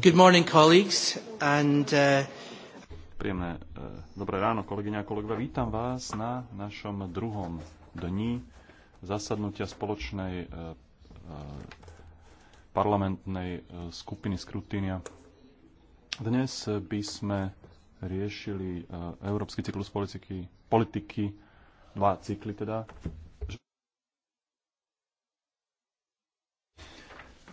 Good morning, colleagues, and uh, Príjemné uh, dobré ráno, kolegyňa a kolegovia. Vítam vás na našom druhom dni zasadnutia spoločnej uh, uh, parlamentnej skupiny Skrutínia. Dnes by sme riešili e, európsky cyklus politiky, politiky dva cykly teda.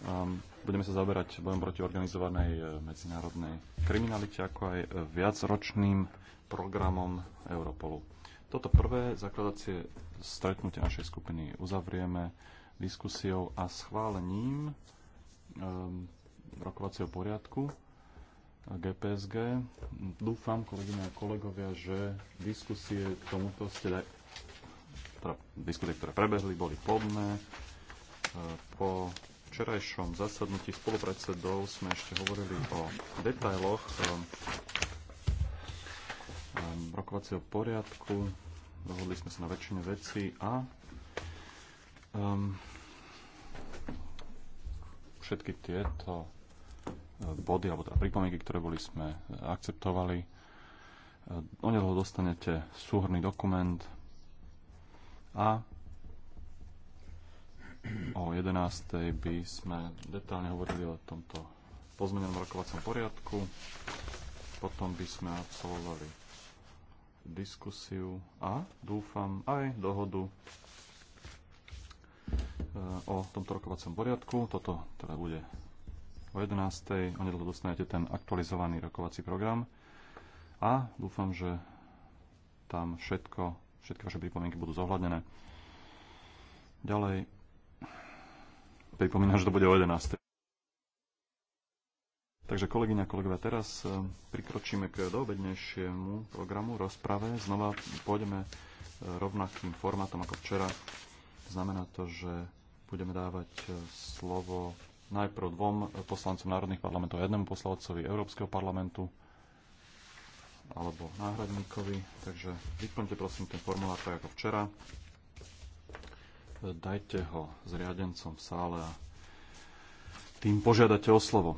Ehm, budeme sa zaoberať bojom proti organizovanej e, medzinárodnej kriminalite, ako aj e, viacročným programom Europolu. Toto prvé zakladacie stretnutie našej skupiny uzavrieme diskusiou a schválením ehm, rokovacieho poriadku a GPSG. Dúfam, kolegyne a kolegovia, že diskusie k tomuto ste teda diskusie, ktoré prebehli, boli plodné. E, po včerajšom zasadnutí spolupredsedov sme ešte hovorili o detailoch e, e, rokovacieho poriadku. Dohodli sme sa na väčšine vecí a um, všetky tieto body, alebo teda pripomienky, ktoré boli, sme akceptovali. E, onedlho dostanete súhrný dokument a o 11. by sme detálne hovorili o tomto pozmenenom rokovacom poriadku. Potom by sme absolvovali diskusiu a dúfam aj dohodu e, o tomto rokovacom poriadku. Toto teda bude o 11. O nedlho dostanete ten aktualizovaný rokovací program a dúfam, že tam všetko, všetky vaše pripomienky budú zohľadnené. Ďalej, pripomínam, že to bude o 11. Takže kolegyňa, kolegovia, teraz e, prikročíme k doobednejšiemu programu rozprave. Znova pôjdeme e, rovnakým formátom ako včera. Znamená to, že budeme dávať e, slovo najprv dvom poslancom národných parlamentov a jednému poslancovi Európskeho parlamentu alebo náhradníkovi. Takže vyplňte prosím ten formulár tak ako včera. Dajte ho zriadencom v sále a tým požiadate o slovo.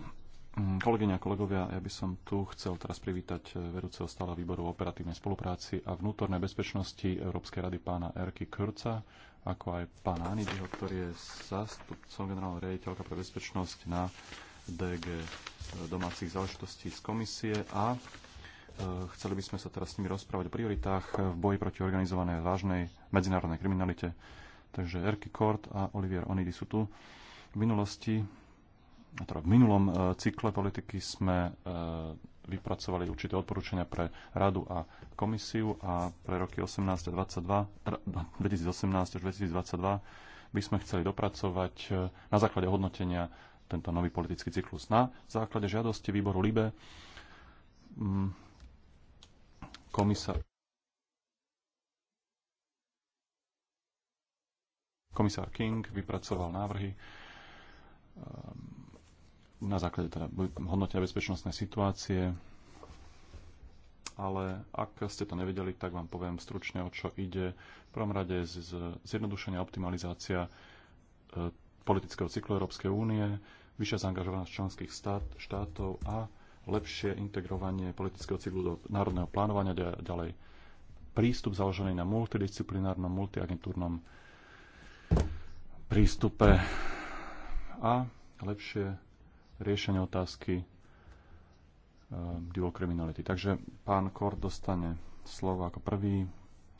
Mm, Kolegyňa a kolegovia, ja by som tu chcel teraz privítať eh, vedúceho stála výboru operatívnej spolupráci a vnútornej bezpečnosti Európskej rady pána Erky Kurca, ako aj pán Anidyho, ktorý je zástupcom generálneho riaditeľka pre bezpečnosť na DG e, domácich záležitostí z komisie a e, Chceli by sme sa teraz s nimi rozprávať o prioritách v boji proti organizovanej vážnej medzinárodnej kriminalite. Takže Erky Kort a Olivier Onidy sú tu. V minulosti, teda v minulom e, cykle politiky sme vypracovali určité odporúčania pre radu a komisiu a pre roky 18 a 22, 2018 až 2022 by sme chceli dopracovať e, na základe hodnotenia tento nový politický cyklus. Na základe žiadosti výboru LIBE mm, komisa... komisár King vypracoval návrhy e, na základe teda hodnotia bezpečnostnej situácie. Ale ak ste to nevedeli, tak vám poviem stručne, o čo ide. V prvom rade z, zjednodušenia optimalizácia e, politického cyklu Európskej únie, vyššia zaangažovanosť členských stát, štátov a lepšie integrovanie politického cyklu do národného plánovania ďalej prístup založený na multidisciplinárnom, multiagentúrnom prístupe a lepšie riešenie otázky eh, divo kriminality. Takže pán Kor dostane slovo ako prvý.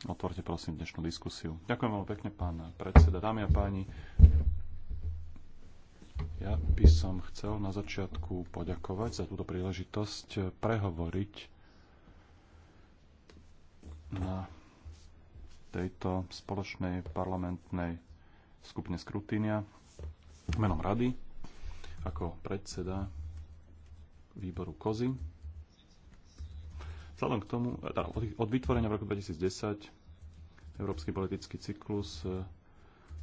Otvorte prosím dnešnú diskusiu. Ďakujem veľmi pekne, pán predseda. Dámy a páni, ja by som chcel na začiatku poďakovať za túto príležitosť prehovoriť na tejto spoločnej parlamentnej skupine Skrutínia menom Rady ako predseda výboru kozy. Vzhľadom k tomu, eh, teda od vytvorenia v roku 2010 Európsky politický cyklus eh,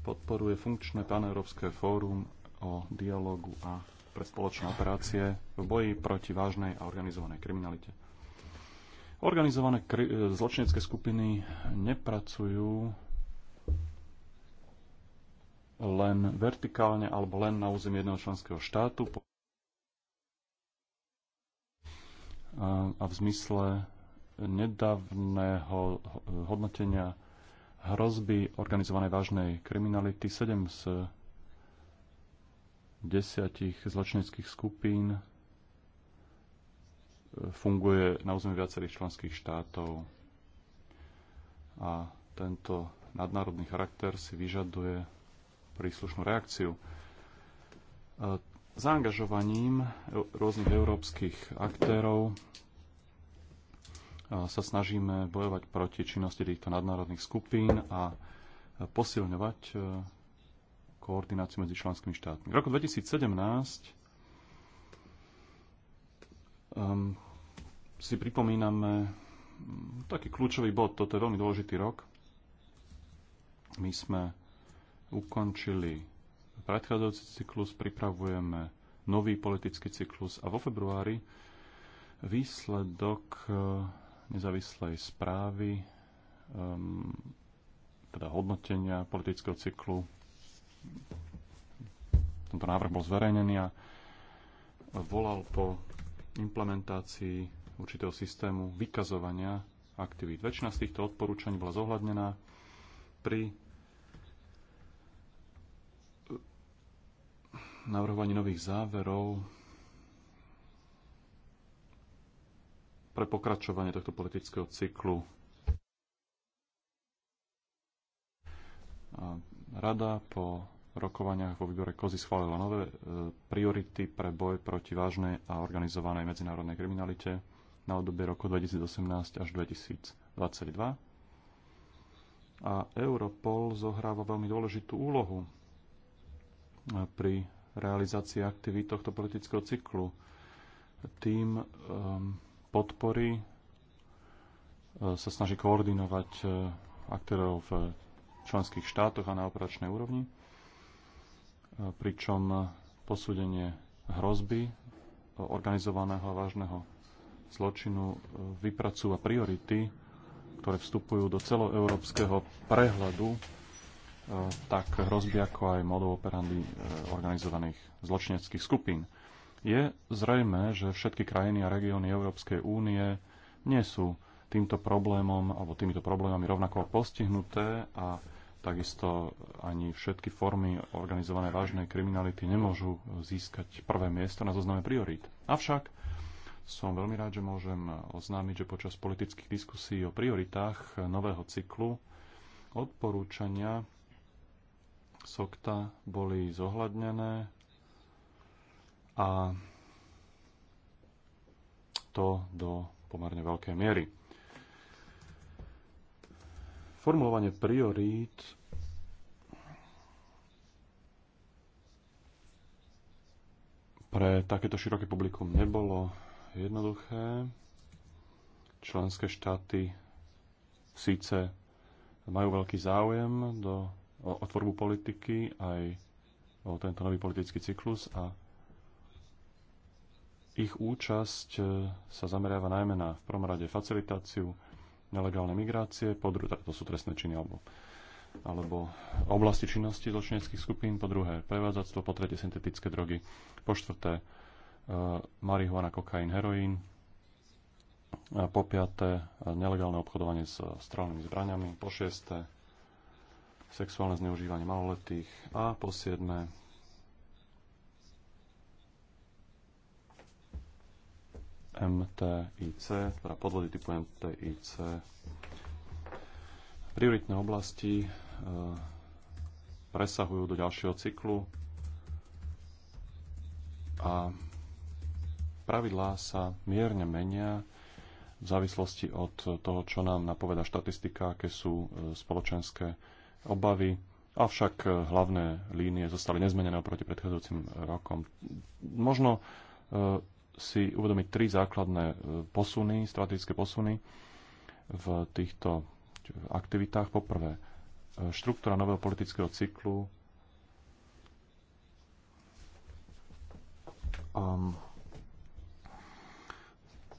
podporuje funkčné paneurópske fórum o dialogu a pre spoločné operácie v boji proti vážnej a organizovanej kriminalite. Organizované kri- eh, zločinecké skupiny nepracujú len vertikálne alebo len na území jedného členského štátu a v zmysle nedávneho hodnotenia hrozby organizovanej vážnej kriminality 7 z 10 zločineckých skupín e, funguje na území viacerých členských štátov a tento nadnárodný charakter si vyžaduje príslušnú reakciu. E, zaangažovaním e, rôznych európskych aktérov e, sa snažíme bojovať proti činnosti týchto nadnárodných skupín a posilňovať koordináciu medzi členskými štátmi. V roku 2017 um, ehm, si pripomíname taký kľúčový bod, toto je veľmi dôležitý rok. My sme ukončili predchádzajúci cyklus, pripravujeme nový politický cyklus a vo februári výsledok eh, nezávislej správy, ehm, teda hodnotenia politického cyklu, tento návrh bol zverejnený a volal po implementácii určitého systému vykazovania aktivít. Väčšina z týchto odporúčaní bola zohľadnená pri navrhovaní nových záverov pre pokračovanie tohto politického cyklu. Rada po rokovaniach vo výbore Kozy schválila nové e, priority pre boj proti vážnej a organizovanej medzinárodnej kriminalite na obdobie roku 2018 až 2022. A Europol zohráva veľmi dôležitú úlohu e, pri realizácii aktivít tohto politického cyklu. Tým um, podpory uh, sa snaží koordinovať uh, aktérov v členských štátoch a na operačnej úrovni, uh, pričom posúdenie hrozby organizovaného a vážneho zločinu vypracúva priority, ktoré vstupujú do celoeurópskeho prehľadu E, tak hrozby ako aj modu operandy e, organizovaných zločineckých skupín. Je zrejme, že všetky krajiny a regióny Európskej únie nie sú týmto problémom alebo týmito problémami rovnako postihnuté a takisto ani všetky formy organizované vážnej kriminality nemôžu získať prvé miesto na zozname priorít. Avšak som veľmi rád, že môžem oznámiť, že počas politických diskusí o prioritách nového cyklu odporúčania SOKTA boli zohľadnené a to do pomerne veľkej miery. Formulovanie priorít pre takéto široké publikum nebolo jednoduché. Členské štáty síce majú veľký záujem do o, o tvorbu politiky, aj o tento nový politický cyklus a ich účasť e, sa zameriava najmä na v prvom rade facilitáciu nelegálnej migrácie, podru, to sú trestné činy alebo, alebo oblasti činnosti zločineckých skupín, po druhé prevádzactvo, po tretie syntetické drogy, po štvrté uh, marihuana, kokain, heroín, po piaté e, nelegálne obchodovanie s strelnými zbraniami, po šiesté sexuálne zneužívanie maloletých a po siedme MTIC, teda podvody typu MTIC, prioritné oblasti e, presahujú do ďalšieho cyklu a pravidlá sa mierne menia v závislosti od toho, čo nám napoveda štatistika, aké sú e, spoločenské obavy, avšak eh, hlavné línie zostali nezmenené oproti predchádzajúcim eh, rokom. Možno eh, si uvedomiť tri základné posuny, strategické posuny v týchto aktivitách. Poprvé, štruktúra nového politického cyklu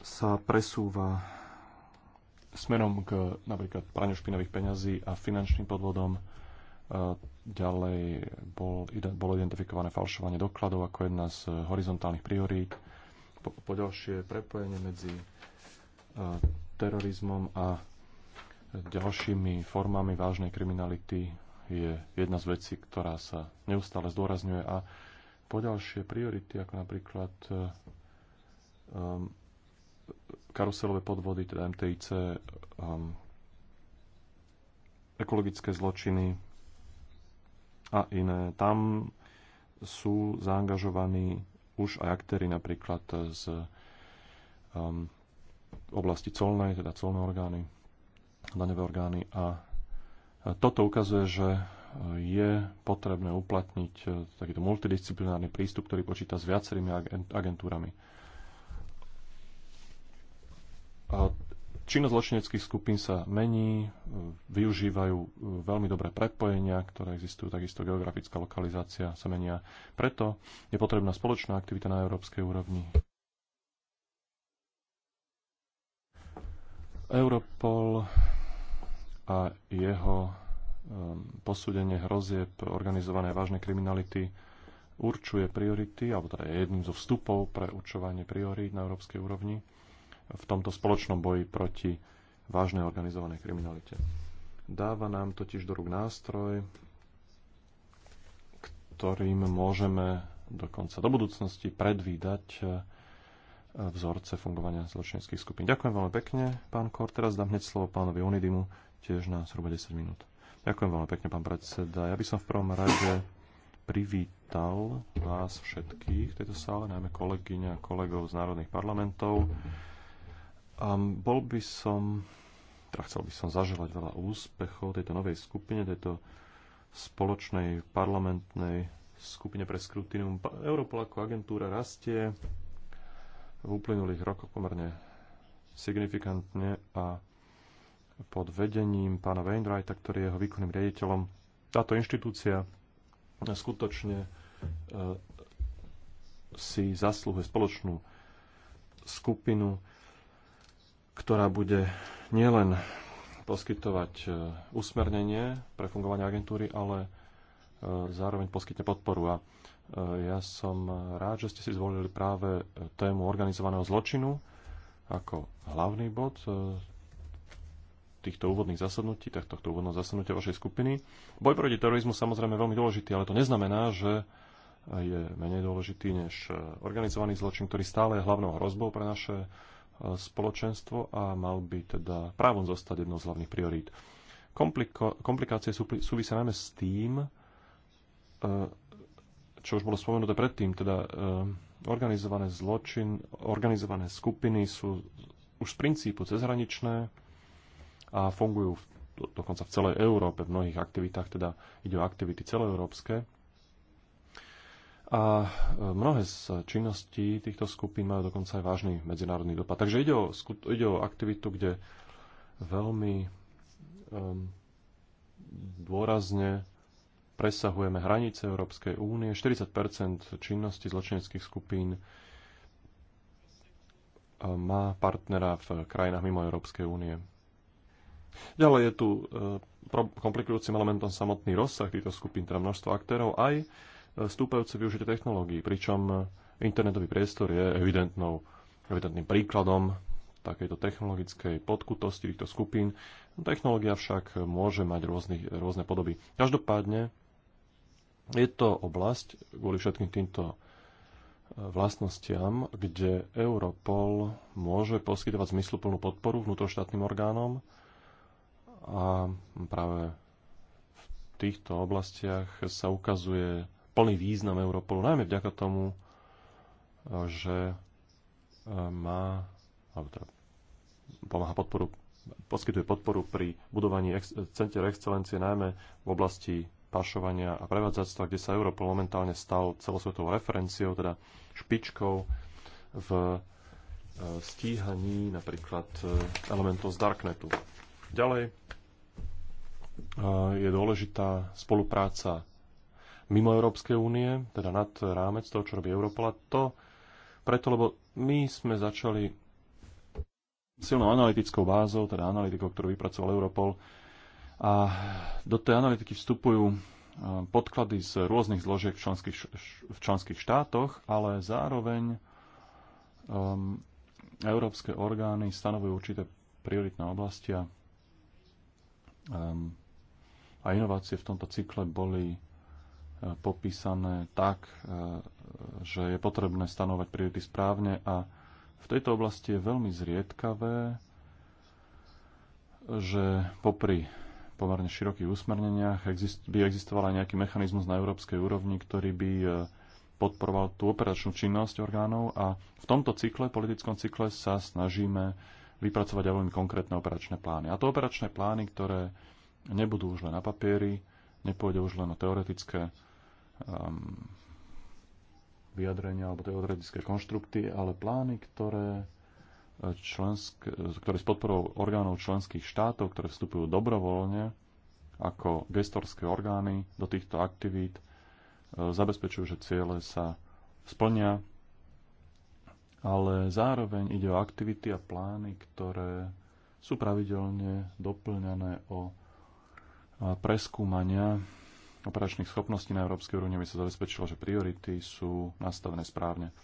sa presúva smerom k napríklad praniu špinavých peňazí a finančným podvodom. E, ďalej bol, bolo identifikované falšovanie dokladov ako jedna z horizontálnych priorít. Po, po ďalšie prepojenie medzi e, terorizmom a ďalšími formami vážnej kriminality je jedna z vecí, ktorá sa neustále zdôrazňuje a po ďalšie priority, ako napríklad um, karuselové podvody, teda MTIC, um, ekologické zločiny a iné. Tam sú zaangažovaní už aj aktéry napríklad z um, oblasti colnej, teda colné orgány, daňové orgány a toto ukazuje, že je potrebné uplatniť uh, takýto multidisciplinárny prístup, ktorý počíta s viacerými agentúrami. A činnosť zločineckých skupín sa mení, využívajú eh, veľmi dobré prepojenia, ktoré existujú, takisto geografická lokalizácia sa menia. Preto je potrebná spoločná aktivita na európskej úrovni. Europol a jeho ehm, posúdenie hrozieb organizované vážnej kriminality určuje priority, alebo teda je jedným zo vstupov pre určovanie priorít na európskej úrovni v tomto spoločnom boji proti vážnej organizovanej kriminalite. Dáva nám totiž do rúk nástroj, ktorým môžeme dokonca do budúcnosti predvídať eh, vzorce fungovania zločineckých skupín. Ďakujem veľmi pekne, pán Kor. Teraz dám hneď slovo pánovi Unidimu, tiež na zhruba 10 minút. Ďakujem veľmi pekne, pán predseda. Ja by som v prvom rade privítal vás všetkých v tejto sále, najmä kolegyne a kolegov z národných parlamentov. Um, bol by som, teda chcel by som zaželať veľa úspechov tejto novej skupine, tejto spoločnej parlamentnej skupine pre skrutinium. Europol ako agentúra rastie v uplynulých rokoch pomerne signifikantne a pod vedením pána Wainwrighta, ktorý je jeho výkonným riaditeľom, táto inštitúcia skutočne e, si zaslúhuje spoločnú skupinu ktorá bude nielen poskytovať e, usmernenie pre fungovanie agentúry, ale e, zároveň poskytne podporu. A e, ja som rád, že ste si zvolili práve tému organizovaného zločinu ako hlavný bod týchto úvodných zasadnutí, tak tohto úvodného zasadnutia vašej skupiny. Boj proti terorizmu samozrejme je veľmi dôležitý, ale to neznamená, že je menej dôležitý než organizovaný zločin, ktorý stále je hlavnou hrozbou pre naše spoločenstvo a mal by teda právom zostať jednou z hlavných priorít. Kompliko- komplikácie sú, súvisia najmä s tým, e, čo už bolo spomenuté predtým, teda e, organizované zločin, organizované skupiny sú už z princípu cezhraničné a fungujú v, dokonca v celej Európe v mnohých aktivitách, teda ide o aktivity celoeurópske a e, mnohé z činností týchto skupín majú dokonca aj vážny medzinárodný dopad. Takže ide o, ide o aktivitu, kde veľmi um, dôrazne presahujeme hranice Európskej únie. 40 činnosti zločineckých skupín e, má partnera v krajinách mimo Európskej únie. Ďalej je tu e, komplikujúcim elementom samotný rozsah týchto skupín, teda množstvo aktérov, aj stúpajúce využitie technológií, pričom internetový priestor je evidentnou, evidentným príkladom takejto technologickej podkutosti týchto skupín. No, technológia však môže mať rôzny, rôzne podoby. Každopádne je to oblasť kvôli všetkým týmto e, vlastnostiam, kde Europol môže poskytovať zmysluplnú podporu vnútroštátnym orgánom a práve v týchto oblastiach sa ukazuje plný význam Europolu, najmä vďaka tomu, e, že e, má, alebo teda pomáha podporu, poskytuje podporu pri budovaní ex- centier excelencie, najmä v oblasti pašovania a prevádzactva, kde sa Europol momentálne stal celosvetovou referenciou, teda špičkou v e, stíhaní napríklad elementov z Darknetu. Ďalej je dôležitá spolupráca mimo Európskej únie, teda nad rámec toho, čo robí Európola. To preto, lebo my sme začali silnou analytickou bázou, teda analytikou, ktorú vypracoval Europol. A do tej analytiky vstupujú e, podklady z rôznych zložiek v členských, v členských štátoch, ale zároveň um, európske orgány stanovujú určité prioritné oblasti a, um, a inovácie v tomto cykle boli popísané tak, e, že je potrebné stanovať priority správne a v tejto oblasti je veľmi zriedkavé, že popri pomerne širokých usmerneniach by existoval aj nejaký mechanizmus na európskej úrovni, ktorý by e, podporoval tú operačnú činnosť orgánov a v tomto cykle, politickom cykle, sa snažíme vypracovať aj veľmi konkrétne operačné plány. A to operačné plány, ktoré nebudú už len na papieri, nepôjde už len o teoretické um, vyjadrenia alebo teoretické konštrukty, ale plány, ktoré, e, člensk, e, ktoré s podporou orgánov členských štátov, ktoré vstupujú dobrovoľne ako gestorské orgány do týchto aktivít, e, zabezpečujú, že ciele sa splnia, ale zároveň ide o aktivity a plány, ktoré sú pravidelne doplňané o preskúmania operačných schopností na európskej úrovni, aby sa zabezpečilo, že priority sú nastavené správne.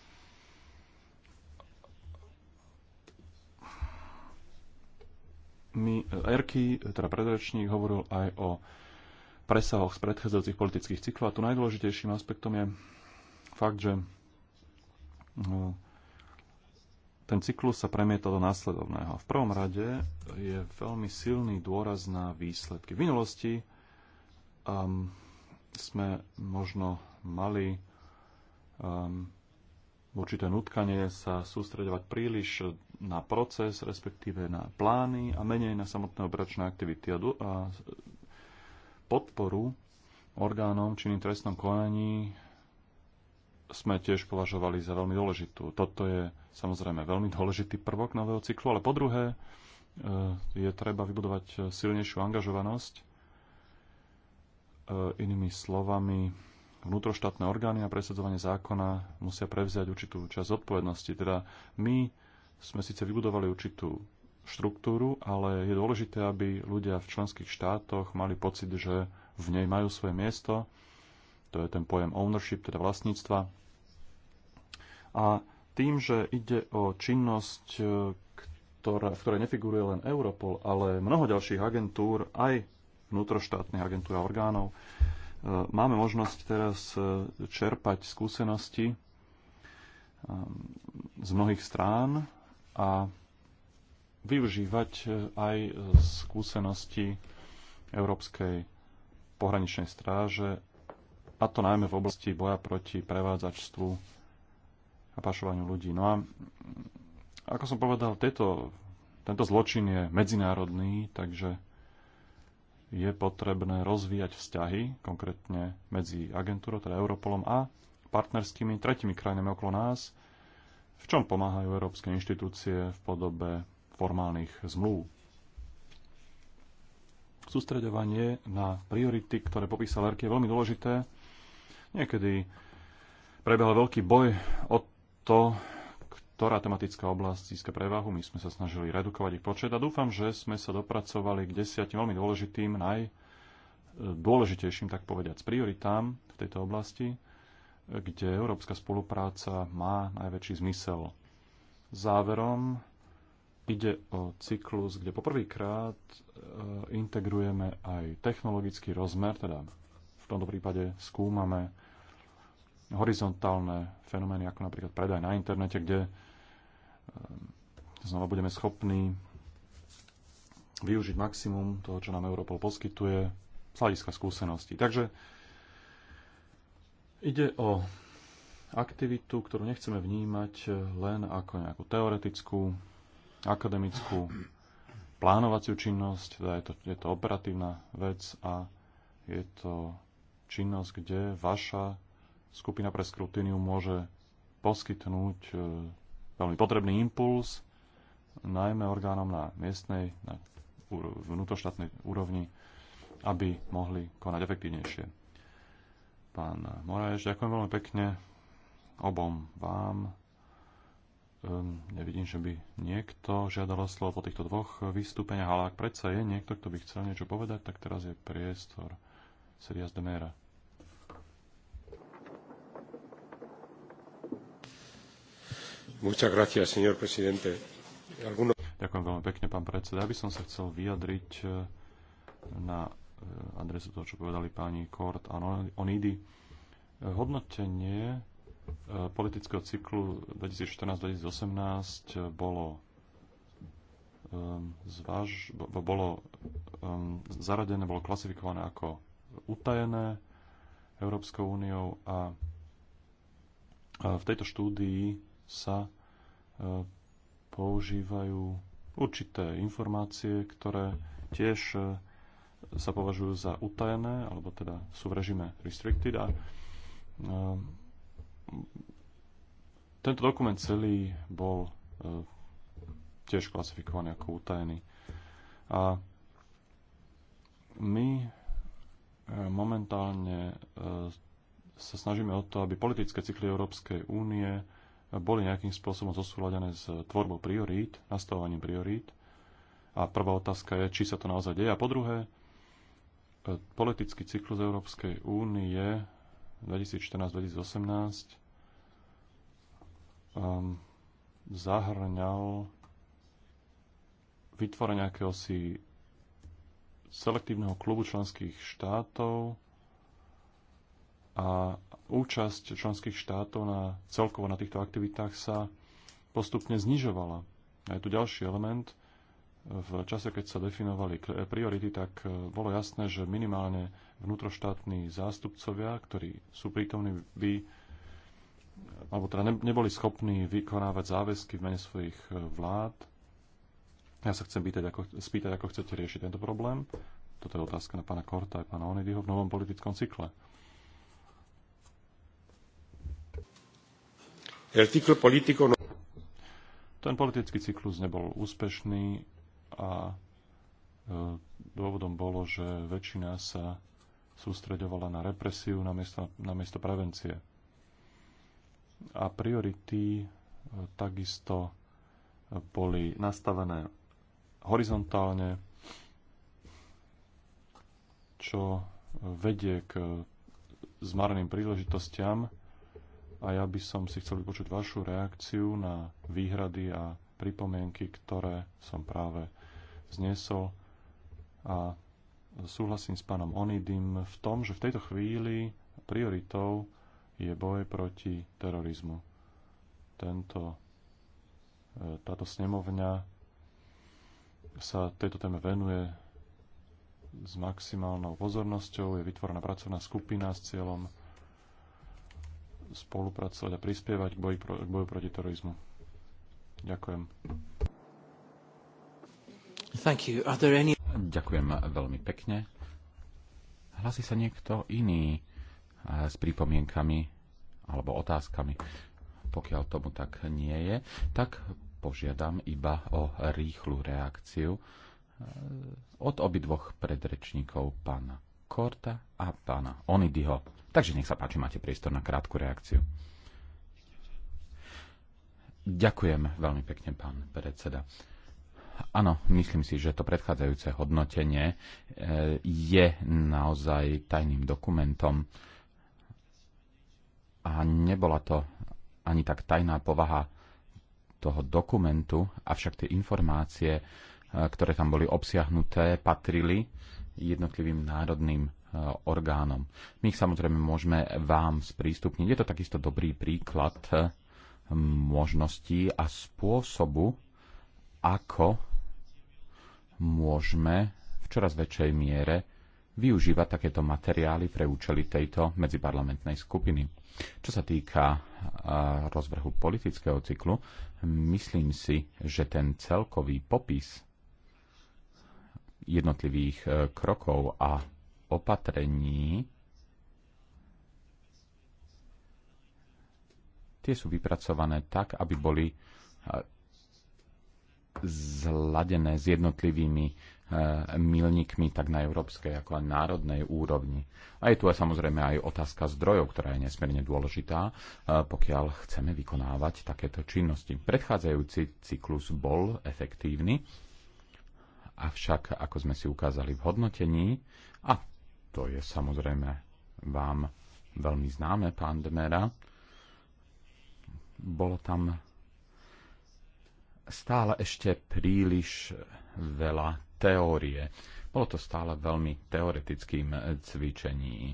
My, Erky, teda predračník, hovoril aj o presahoch z predchádzajúcich politických cyklov a tu najdôležitejším aspektom je fakt, že no, ten cyklus sa premieta do následovného. V prvom rade je veľmi silný dôraz na výsledky. V minulosti um, sme možno mali um, určité nutkanie sa sústredovať príliš na proces, respektíve na plány a menej na samotné operačné aktivity a, a podporu orgánom činným trestnom konaní sme tiež považovali za veľmi dôležitú. Toto je samozrejme veľmi dôležitý prvok nového cyklu, ale po druhé e, je treba vybudovať silnejšiu angažovanosť Inými slovami, vnútroštátne orgány na presadzovanie zákona musia prevziať určitú časť odpovednosti. Teda my sme síce vybudovali určitú štruktúru, ale je dôležité, aby ľudia v členských štátoch mali pocit, že v nej majú svoje miesto. To je ten pojem ownership, teda vlastníctva. A tým, že ide o činnosť, ktorá, v ktorej nefiguruje len Europol, ale mnoho ďalších agentúr, aj vnútroštátnych agentúr a orgánov. E, máme možnosť teraz e, čerpať skúsenosti e, z mnohých strán a využívať aj skúsenosti Európskej pohraničnej stráže, a to najmä v oblasti boja proti prevádzačstvu a pašovaniu ľudí. No a ako som povedal, tieto, tento zločin je medzinárodný, takže je potrebné rozvíjať vzťahy, konkrétne medzi agentúrou, teda Europolom a partnerskými tretimi krajinami okolo nás, v čom pomáhajú európske inštitúcie v podobe formálnych zmluv. Sústreďovanie na priority, ktoré popísal Erky, je veľmi dôležité. Niekedy prebehol veľký boj o to, ktorá tematická oblasť získa prevahu. My sme sa snažili redukovať ich počet a dúfam, že sme sa dopracovali k desiatim veľmi dôležitým, najdôležitejším, e, tak povediať, prioritám v tejto oblasti, kde európska spolupráca má najväčší zmysel. Záverom ide o cyklus, kde poprvýkrát e, integrujeme aj technologický rozmer, teda v tomto prípade skúmame horizontálne fenomény, ako napríklad predaj na internete, kde Ehm, znova budeme schopní využiť maximum toho, čo nám Europol poskytuje z hľadiska skúseností. Takže ide o aktivitu, ktorú nechceme vnímať len ako nejakú teoretickú, akademickú, plánovaciu činnosť, teda je to, je to operatívna vec a je to činnosť, kde vaša skupina pre skrutíniu môže poskytnúť e, veľmi potrebný impuls, najmä orgánom na miestnej, na vnútoštátnej úrovni, aby mohli konať efektívnejšie. Pán Moraješ, ďakujem veľmi pekne obom vám. Um, nevidím, že by niekto žiadal slovo po týchto dvoch vystúpeniach, ale ak predsa je niekto, kto by chcel niečo povedať, tak teraz je priestor. Serias de Mera. Ďakujem veľmi pekne, pán predseda. Ja by som sa chcel vyjadriť eh, na eh, adresu toho, čo povedali páni Kort a Onidy. Eh, hodnotenie politického cyklu 2014-2018 bolo ehm, zvaž, bolo ehm, zaradené, bolo klasifikované ako utajené Európskou úniou a v tejto štúdii sa e, používajú určité informácie, ktoré tiež e, sa považujú za utajené, alebo teda sú v režime restricted. A e, tento dokument celý bol tiež klasifikovaný ako utajený. A my momentálne sa snažíme o to, aby politické cykly Európskej únie boli nejakým spôsobom zosúladené s tvorbou priorít, nastavovaním priorít. A prvá otázka je, či sa to naozaj deje. A po druhé, e, politický cyklus Európskej únie 2014-2018 um, ehm, zahrňal vytvorenie nejakého si selektívneho klubu členských štátov a účasť členských štátov na, celkovo na týchto aktivitách sa postupne znižovala. A je tu ďalší element. V čase, keď sa definovali priority, tak e, bolo jasné, že minimálne vnútroštátni zástupcovia, ktorí sú prítomní, by e, alebo teda neboli schopní vykonávať záväzky v mene svojich e, vlád. Ja sa chcem pýtať, ako, spýtať, ako chcete riešiť tento problém. Toto je otázka na pána Korta aj pána Onidyho v novom politickom cykle. No- Ten politický cyklus nebol úspešný a e, dôvodom bolo, že väčšina sa sústreďovala na represiu namiesto, namiesto prevencie. A priority e, takisto e, boli nastavené horizontálne, čo vedie k zmarným príležitostiam a ja by som si chcel vypočuť vašu reakciu na výhrady a pripomienky, ktoré som práve vznesol. A súhlasím s pánom Onidim v tom, že v tejto chvíli prioritou je boj proti terorizmu. Tento, e, táto snemovňa sa tejto téme venuje s maximálnou pozornosťou. Je vytvorená pracovná skupina s cieľom spolupracovať a prispievať k boji, k boju proti terorizmu. Ďakujem. Thank you. Are there any... Ďakujem veľmi pekne. Hlasí sa niekto iný eh, s pripomienkami alebo otázkami. Pokiaľ tomu tak nie je, tak požiadam iba o rýchlu reakciu eh, od obidvoch predrečníkov pána Korta a pána Onidyho. Takže nech sa páči, máte priestor na krátku reakciu. Ďakujem veľmi pekne, pán predseda. Áno, myslím si, že to predchádzajúce hodnotenie e, je naozaj tajným dokumentom a nebola to ani tak tajná povaha toho dokumentu, avšak tie informácie, e, ktoré tam boli obsiahnuté, patrili jednotlivým národným e, orgánom. My ich samozrejme môžeme vám sprístupniť. Je to takisto dobrý príklad e, možností a spôsobu, ako môžeme v čoraz väčšej miere využívať takéto materiály pre účely tejto medziparlamentnej skupiny. Čo sa týka e, rozvrhu politického cyklu, myslím si, že ten celkový popis jednotlivých e, krokov a opatrení, tie sú vypracované tak, aby boli e, zladené s jednotlivými e, milníkmi tak na európskej ako aj národnej úrovni. A je tu aj samozrejme aj otázka zdrojov, ktorá je nesmierne dôležitá, pokiaľ chceme vykonávať takéto činnosti. Predchádzajúci cyklus bol efektívny Avšak, ako sme si ukázali v hodnotení, a to je samozrejme vám veľmi známe, pán Demera, bolo tam stále ešte príliš veľa teórie. Bolo to stále veľmi teoretickým cvičením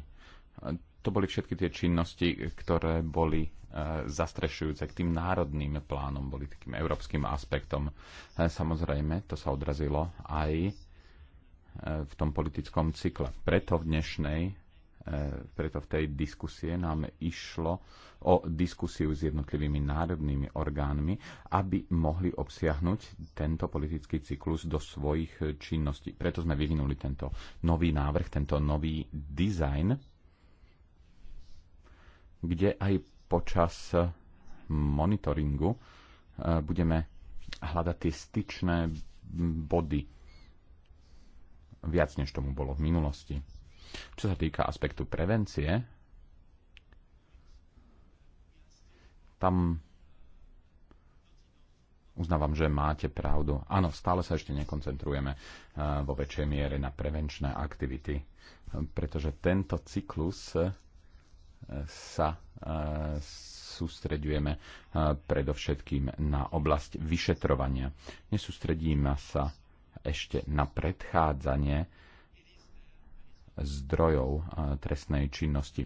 to boli všetky tie činnosti, ktoré boli e, zastrešujúce k tým národným plánom, boli takým európskym aspektom. E, samozrejme, to sa odrazilo aj e, v tom politickom cykle. Preto v dnešnej, preto v tej diskusie nám išlo o diskusiu s jednotlivými národnými orgánmi, aby mohli obsiahnuť tento politický cyklus do svojich činností. Preto sme vyvinuli tento nový návrh, tento nový dizajn kde aj počas monitoringu eh, budeme hľadať tie styčné body viac, než tomu bolo v minulosti. Čo sa týka aspektu prevencie, tam uznávam, že máte pravdu. Áno, stále sa ešte nekoncentrujeme eh, vo väčšej miere na prevenčné aktivity, eh, pretože tento cyklus sa e, sústreďujeme e, predovšetkým na oblasť vyšetrovania. Nesústredíme sa ešte na predchádzanie zdrojov e, trestnej činnosti.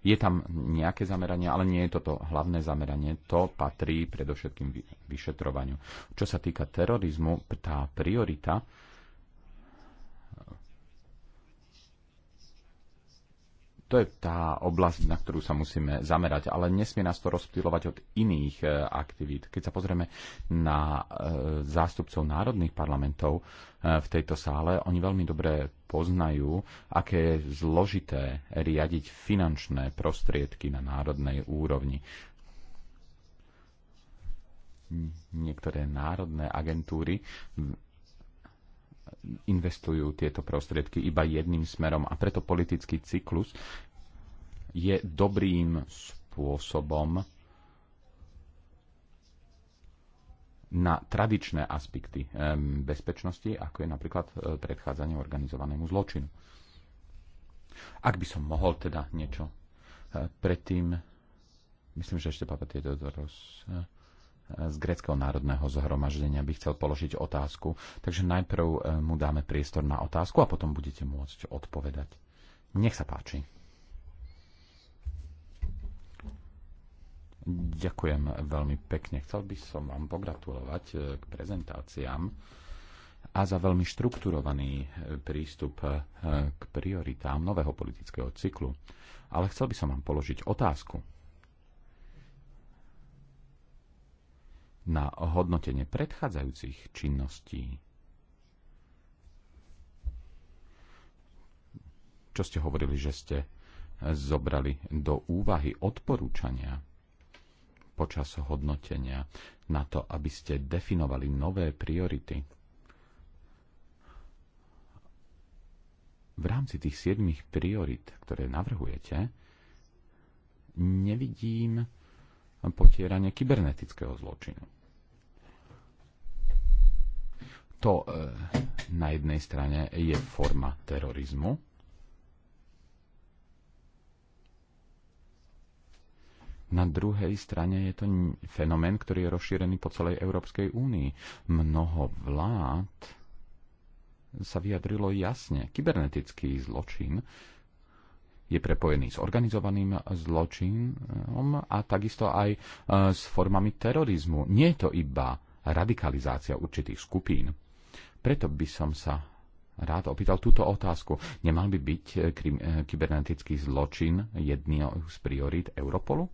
Je tam nejaké zameranie, ale nie je toto hlavné zameranie. To patrí predovšetkým vyšetrovaniu. Čo sa týka terorizmu, tá priorita To je tá oblasť, na ktorú sa musíme zamerať, ale nesmie nás to rozptýlovať od iných e, aktivít. Keď sa pozrieme na e, zástupcov národných parlamentov e, v tejto sále, oni veľmi dobre poznajú, aké je zložité riadiť finančné prostriedky na národnej úrovni niektoré národné agentúry investujú tieto prostriedky iba jedným smerom a preto politický cyklus je dobrým spôsobom na tradičné aspekty bezpečnosti, ako je napríklad e, predchádzanie organizovanému zločinu. Ak by som mohol teda niečo e, predtým, myslím, že ešte Papa tieto roz, e, z Greckého národného zhromaždenia by chcel položiť otázku. Takže najprv e, mu dáme priestor na otázku a potom budete môcť odpovedať. Nech sa páči. Ďakujem veľmi pekne. Chcel by som vám pogratulovať e, k prezentáciám a za veľmi štrukturovaný e, prístup k prioritám nového politického cyklu. Ale chcel by som vám položiť otázku. na hodnotenie predchádzajúcich činností. Čo ste hovorili, že ste zobrali do úvahy odporúčania počas hodnotenia na to, aby ste definovali nové priority. V rámci tých 7 priorit, ktoré navrhujete, nevidím potieranie kybernetického zločinu. to e, na jednej strane je forma terorizmu, Na druhej strane je to fenomén, ktorý je rozšírený po celej Európskej únii. Mnoho vlád sa vyjadrilo jasne. Kybernetický zločin je prepojený s organizovaným zločinom a takisto aj e, s formami terorizmu. Nie je to iba radikalizácia určitých skupín. Preto by som sa rád opýtal túto otázku. Nemal by byť eh, eh, kybernetický zločin jedný z priorít Europolu?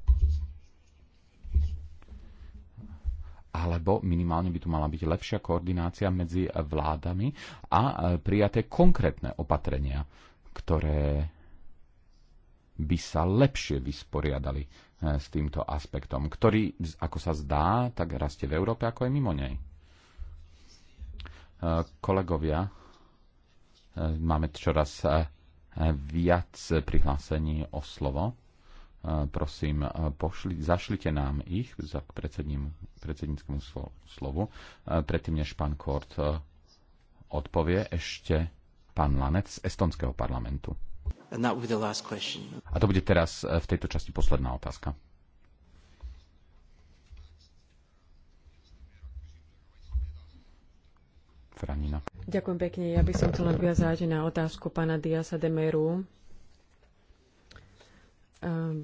alebo minimálne by tu mala byť lepšia koordinácia medzi vládami a eh, prijaté konkrétne opatrenia, ktoré by sa lepšie vysporiadali s týmto aspektom, ktorý, ako sa zdá, tak rastie v Európe ako aj mimo nej. Kolegovia, e, máme čoraz e, viac prihlásení o slovo. E, prosím, pošli, zašlite nám ich za predsedníckému slovu. Predtým, než pán Kort odpovie, ešte pán Lanec z Estonského parlamentu. A to bude teraz v tejto časti posledná otázka. Franina. Ďakujem pekne. Ja by som chcela viazať na otázku pána Diasa de Meru. E,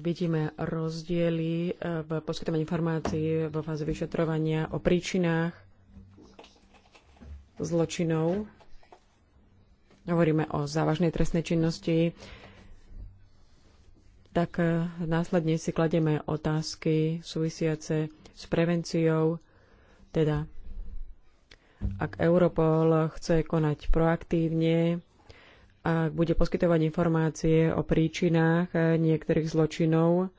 vidíme rozdiely e, v poskytovaní informácií vo fáze vyšetrovania o príčinách zločinov. Hovoríme o závažnej trestnej činnosti. Tak e, následne si kladieme otázky súvisiace s prevenciou, teda ak Europol chce konať proaktívne, ak bude poskytovať informácie o príčinách eh, niektorých zločinov,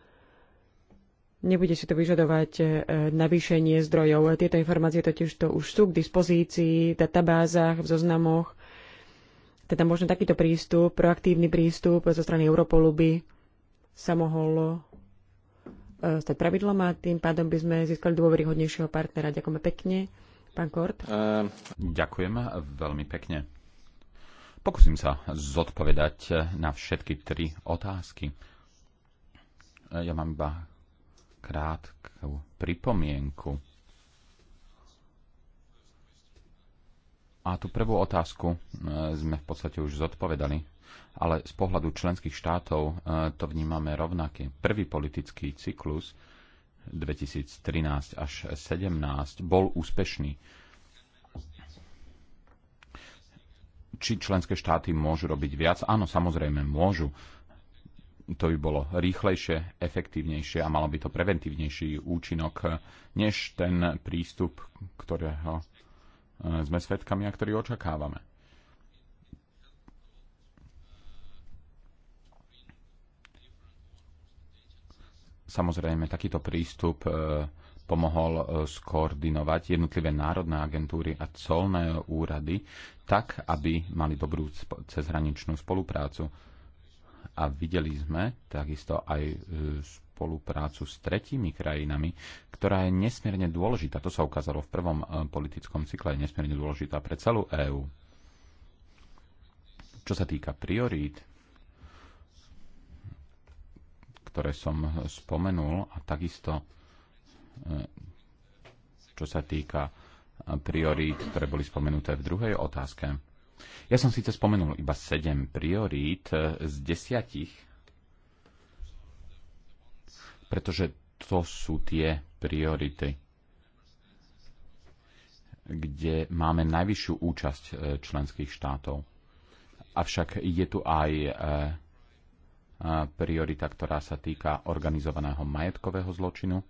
nebude si to vyžadovať eh, navýšenie zdrojov. Tieto informácie totiž to už sú k dispozícii v databázach, v zoznamoch. Teda možno takýto prístup, proaktívny prístup zo strany Europolu by sa mohol eh, stať pravidlom a tým pádom by sme získali dôveryhodnejšieho partnera. Ďakujeme pekne. Pán Kort. Ehm. Ďakujem veľmi pekne. Pokúsim sa zodpovedať na všetky tri otázky. Ja mám iba krátku pripomienku. A tú prvú otázku ehm, sme v podstate už zodpovedali, ale z pohľadu členských štátov ehm, to vnímame rovnaké. Prvý politický cyklus 2013 až 2017 bol úspešný. Či členské štáty môžu robiť viac? Áno, samozrejme môžu. To by bolo rýchlejšie, efektívnejšie a malo by to preventívnejší účinok než ten prístup, ktorého eh, sme svedkami a ktorý očakávame. Samozrejme, takýto prístup e, pomohol e, skoordinovať jednotlivé národné agentúry a colné úrady tak, aby mali dobrú cezhraničnú spoluprácu. A videli sme takisto aj e, spoluprácu s tretími krajinami, ktorá je nesmierne dôležitá. To sa ukázalo v prvom politickom cykle, je nesmierne dôležitá pre celú EÚ. Čo sa týka priorít, ktoré som spomenul a takisto e, čo sa týka priorít, ktoré boli spomenuté v druhej otázke. Ja som síce spomenul iba 7 priorít e, z desiatich, pretože to sú tie priority, kde máme najvyššiu účasť e, členských štátov. Avšak je tu aj priorita, ktorá sa týka organizovaného majetkového zločinu.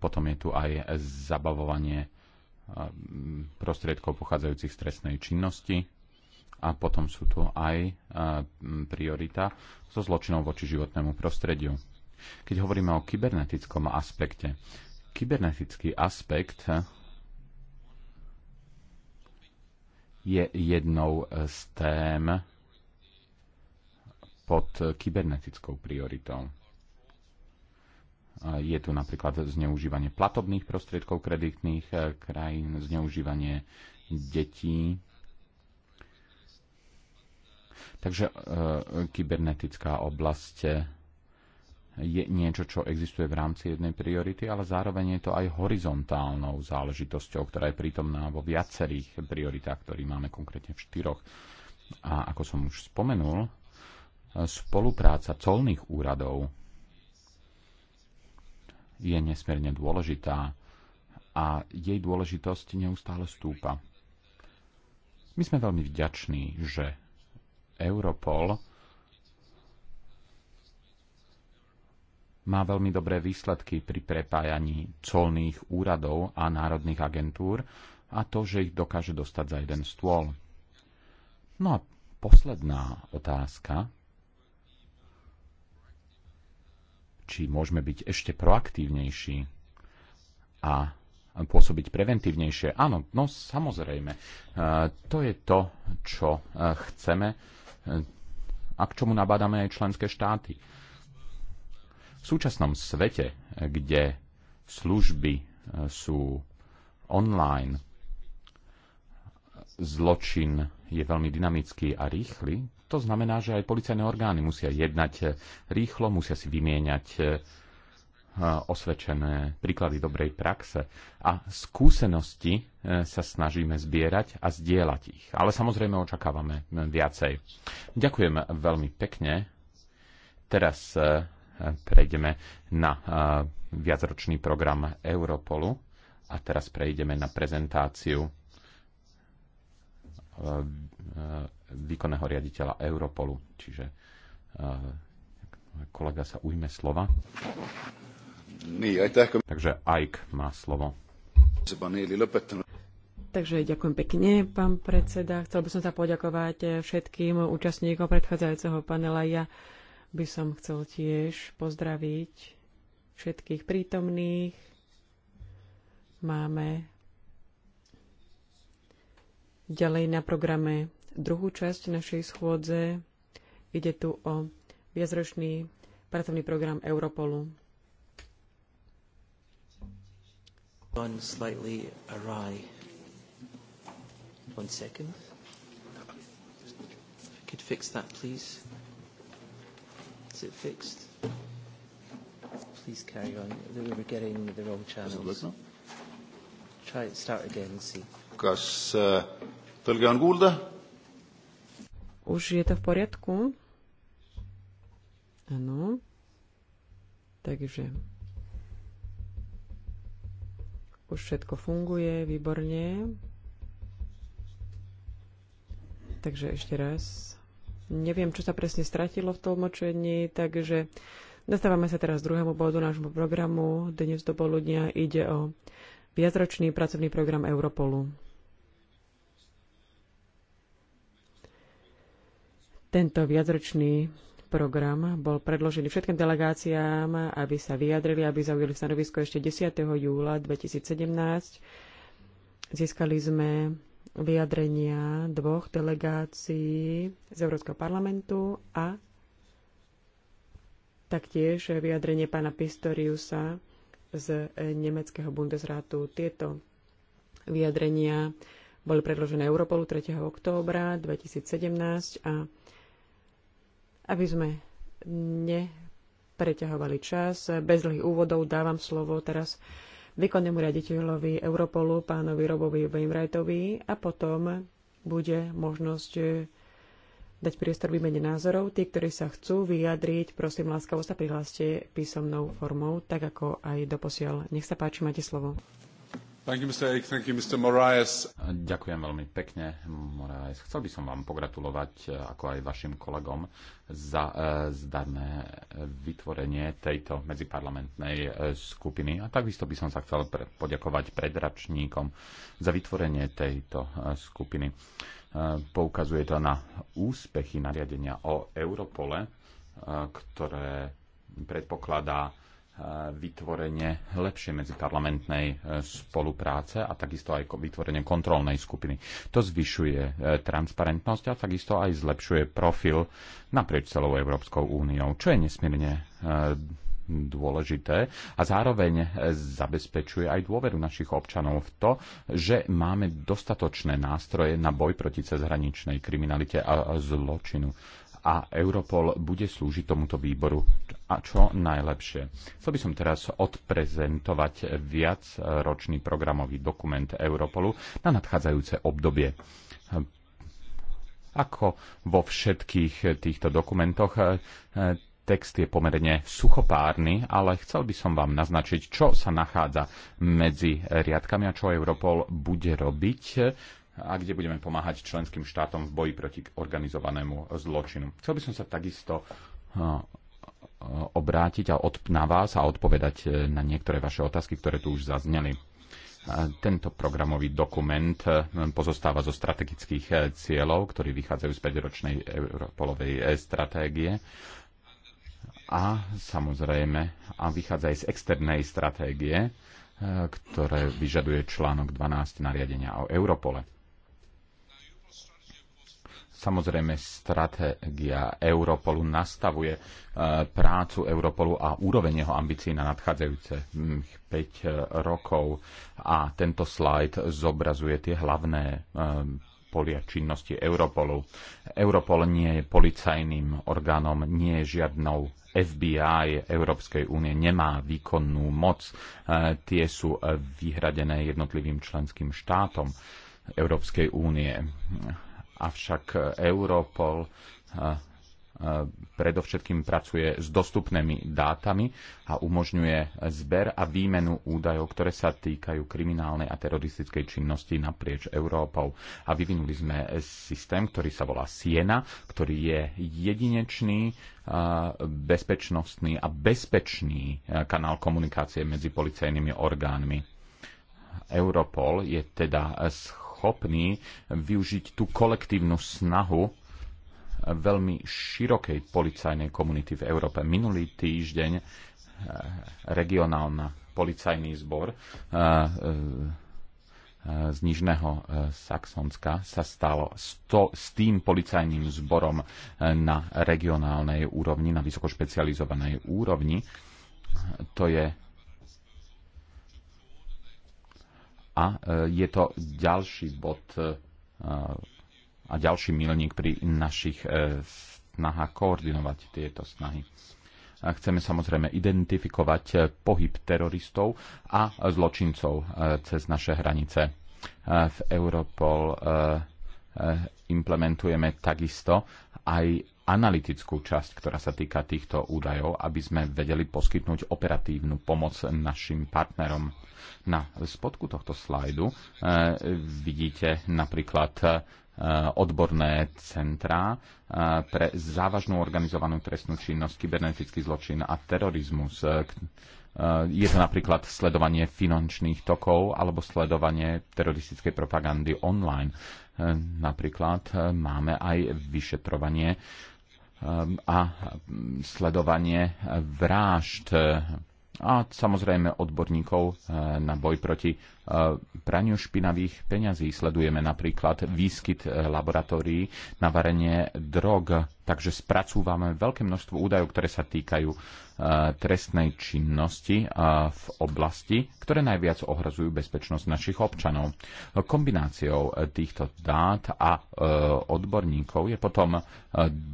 Potom je tu aj zabavovanie prostriedkov pochádzajúcich z trestnej činnosti. A potom sú tu aj priorita so zločinou voči životnému prostrediu. Keď hovoríme o kybernetickom aspekte, kybernetický aspekt je jednou z tém pod kybernetickou prioritou. Je tu napríklad zneužívanie platobných prostriedkov kreditných e, krajín, zneužívanie detí. Takže e, kybernetická oblasť e, je niečo, čo existuje v rámci jednej priority, ale zároveň je to aj horizontálnou záležitosťou, ktorá je prítomná vo viacerých prioritách, ktorý máme konkrétne v štyroch. A ako som už spomenul, spolupráca colných úradov je nesmierne dôležitá a jej dôležitosť neustále stúpa. My sme veľmi vďační, že Europol má veľmi dobré výsledky pri prepájaní colných úradov a národných agentúr a to, že ich dokáže dostať za jeden stôl. No a posledná otázka. Či môžeme byť ešte proaktívnejší a pôsobiť preventívnejšie? Áno, no samozrejme. E, to je to, čo e, chceme e, a k čomu nabádame aj členské štáty v súčasnom svete, kde služby e, sú online, zločin je veľmi dynamický a rýchly, to znamená, že aj policajné orgány musia jednať e, rýchlo, musia si vymieňať e, osvedčené príklady dobrej praxe a skúsenosti sa snažíme zbierať a zdieľať ich. Ale samozrejme očakávame viacej. Ďakujem veľmi pekne. Teraz prejdeme na viacročný program Europolu a teraz prejdeme na prezentáciu výkonného riaditeľa Europolu. Čiže kolega sa ujme slova. Takže Ike má slovo. Takže ďakujem pekne, pán predseda. Chcel by som sa poďakovať všetkým účastníkom predchádzajúceho panela. Ja by som chcel tiež pozdraviť všetkých prítomných. Máme ďalej na programe druhú časť našej schôdze. Ide tu o viacročný pracovný program Europolu. One slightly awry. One second. If you could fix that, please it fixed? Please carry on. We were getting the wrong channels. Try it, start again and see. Kas eh, tõlge on kuulda? Už je to v poriadku? Áno. Takže už všetko funguje výborne. Takže ešte raz. Neviem, čo sa presne stratilo v tlmočení, takže dostávame sa teraz k druhému bodu nášmu programu. Dnes do poludnia ide o viacročný pracovný program Europolu. Tento viacročný program bol predložený všetkým delegáciám, aby sa vyjadrili, aby zaujali stanovisko ešte 10. júla 2017. Získali sme vyjadrenia dvoch delegácií z Európskeho parlamentu a taktiež vyjadrenie pána Pistoriusa z nemeckého Bundesrátu. Tieto vyjadrenia boli predložené Europolu 3. októbra 2017 a aby sme nepreťahovali čas, bez dlhých úvodov dávam slovo teraz výkonnému riaditeľovi Europolu, pánovi Robovi Wainwrightovi a potom bude možnosť eh, dať priestor výmene názorov. Tí, ktorí sa chcú vyjadriť, prosím, láskavo sa prihláste písomnou formou, tak ako aj doposiaľ. Nech sa páči, máte slovo. You, you, Ďakujem veľmi pekne, Moraes. Chcel by som vám pogratulovať, eh, ako aj vašim kolegom, za eh, zdarné vytvorenie tejto medziparlamentnej eh, skupiny. A takisto by som sa chcel poďakovať predračníkom za vytvorenie tejto skupiny. Poukazuje to na úspechy nariadenia o Europole, ktoré predpokladá vytvorenie lepšie medziparlamentnej e, spolupráce a takisto aj vytvorenie kontrolnej skupiny. To zvyšuje e, transparentnosť a takisto aj zlepšuje profil naprieč celou Európskou úniou, čo je nesmierne e, dôležité a zároveň zabezpečuje aj dôveru našich občanov v to, že máme dostatočné nástroje na boj proti cezhraničnej kriminalite a zločinu. A Europol bude slúžiť tomuto výboru a čo najlepšie. Chcel by som teraz odprezentovať viac ročný programový dokument Europolu na nadchádzajúce obdobie. Ako vo všetkých týchto dokumentoch, text je pomerne suchopárny, ale chcel by som vám naznačiť, čo sa nachádza medzi riadkami a čo Europol bude robiť a kde budeme pomáhať členským štátom v boji proti organizovanému zločinu. Chcel by som sa takisto Eh, obrátiť a odp- na vás a odpovedať eh, na niektoré vaše otázky, ktoré tu už zazneli. Eh, tento programový dokument pozostáva zo strategických cieľov, ktorí vychádzajú z 5-ročnej Europolovej stratégie a samozrejme a vychádza aj z externej stratégie, ktoré vyžaduje článok 12 nariadenia o Europole. Samozrejme, stratégia Europolu nastavuje e, prácu Europolu a úroveň jeho ambícií na nadchádzajúce 5 rokov. A tento slajd zobrazuje tie hlavné e, polia činnosti Europolu. Europol nie je policajným orgánom, nie je žiadnou FBI Európskej únie, nemá výkonnú moc. E, tie sú vyhradené jednotlivým členským štátom Európskej únie avšak e, Europol e, e, predovšetkým pracuje s dostupnými dátami a umožňuje zber a výmenu údajov, ktoré sa týkajú kriminálnej a teroristickej činnosti naprieč Európou. A vyvinuli sme systém, ktorý sa volá Siena, ktorý je jedinečný, bezpečnostný a bezpečný kanál komunikácie medzi policajnými orgánmi. Europol je teda schopný schopní využiť tú kolektívnu snahu veľmi širokej policajnej komunity v Európe. Minulý týždeň eh, regionálna policajný zbor eh, eh, z Nižného Saxonska sa stalo sto, s tým policajným zborom na regionálnej úrovni, na vysokošpecializovanej úrovni. To je a e, je to ďalší bod e, a ďalší milník pri našich e, snahách koordinovať tieto snahy. Chceme samozrejme identifikovať pohyb teroristov a zločincov cez naše hranice. V Europol implementujeme takisto aj analytickú časť, ktorá sa týka týchto údajov, aby sme vedeli poskytnúť operatívnu pomoc našim partnerom. Na spodku tohto slajdu e, vidíte napríklad e, odborné centrá e, pre závažnú organizovanú trestnú činnosť, kybernetický zločin a terorizmus. Je to napríklad sledovanie finančných tokov alebo sledovanie teroristickej propagandy online. Napríklad máme aj vyšetrovanie a sledovanie vrážd a samozrejme odborníkov eh, na boj proti praniu špinavých peňazí. Sledujeme napríklad výskyt e, laboratórií na varenie drog, takže spracúvame veľké množstvo údajov, ktoré sa týkajú e, trestnej činnosti e, v oblasti, ktoré najviac ohrazujú bezpečnosť našich občanov. Kombináciou týchto dát a odborníkov je potom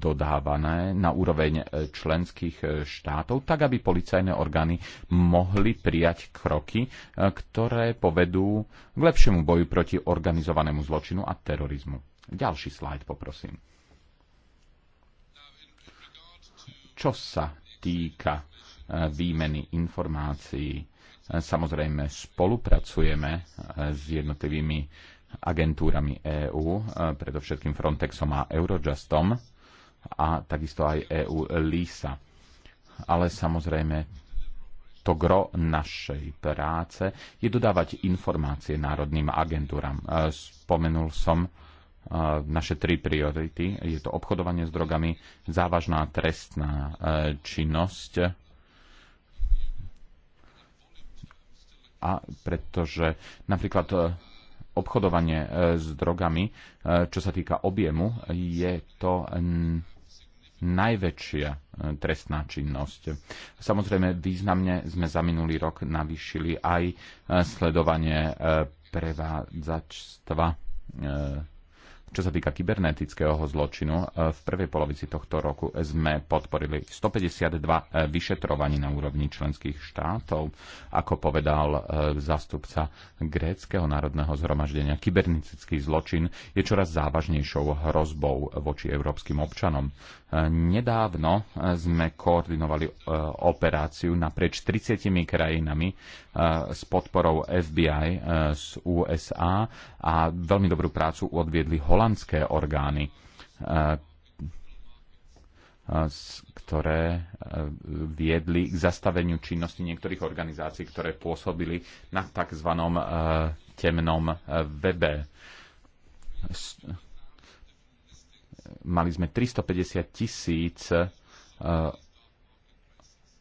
dodávané na úroveň členských štátov, tak aby policajné orgány mohli prijať kroky, ktoré povedú povedú k lepšiemu boju proti organizovanému zločinu a terorizmu. Ďalší slajd poprosím. Čo sa týka e, výmeny informácií, e, samozrejme spolupracujeme e, s jednotlivými agentúrami EÚ, predovšetkým Frontexom a Eurojustom a takisto aj EU LISA. Ale samozrejme to gro našej práce je dodávať informácie národným agentúram. E, spomenul som e, naše tri priority. Je to obchodovanie s drogami, závažná trestná e, činnosť a pretože napríklad obchodovanie s drogami, čo sa týka objemu, je to najväčšia e, trestná činnosť. Samozrejme, významne sme za minulý rok navýšili aj e, sledovanie e, prevádzačstva čo sa týka kybernetického zločinu, e, v prvej polovici tohto roku sme podporili 152 e, vyšetrovaní na úrovni členských štátov. Ako povedal e, zástupca Gréckého národného zhromaždenia, kybernetický zločin je čoraz závažnejšou hrozbou voči európskym občanom. Nedávno sme koordinovali operáciu naprieč 30 krajinami s podporou FBI e, z USA a veľmi dobrú prácu odviedli holandské orgány, e, e, ktoré viedli k zastaveniu činnosti niektorých organizácií, ktoré pôsobili na tzv. temnom webe mali sme 350 tisíc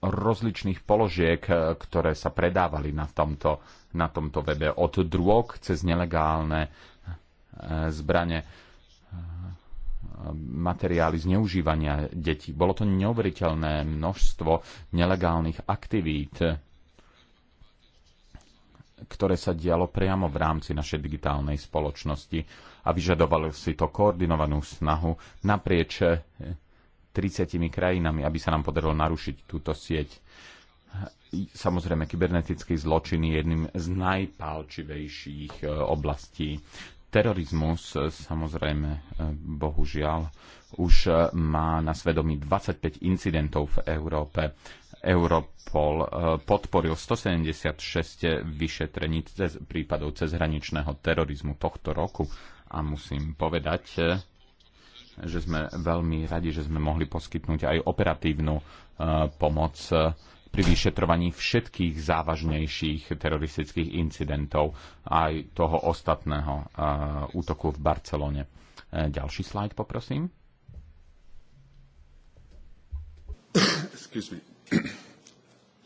rozličných položiek, e, ktoré sa predávali na tomto, na tomto webe. Od druhok cez nelegálne e, zbranie e, materiály zneužívania detí. Bolo to neuveriteľné množstvo nelegálnych aktivít, ktoré sa dialo priamo v rámci našej digitálnej spoločnosti a vyžadovalo si to koordinovanú snahu naprieč 30 krajinami, aby sa nám podarilo narušiť túto sieť. Samozrejme, kybernetický zločin je jedným z najpálčivejších e, oblastí. Terorizmus, e, samozrejme, e, bohužiaľ, už má na svedomí 25 incidentov v Európe. Europol podporil 176 vyšetrení cez prípadov cezhraničného terorizmu tohto roku a musím povedať, že sme veľmi radi, že sme mohli poskytnúť aj operatívnu e, pomoc e, pri vyšetrovaní všetkých závažnejších teroristických incidentov aj toho ostatného e, útoku v Barcelone. Ďalší slajd poprosím. Excuse me.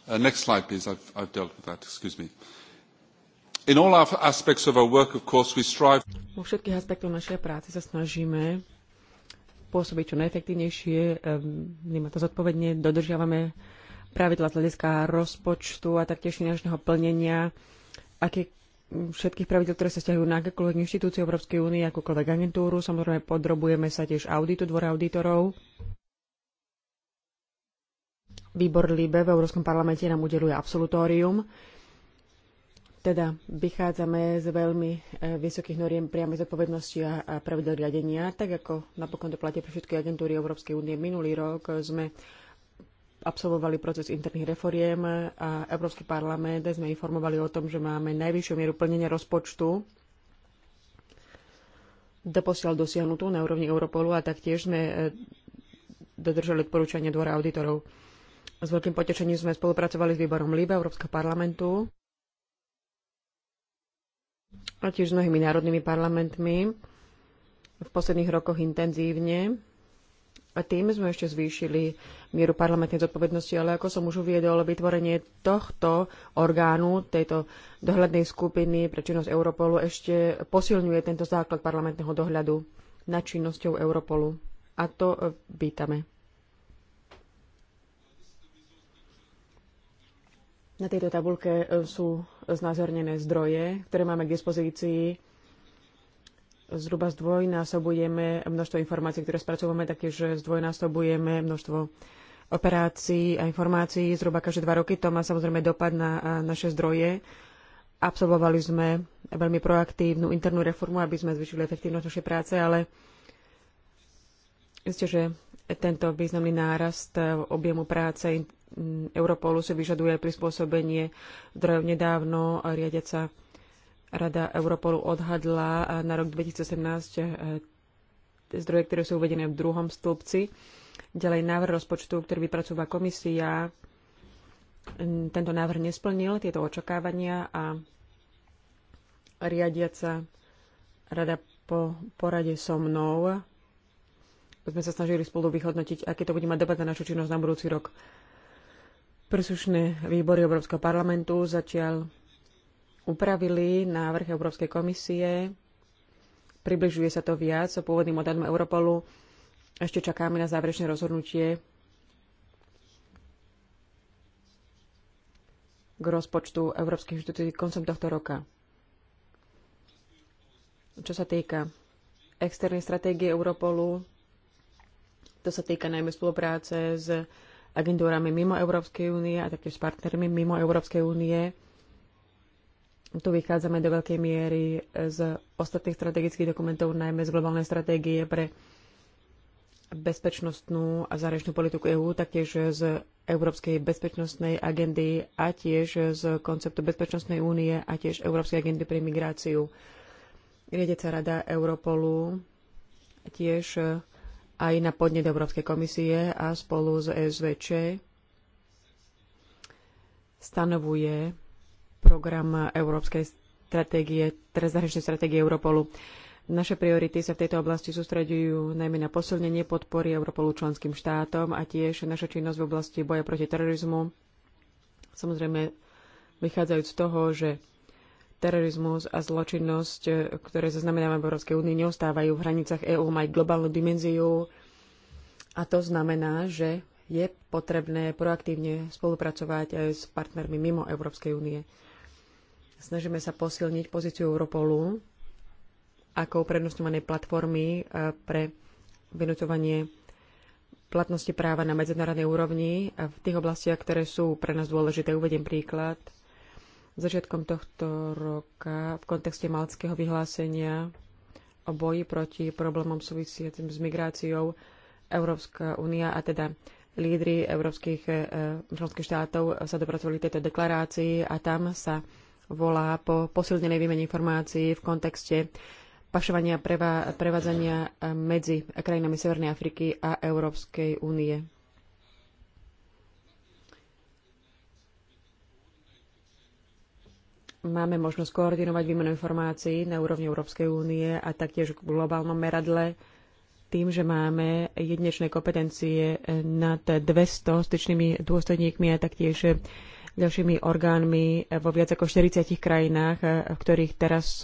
Uh, next slide, please. I've, I've dealt with that. Excuse me. In all our aspects of our work, of course, we strive... Vo všetkých aspektoch našej práce sa snažíme pôsobiť čo najefektívnejšie, ehm, vníma to zodpovedne, dodržiavame pravidla z hľadiska rozpočtu a taktiež finančného plnenia, aké všetkých pravidel, ktoré sa stiahujú na akékoľvek inštitúcie Európskej únie, akúkoľvek agentúru. Samozrejme, podrobujeme sa tiež auditu dvora auditorov. Výbor LIBE v Európskom parlamente nám udeluje absolutórium teda vychádzame z veľmi e, vysokých noriem priamej zodpovednosti a, a pravidel riadenia, tak ako napokon to platí pre všetky agentúry Európskej únie. Minulý rok sme absolvovali proces interných reforiem a Európsky parlament sme informovali o tom, že máme najvyššiu mieru plnenia rozpočtu doposiaľ dosiahnutú na úrovni Europolu a taktiež sme e, dodržali odporúčanie dvora auditorov. S veľkým potešením sme spolupracovali s výborom LIBE Európskeho parlamentu a tiež s mnohými národnými parlamentmi v posledných rokoch intenzívne. A tým sme ešte zvýšili mieru parlamentnej zodpovednosti, ale ako som už uviedol, vytvorenie tohto orgánu, tejto dohľadnej skupiny pre činnosť Europolu ešte posilňuje tento základ parlamentného dohľadu nad činnosťou Europolu. A to e, vítame. Na tejto tabulke e, sú znázornené zdroje, ktoré máme k dispozícii. Zhruba zdvojnásobujeme množstvo informácií, ktoré spracovujeme, taktiež zdvojnásobujeme množstvo operácií a informácií zhruba každé dva roky. To má samozrejme dopad na e, naše zdroje. Absolvovali sme veľmi proaktívnu internú reformu, aby sme zvyšili efektívnosť našej práce, ale Isté, že tento významný nárast e, objemu práce Europolu si vyžaduje prispôsobenie zdrojov nedávno riadiaca Rada Europolu odhadla na rok 2017 e, zdroje, ktoré sú uvedené v druhom stĺpci. Ďalej návrh rozpočtu, ktorý vypracúva komisia, tento návrh nesplnil tieto očakávania a riadiaca rada po porade so mnou sme sa snažili spolu vyhodnotiť, aké to bude mať dopad na našu činnosť na budúci rok. Príslušné výbory Európskeho parlamentu zatiaľ upravili návrh Európskej komisie. Približuje sa to viac o pôvodným odhadom Europolu. Ešte čakáme na záverečné rozhodnutie k rozpočtu Európskej inštitúcií koncom tohto roka. Čo sa týka externej stratégie Europolu, to sa týka najmä spolupráce s agentúrami mimo Európskej únie a taktiež s partnermi mimo Európskej únie. Tu vychádzame do veľkej miery z ostatných strategických dokumentov, najmä z globálnej stratégie pre bezpečnostnú a zárečnú politiku EÚ, taktiež z Európskej bezpečnostnej agendy a tiež z konceptu Bezpečnostnej únie a tiež Európskej agendy pre migráciu. Riedeca rada Europolu tiež aj na podnet Európskej komisie a spolu s SVČ stanovuje program Európskej stratégie, teda zahraničnej stratégie Europolu. Naše priority sa v tejto oblasti sústreďujú najmä na posilnenie podpory Europolu členským štátom a tiež naša činnosť v oblasti boja proti terorizmu. Samozrejme, vychádzajúc z toho, že Terorizmus a zločinnosť, e, ktoré zaznamenávame v Európskej únii, neustávajú v hranicách EÚ, majú globálnu dimenziu a to znamená, že je potrebné proaktívne spolupracovať aj s partnermi mimo Európskej únie. Snažíme sa posilniť pozíciu Europolu ako uprednostňovanej platformy e, pre vynúcovanie platnosti práva na medzinárodnej úrovni v tých oblastiach, ktoré sú pre nás dôležité. Uvediem príklad začiatkom tohto roka v kontexte malckého vyhlásenia o boji proti problémom súvisiacim s migráciou Európska únia a teda lídry európskych e, členských štátov sa dopracovali tejto deklarácii a tam sa volá po posilnenej výmene informácií v kontexte pašovania a prevádzania medzi krajinami Severnej Afriky a Európskej únie. máme možnosť koordinovať výmenu informácií na úrovni Európskej únie a taktiež v globálnom meradle tým, že máme jednečné kompetencie nad 200 styčnými dôstojníkmi a taktiež ďalšími orgánmi vo viac ako 40 krajinách, v ktorých teraz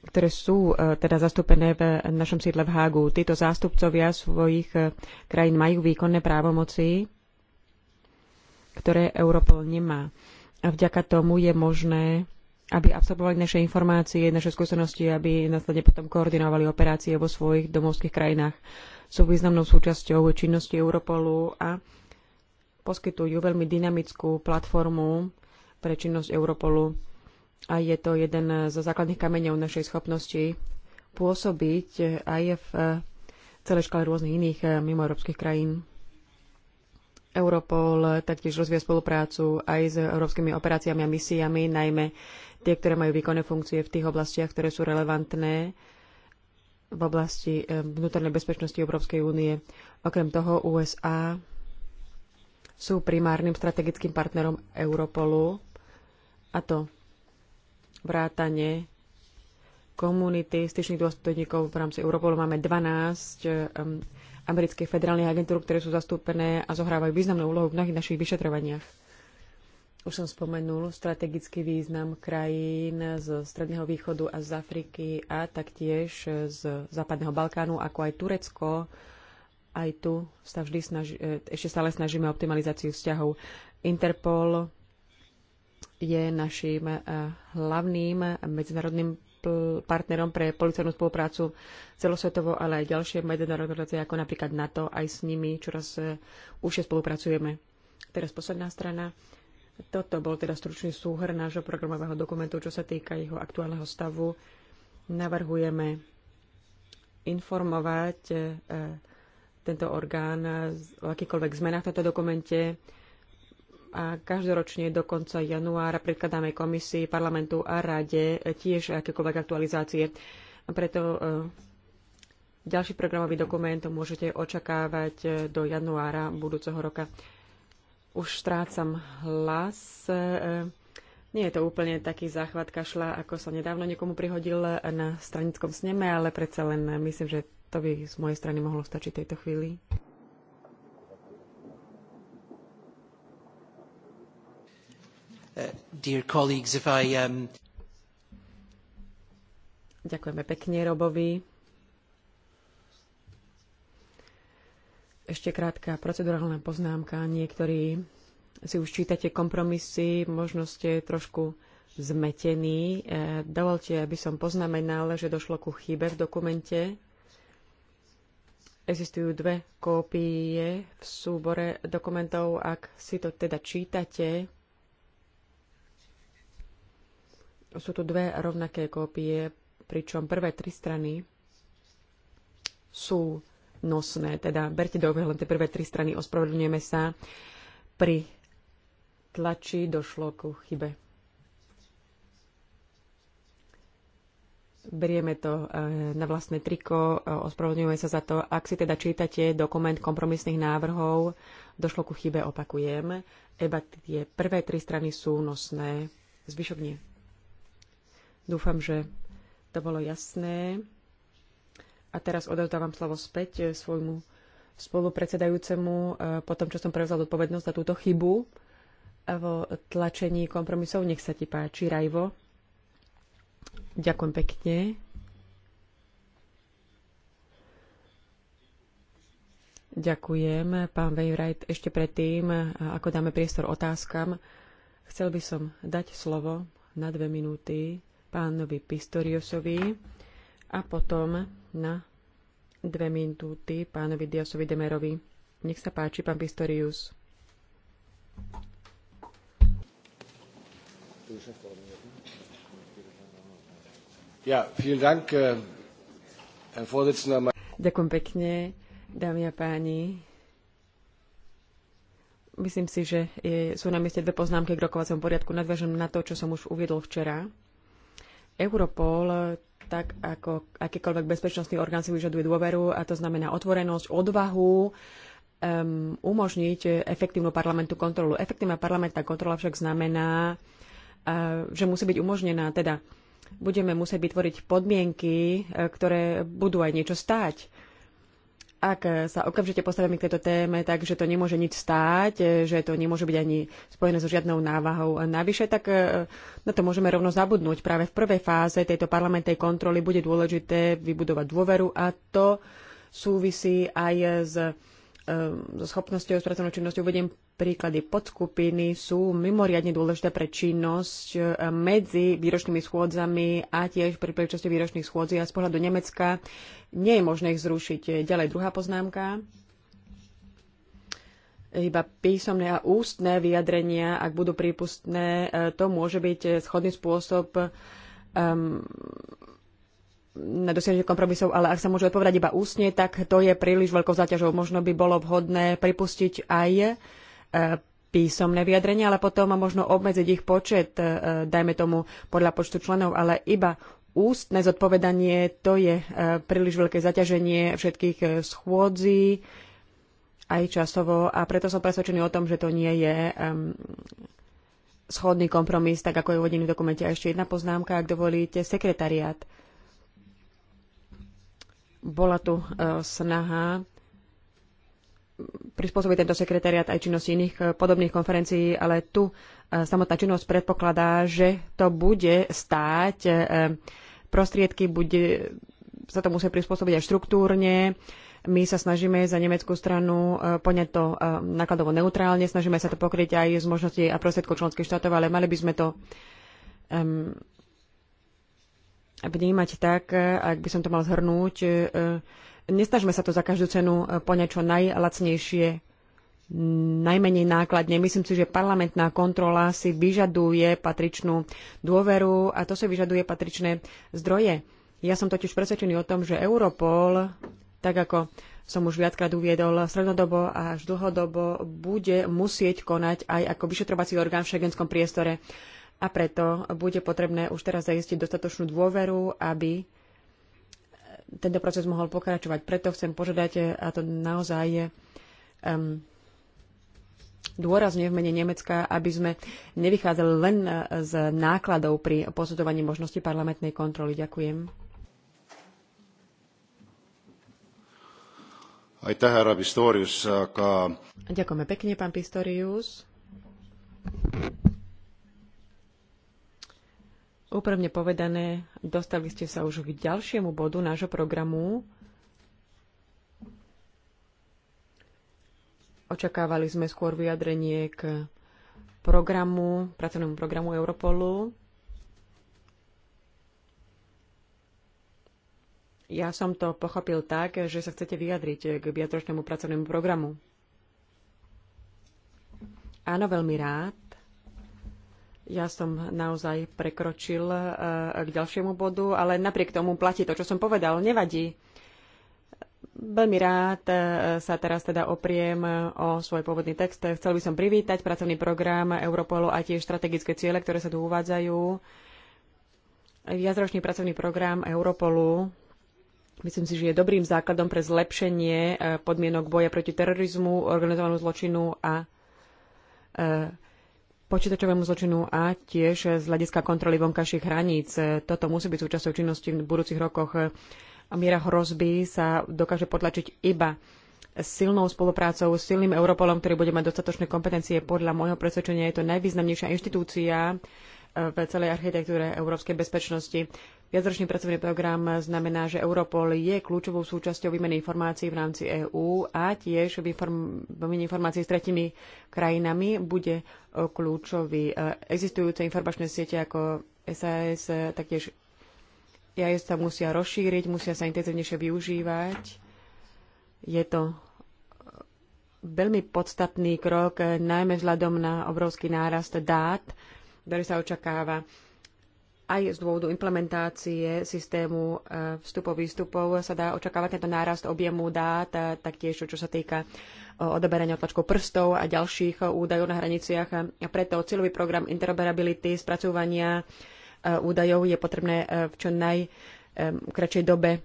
ktoré sú e, teda zastúpené v našom sídle v Hágu. Títo zástupcovia svojich e, krajín majú výkonné právomoci, ktoré Europol nemá a vďaka tomu je možné, aby absorbovali naše informácie, naše skúsenosti, aby následne potom koordinovali operácie vo svojich domovských krajinách. Sú významnou súčasťou činnosti Europolu a poskytujú veľmi dynamickú platformu pre činnosť Europolu a je to jeden zo základných kameňov našej schopnosti pôsobiť aj v celej škole rôznych iných eh, mimoeurópskych krajín. Europol taktiež rozvíja spoluprácu aj s európskymi operáciami a misiami, najmä tie, ktoré majú výkonné funkcie v tých oblastiach, ktoré sú relevantné v oblasti eh, vnútornej bezpečnosti Európskej únie. Okrem toho USA sú primárnym strategickým partnerom Europolu a to vrátane komunity styčných dôstojníkov v rámci Europolu. Máme 12 amerických federálnych agentúr, ktoré sú zastúpené a zohrávajú významnú úlohu v mnohých našich vyšetrovaniach. Už som spomenul strategický význam krajín z Stredného východu a z Afriky a taktiež z Západného Balkánu, ako aj Turecko. Aj tu sa vždy snaži, e, ešte stále snažíme optimalizáciu vzťahov. Interpol je našim e, hlavným medzinárodným partnerom pre policajnú spoluprácu celosvetovo, ale aj ďalšie medzinárodné organizácie ako napríklad NATO, aj s nimi čoraz e, užšie spolupracujeme. Teraz posledná strana. Toto bol teda stručný súhrn nášho programového dokumentu, čo sa týka jeho aktuálneho stavu. Navrhujeme informovať e, e, tento orgán o akýchkoľvek zmenách v tomto dokumente, a každoročne do konca januára predkladáme komisii, parlamentu a rade tiež akékoľvek aktualizácie. A preto e, ďalší programový dokument môžete očakávať e, do januára budúceho roka. Už strácam hlas. E, nie je to úplne taký záchvat kašla, ako sa nedávno niekomu prihodil na stranickom sneme, ale predsa len myslím, že to by z mojej strany mohlo stačiť tejto chvíli. Uh, dear colleagues, if I... Um... Ďakujeme pekne Robovi. Ešte krátka procedurálna poznámka. Niektorí si už čítate kompromisy, možno ste trošku zmetení. Eh, dovolte, aby som poznamenal, že došlo ku chybe v dokumente. Existujú dve kópie v súbore dokumentov. Ak si to teda čítate, sú tu dve rovnaké kópie, pričom prvé tri strany sú nosné. Teda berte do len tie prvé tri strany, ospravedlňujeme sa. Pri tlači došlo ku chybe. Berieme to e, na vlastné triko, e, ospravedlňujeme sa za to. Ak si teda čítate dokument kompromisných návrhov, došlo ku chybe, opakujem. Eba tie prvé tri strany sú nosné, zvyšok nie. Dúfam, že to bolo jasné. A teraz odovzdávam slovo späť eh, svojmu spolupredsedajúcemu eh, po tom, čo som prevzal odpovednosť za túto chybu eh, vo tlačení kompromisov. Nech sa ti páči, Rajvo. Ďakujem pekne. Ďakujem, pán Wainwright. Ešte predtým, ako dáme priestor otázkam, chcel by som dať slovo na dve minúty pánovi Pistoriosovi a potom na dve minúty pánovi Diasovi Demerovi. Nech sa páči, pán Pistorius. Ja, Dank, äh, Ďakujem pekne, dámy a páni. Myslím si, že je, sú na mieste dve poznámky k rokovacom poriadku. Nadviažem na to, čo som už uviedol včera. Europol, tak ako akýkoľvek bezpečnostný orgán si vyžaduje dôveru, a to znamená otvorenosť, odvahu, um, umožniť efektívnu parlamentu kontrolu. Efektívna parlamentná kontrola však znamená, uh, že musí byť umožnená, teda budeme musieť vytvoriť podmienky, uh, ktoré budú aj niečo stáť ak sa okamžite postavíme k tejto téme, takže to nemôže nič stáť, že to nemôže byť ani spojené so žiadnou návahou. A navyše, tak e, na to môžeme rovno zabudnúť. Práve v prvej fáze tejto parlamentnej kontroly bude dôležité vybudovať dôveru a to súvisí aj s e, so schopnosťou, s pracovnou činnosťou. Uvediem príklady podskupiny sú mimoriadne dôležité pre činnosť eh, medzi výročnými schôdzami a tiež pri príčasti výročných schôdzí a z pohľadu Nemecka nie je možné ich zrušiť. Eh, ďalej druhá poznámka. Iba písomné a ústne vyjadrenia, ak budú prípustné, eh, to môže byť schodný spôsob um, na dosiahnutie kompromisov, ale ak sa môže odpovedať iba ústne, tak to je príliš veľkou záťažou. Možno by bolo vhodné pripustiť aj písomné vyjadrenia, ale potom možno obmedziť ich počet, e, dajme tomu podľa počtu členov, ale iba ústne zodpovedanie, to je e, príliš veľké zaťaženie všetkých e, schôdzí, aj časovo, a preto som presvedčený o tom, že to nie je schodný kompromis, tak ako je uvedený v dokumente. A ešte jedna poznámka, ak dovolíte, sekretariát. Bola tu snaha prispôsobí tento sekretariat aj činnosti iných eh, podobných konferencií, ale tu eh, samotná činnosť predpokladá, že to bude stáť eh, prostriedky, bude sa to musia prispôsobiť aj štruktúrne. My sa snažíme za nemeckú stranu poňať to nákladovo neutrálne, snažíme sa to pokryť aj z možností a prostriedkov členských štátov, ale mali by sme to um, vnímať tak, ak by som to mal zhrnúť, uh, Nestažme sa to za každú cenu e, poňať čo najlacnejšie, najmenej nákladne. Myslím si, že parlamentná kontrola si vyžaduje patričnú dôveru a to si vyžaduje patričné zdroje. Ja som totiž presvedčený o tom, že Europol, tak ako som už viackrát uviedol, strednodobo a až dlhodobo bude musieť konať aj ako vyšetrovací orgán v šegenskom priestore. A preto bude potrebné už teraz zajistiť dostatočnú dôveru, aby tento proces mohol pokračovať. Preto chcem požiadať, a to naozaj je um, dôrazne v mene Nemecka, aby sme nevychádzali len e, z nákladov pri posudzovaní možnosti parlamentnej kontroly. Ďakujem. Aitäh, härra Pistorius, ka... Ďakujeme pekne, pán Pistorius. Úprimne povedané, dostali ste sa už k ďalšiemu bodu nášho programu. Očakávali sme skôr vyjadrenie k programu, pracovnému programu Europolu. Ja som to pochopil tak, že sa chcete vyjadriť k viatročnému pracovnému programu. Áno, veľmi rád. Ja som naozaj prekročil e, k ďalšiemu bodu, ale napriek tomu platí to, čo som povedal. Nevadí. Veľmi rád e, sa teraz teda opriem e, o svoj pôvodný text. Chcel by som privítať pracovný program Europolu a tiež strategické ciele, ktoré sa tu uvádzajú. Viacročný pracovný program Europolu Myslím si, že je dobrým základom pre zlepšenie podmienok boja proti terorizmu, organizovanú zločinu a počítačovému zločinu a tiež z hľadiska kontroly vonkajších hraníc. Toto musí byť súčasťou činnosti v budúcich rokoch. Miera hrozby sa dokáže potlačiť iba silnou spoluprácou, silným Europolom, ktorý bude mať dostatočné kompetencie. Podľa môjho presvedčenia je to najvýznamnejšia inštitúcia v celej architektúre európskej bezpečnosti. Viacročný pracovný program znamená, že Europol je kľúčovou súčasťou výmeny informácií v rámci EÚ a tiež výmeny informácií s tretimi krajinami bude e, kľúčový. E, existujúce informačné siete ako SAS, e, taktiež IAS sa musia rozšíriť, musia sa intenzívnejšie využívať. Je to veľmi podstatný krok, najmä vzhľadom na obrovský nárast dát, ktorý sa očakáva aj z dôvodu implementácie systému e, vstupov výstupov sa dá očakávať tento nárast objemu dát, taktiež čo sa týka e, odoberania otlačkov prstov a ďalších e, údajov na hraniciach. A preto cieľový program interoperability, spracovania údajov je potrebné v čo najkračej dobe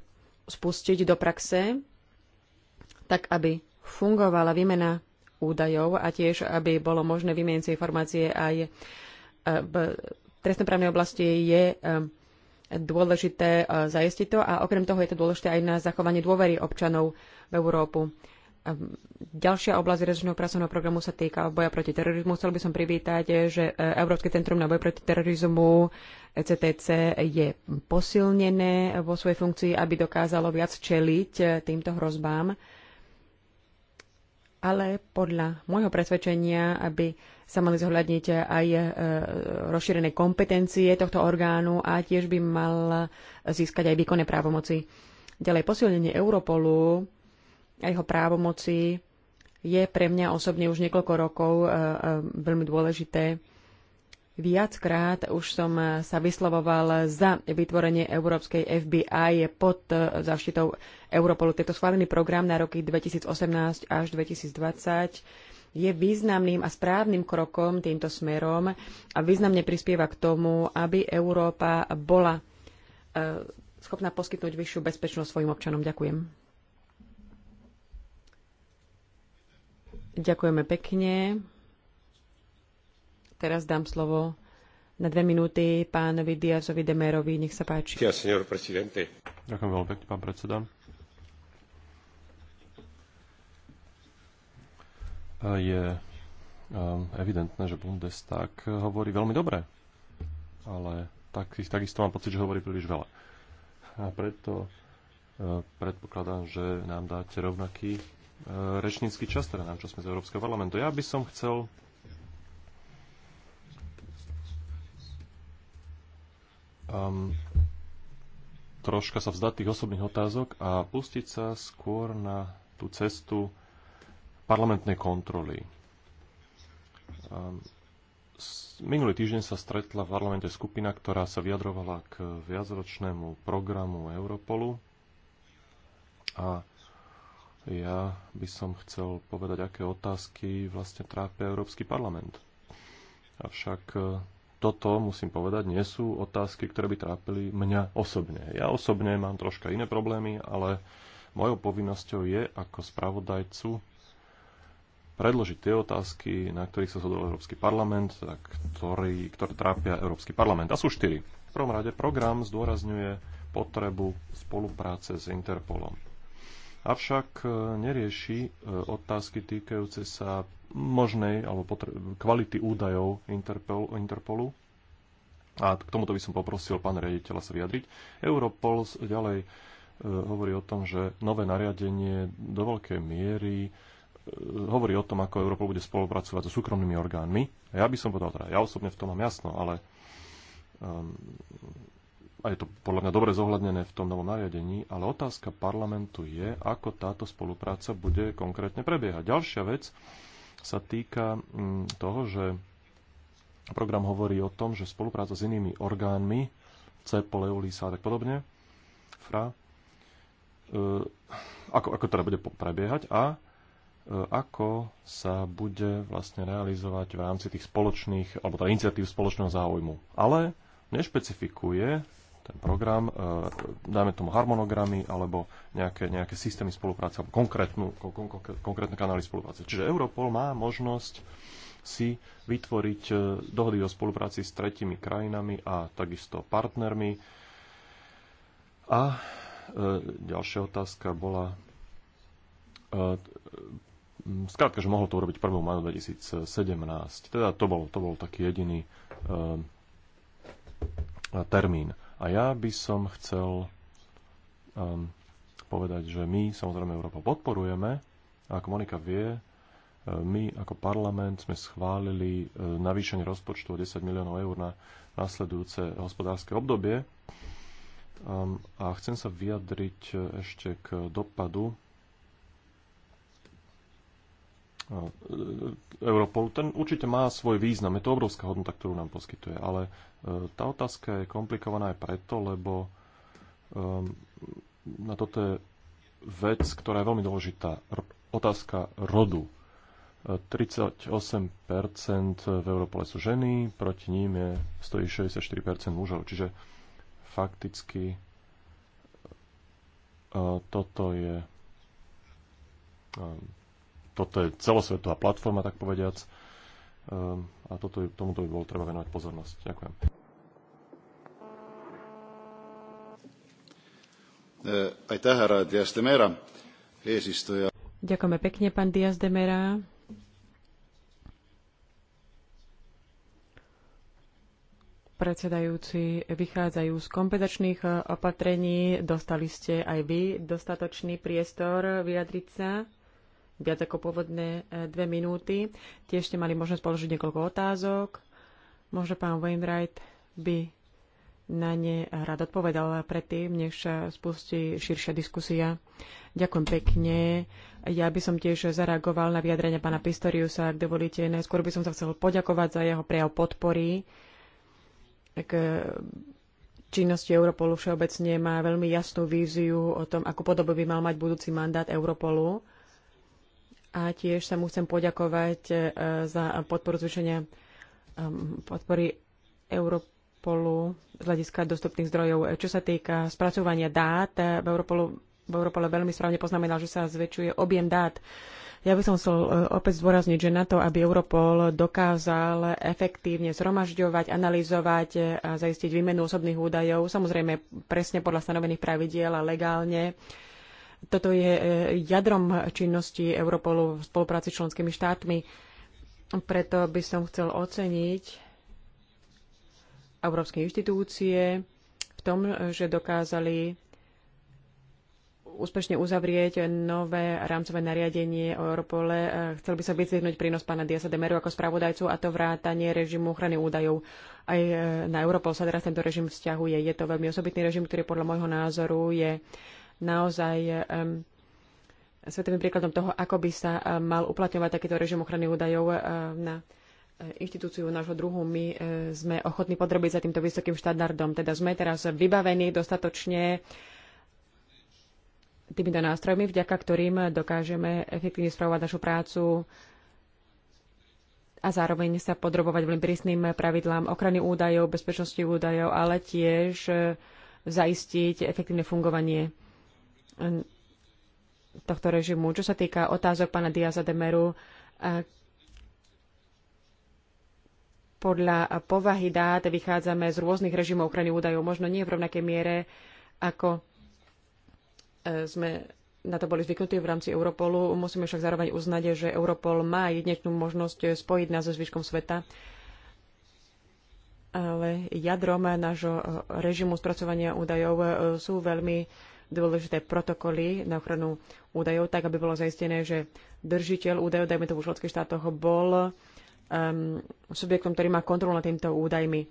spustiť do praxe, tak aby fungovala výmena údajov a tiež, aby bolo možné vymeniť si informácie aj v trestnoprávnej oblasti je eh, dôležité eh, zajistiť to a okrem toho je to dôležité aj na zachovanie dôvery občanov v Európu. Eh, ďalšia oblasť režimného pracovného programu sa týka boja proti terorizmu. Chcel by som privítať, že Európske centrum na boj proti terorizmu ECTC je posilnené vo svojej funkcii, aby dokázalo viac čeliť týmto hrozbám. Ale podľa môjho presvedčenia, aby sa mali zohľadniť aj e, rozšírené kompetencie tohto orgánu a tiež by mal získať aj výkonné právomoci. Ďalej posilnenie Europolu a jeho právomoci je pre mňa osobne už niekoľko rokov e, e, veľmi dôležité. Viackrát už som sa vyslovoval za vytvorenie Európskej FBI pod záštitou Europolu. Tento schválený program na roky 2018 až 2020 je významným a správnym krokom týmto smerom a významne prispieva k tomu, aby Európa bola e, schopná poskytnúť vyššiu bezpečnosť svojim občanom. Ďakujem. Ďakujeme pekne. Teraz dám slovo na dve minúty pánovi Diazovi Demerovi. Nech sa páči. Ďakujem veľmi pekne, pán predseda. je um, evidentné, že Bundestag hovorí veľmi dobre, ale tak, takisto mám pocit, že hovorí príliš veľa. A preto uh, predpokladám, že nám dáte rovnaký uh, rečnícky čas, teda nám, čo sme z Európskeho parlamentu. Ja by som chcel um, troška sa vzdať tých osobných otázok a pustiť sa skôr na tú cestu parlamentnej kontroly. Ehm, minulý týždeň sa stretla v parlamente skupina, ktorá sa vyjadrovala k viacročnému programu Europolu. A ja by som chcel povedať, aké otázky vlastne trápia Európsky parlament. Avšak e, toto, musím povedať, nie sú otázky, ktoré by trápili mňa osobne. Ja osobne mám troška iné problémy, ale mojou povinnosťou je ako spravodajcu predložiť tie otázky, na ktorých sa zhodol Európsky parlament, a ktorý, ktoré trápia Európsky parlament. A sú štyri. V prvom rade program zdôrazňuje potrebu spolupráce s Interpolom. Avšak e, nerieši e, otázky týkajúce sa možnej alebo kvality údajov Interpol, Interpolu. A k tomuto by som poprosil pána riaditeľa sa vyjadriť. Europol ďalej e, hovorí o tom, že nové nariadenie do veľkej miery hovorí o tom, ako Európa bude spolupracovať so súkromnými orgánmi. A ja by som povedal, teda ja osobne v tom mám jasno, ale um, a je to podľa mňa dobre zohľadnené v tom novom nariadení, ale otázka parlamentu je, ako táto spolupráca bude konkrétne prebiehať. Ďalšia vec sa týka um, toho, že program hovorí o tom, že spolupráca s inými orgánmi, CEPOL, EULISA a tak podobne, FRA, uh, ako, ako teda bude prebiehať a E, ako sa bude vlastne realizovať v rámci tých spoločných, alebo teda iniciatív spoločného záujmu. Ale nešpecifikuje ten program, e, dáme tomu harmonogramy alebo nejaké, nejaké systémy spolupráce, alebo konkrétnu, konkrétne kanály spolupráce. Čiže Europol má možnosť si vytvoriť e, dohody o spolupráci s tretimi krajinami a takisto partnermi. A ďalšia otázka bola Mm, skrátka, že mohol to urobiť 1. maja 2017. Teda to bol, to bol taký jediný uh, termín. A ja by som chcel um, povedať, že my samozrejme Európa podporujeme. A ako Monika vie, eh, my ako parlament sme schválili eh, navýšenie rozpočtu o 10 miliónov eur na nasledujúce hospodárske obdobie. Um, a chcem sa vyjadriť ešte k dopadu E, Europol, ten určite má svoj význam. Je to obrovská hodnota, ktorú nám poskytuje. Ale e, tá otázka je komplikovaná aj preto, lebo e, na toto je vec, ktorá je veľmi dôležitá. Otázka rodu. 38% v Europole sú ženy, proti ním je stojí 64% mužov. Čiže fakticky toto je toto je celosvetová platforma, tak povediac. Ehm, a toto, tomuto by bolo treba venovať pozornosť. Ďakujem. Dias de Mera, Ďakujeme pekne, pán Dias de Mera. predsedajúci vychádzajú z kompetačných eh, opatrení. Dostali ste aj vy dostatočný priestor vyjadriť sa viac ako pôvodné e, dve minúty. Tiež ste mali možnosť položiť niekoľko otázok. Možno pán Wainwright by na ne rád odpovedal predtým, než sa spustí širšia diskusia. Ďakujem pekne. Ja by som tiež zareagoval na vyjadrenie pána Pistoriusa, ak dovolíte. Najskôr by som sa chcel poďakovať za jeho prejav podpory k činnosti Europolu všeobecne má veľmi jasnú víziu o tom, akú podobu by mal mať budúci mandát Europolu a tiež sa mu chcem poďakovať e, za podporu zvýšenia podpory Europolu z hľadiska dostupných zdrojov. E, čo sa týka spracovania dát, e, v, Europolu, v Europole veľmi správne poznamenal, že sa zväčšuje objem dát. Ja by som chcel opäť zdôrazniť, že na to, aby Europol dokázal efektívne zhromažďovať, analyzovať a zaistiť výmenu osobných údajov, samozrejme presne podľa stanovených pravidiel a legálne, toto je e, jadrom činnosti Europolu v spolupráci s členskými štátmi. Preto by som chcel oceniť európske inštitúcie v tom, že dokázali úspešne uzavrieť nové rámcové nariadenie o Europole. E, chcel by sa vyzvihnúť prínos pána Diasa Meru ako spravodajcu a to vrátanie režimu ochrany údajov. Aj e, na Europol sa teraz tento režim vzťahuje. Je to veľmi osobitný režim, ktorý podľa môjho názoru je naozaj svetovým príkladom toho, ako by sa mal uplatňovať takýto režim ochrany údajov na e, inštitúciu nášho druhu. My e, sme ochotní podrobiť za týmto vysokým štandardom. Teda sme teraz vybavení dostatočne týmito nástrojmi, vďaka ktorým dokážeme efektívne spravovať našu prácu a zároveň sa podrobovať veľmi prísnym pravidlám ochrany údajov, bezpečnosti údajov, ale tiež e, zaistiť efektívne fungovanie tohto režimu. Čo sa týka otázok pána Diaza Demeru, e, podľa povahy dát vychádzame z rôznych režimov ochrany údajov, možno nie v rovnakej miere, ako e, sme na to boli zvyknutí v rámci Europolu. Musíme však zároveň uznať, že Europol má jedinečnú možnosť spojiť nás so zvyškom sveta. Ale jadrom nášho režimu spracovania údajov e, sú veľmi dôležité protokoly na ochranu údajov, tak aby bolo zaistené, že držiteľ údajov, dajme to v členských štátoch, bol um, subjektom, ktorý má kontrolu nad týmto údajmi.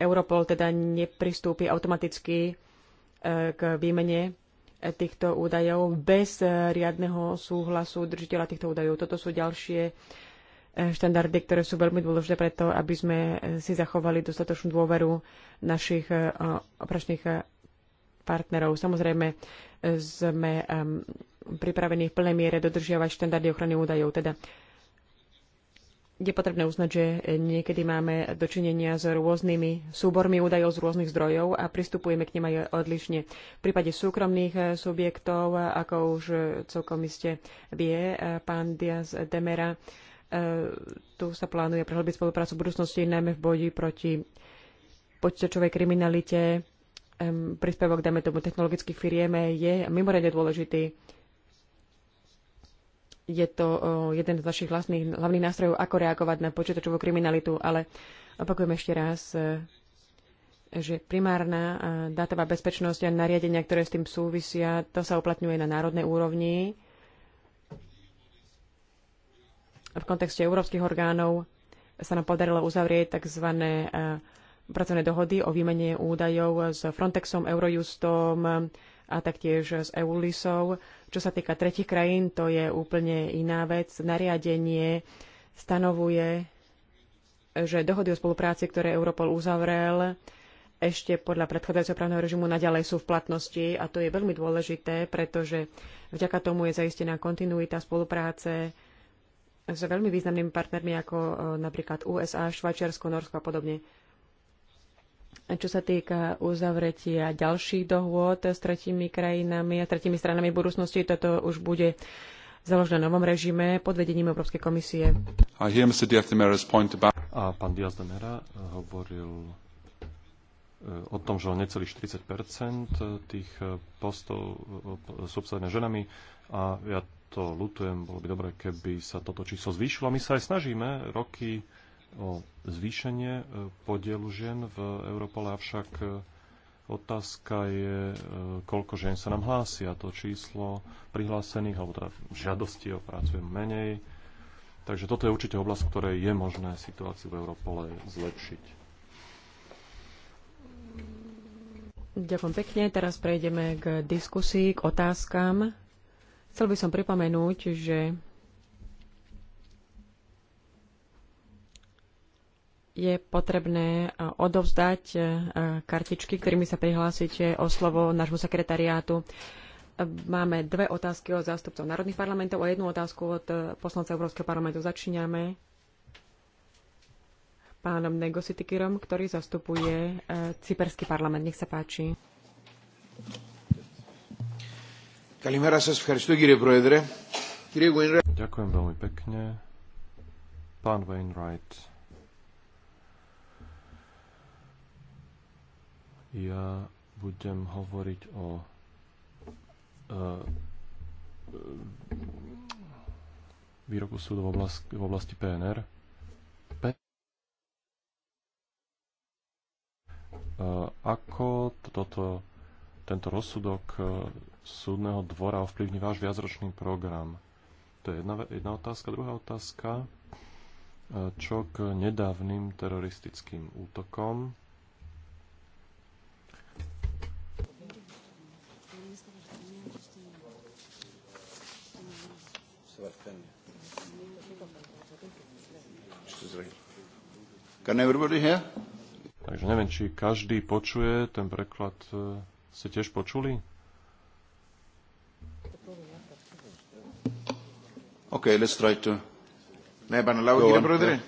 Europol teda nepristúpi automaticky uh, k výmene uh, týchto údajov bez uh, riadneho súhlasu držiteľa týchto údajov. Toto sú ďalšie uh, štandardy, ktoré sú veľmi dôležité preto, aby sme si zachovali dostatočnú dôveru našich operačných partnerov. Samozrejme, sme pripravení v plnej miere dodržiavať štandardy ochrany údajov. Teda je potrebné uznať, že niekedy máme dočinenia s rôznymi súbormi údajov z rôznych zdrojov a pristupujeme k nim aj odlišne. V prípade súkromných eh, subjektov, ako už celkom iste vie eh, pán Diaz Demera, eh, tu sa plánuje prehlbiť spoluprácu v budúcnosti, najmä v boji proti počítačovej kriminalite, príspevok, dáme tomu, technologických firiem je mimoriadne dôležitý. Je to jeden z našich vlastných hlavných nástrojov, ako reagovať na počítačovú kriminalitu, ale opakujem ešte raz, e, že primárna e, dátová bezpečnosť a nariadenia, ktoré s tým súvisia, to sa uplatňuje na národnej úrovni. V kontexte európskych orgánov sa nám podarilo uzavrieť tzv. E, pracovné dohody o výmene údajov s Frontexom, Eurojustom a taktiež s EULISou. Čo sa týka tretich krajín, to je úplne iná vec. Nariadenie stanovuje, že dohody o spolupráci, ktoré Europol uzavrel, ešte podľa predchádzajúceho právneho režimu naďalej sú v platnosti a to je veľmi dôležité, pretože vďaka tomu je zaistená kontinuita spolupráce s veľmi významnými partnermi ako e, napríklad USA, Švajčiarsko, Norsko a podobne. Čo sa týka uzavretia ďalších dohôd s tretími krajinami a tretími stranami budúcnosti, toto už bude založené v novom režime pod vedením Európskej komisie. A pán Diaz de Mera eh, hovoril eh, o tom, že necelých 40 eh, tých postov sú obsadené ženami a ja to lutujem, bolo by dobré, keby sa toto číslo zvýšilo. My sa aj snažíme roky o zvýšenie e, podielu žien v Európole avšak e, otázka je, e, koľko žien sa nám hlásia. To číslo prihlásených, alebo teda žiadosti o prácu je menej. Takže toto je určite oblasť, ktorej je možné situáciu v Európole zlepšiť. Ďakujem pekne. Teraz prejdeme k diskusii, k otázkam. Chcel by som pripomenúť, že je potrebné e, odovzdať e, kartičky, ktorými sa prihlásite o slovo nášmu sekretariátu. E, máme dve otázky od zástupcov národných parlamentov a jednu otázku od poslanca Európskeho parlamentu. Začíname pánom Negositikirom, ktorý zastupuje Cyperský parlament. Nech sa páči. Ďakujem veľmi pekne. Pán Wainwright, Ja budem hovoriť o e, výroku súdu v oblasti, v oblasti PNR. E, ako toto, tento rozsudok e, súdneho dvora ovplyvní váš viacročný program? To je jedna, jedna otázka. Druhá otázka, čo k nedávnym teroristickým útokom Can everybody hear? Takže neviem, či každý počuje ten preklad. E, ste tiež počuli? OK, let's try to. Neban, laudire,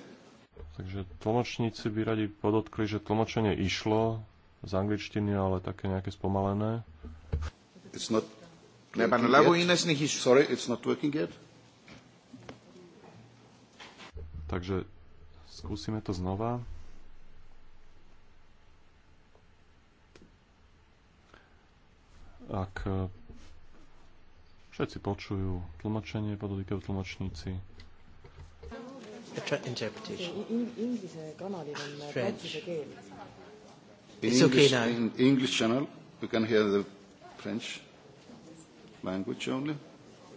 Takže tlmočníci by radi podotkli, že tlmočenie išlo z angličtiny, ale také nejaké spomalené. It's not... Neban, lavo ines nihis. Sorry, it's not working yet. Takže skúsime to znova. Ak eh, všetci počujú tlmočenie, podotýkajú tlmočníci. Äh, it's okay now. In English channel, we can hear the French language only.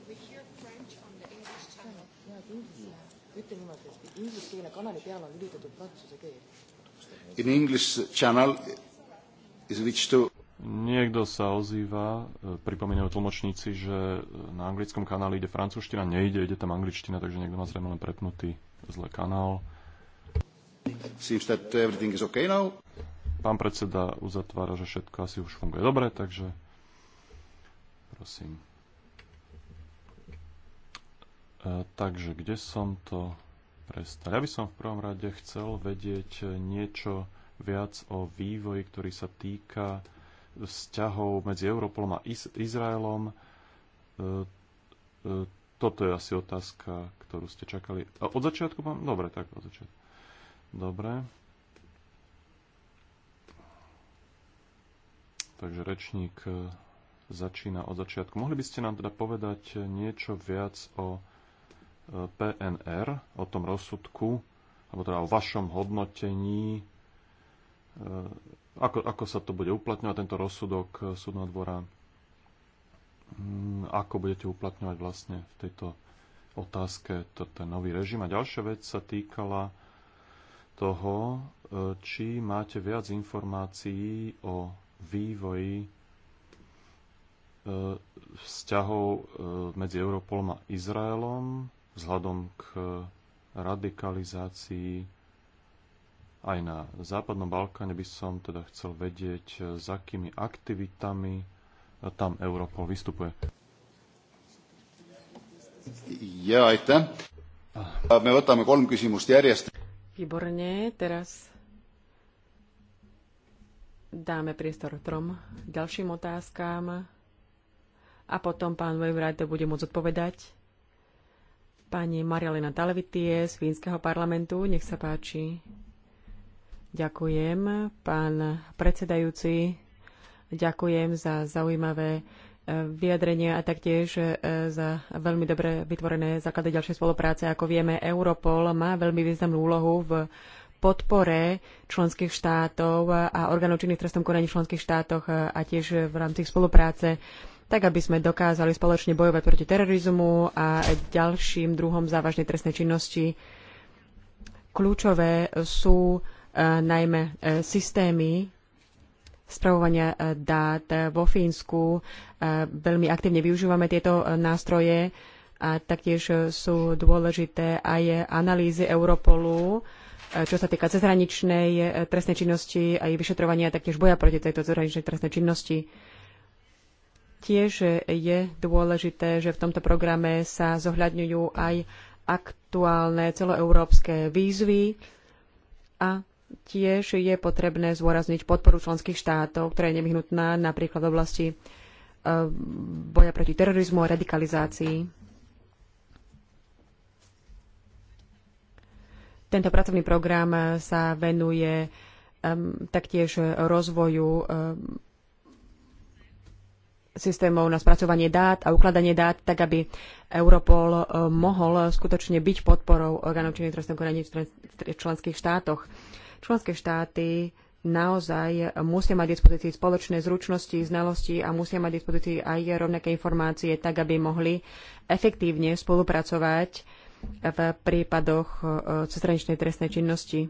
We hear French on the English channel. Yeah, uh, English. Good thing ingliskeelne kanali on lülitatud prantsuse keel. In English channel is which to Niekto sa ozýva, e, pripomínajú tlmočníci, že na anglickom kanáli ide francúzština, nejde, ide tam angličtina, takže niekto má zrejme len prepnutý zle kanál. Seems that everything is okay now. Pán predseda uzatvára, že všetko asi už funguje dobre, takže prosím. E, takže kde som to prestať. Ja by som v prvom rade chcel vedieť niečo viac o vývoji, ktorý sa týka vzťahov medzi Európolom a Iz- Izraelom. E, e, toto je asi otázka, ktorú ste čakali. A od začiatku mám? Dobre, tak od začiatku. Dobre. Takže rečník e, začína od začiatku. Mohli by ste nám teda povedať niečo viac o PNR, o tom rozsudku, alebo teda o vašom hodnotení, e, ako, ako sa to bude uplatňovať, tento rozsudok e, súdneho dvora, mm, ako budete uplatňovať vlastne v tejto otázke to, ten nový režim. A ďalšia vec sa týkala toho, e, či máte viac informácií o vývoji vzťahov medzi Europolom a Izraelom vzhľadom k e, radikalizácii aj na Západnom Balkáne by som teda chcel vedieť, e, za akými aktivitami e, tam Europol vystupuje. Ja, aitäh. My otáme kolm küsimust järjest. Výborne, teraz dáme priestor trom ďalším otázkám a potom pán Wainwright bude môcť odpovedať pani Marialena Talvitie z Fínskeho parlamentu. Nech sa páči. Ďakujem, pán predsedajúci. Ďakujem za zaujímavé e, vyjadrenia a taktiež e, za veľmi dobre vytvorené základy ďalšej spolupráce. Ako vieme, Europol má veľmi významnú úlohu v podpore členských štátov a orgánov činných trestom konaní v členských štátoch e, a tiež v rámci spolupráce tak aby sme dokázali spoločne bojovať proti terorizmu a ďalším druhom závažnej trestnej činnosti. Kľúčové sú e, najmä e, systémy spravovania e, dát vo Fínsku. Veľmi aktívne využívame tieto nástroje a taktiež sú dôležité aj analýzy Europolu, čo sa týka cezhraničnej trestnej činnosti a jej vyšetrovania, taktiež boja proti tejto cezhraničnej trestnej činnosti. Tiež je dôležité, že v tomto programe sa zohľadňujú aj aktuálne celoeurópske výzvy a tiež je potrebné zôrazniť podporu členských štátov, ktorá je nevyhnutná napríklad v oblasti e, boja proti terorizmu a radikalizácii. Tento pracovný program sa venuje taktiež rozvoju systémov na spracovanie dát a ukladanie dát, tak aby Europol eh, mohol skutočne byť podporou orgánov činných trestného konaní v členských štátoch. Členské štáty naozaj musia mať dispozícii spoločné zručnosti, znalosti a musia mať dispozícii aj rovnaké informácie, tak aby mohli efektívne spolupracovať v prípadoch eh, cezhraničnej trestnej činnosti.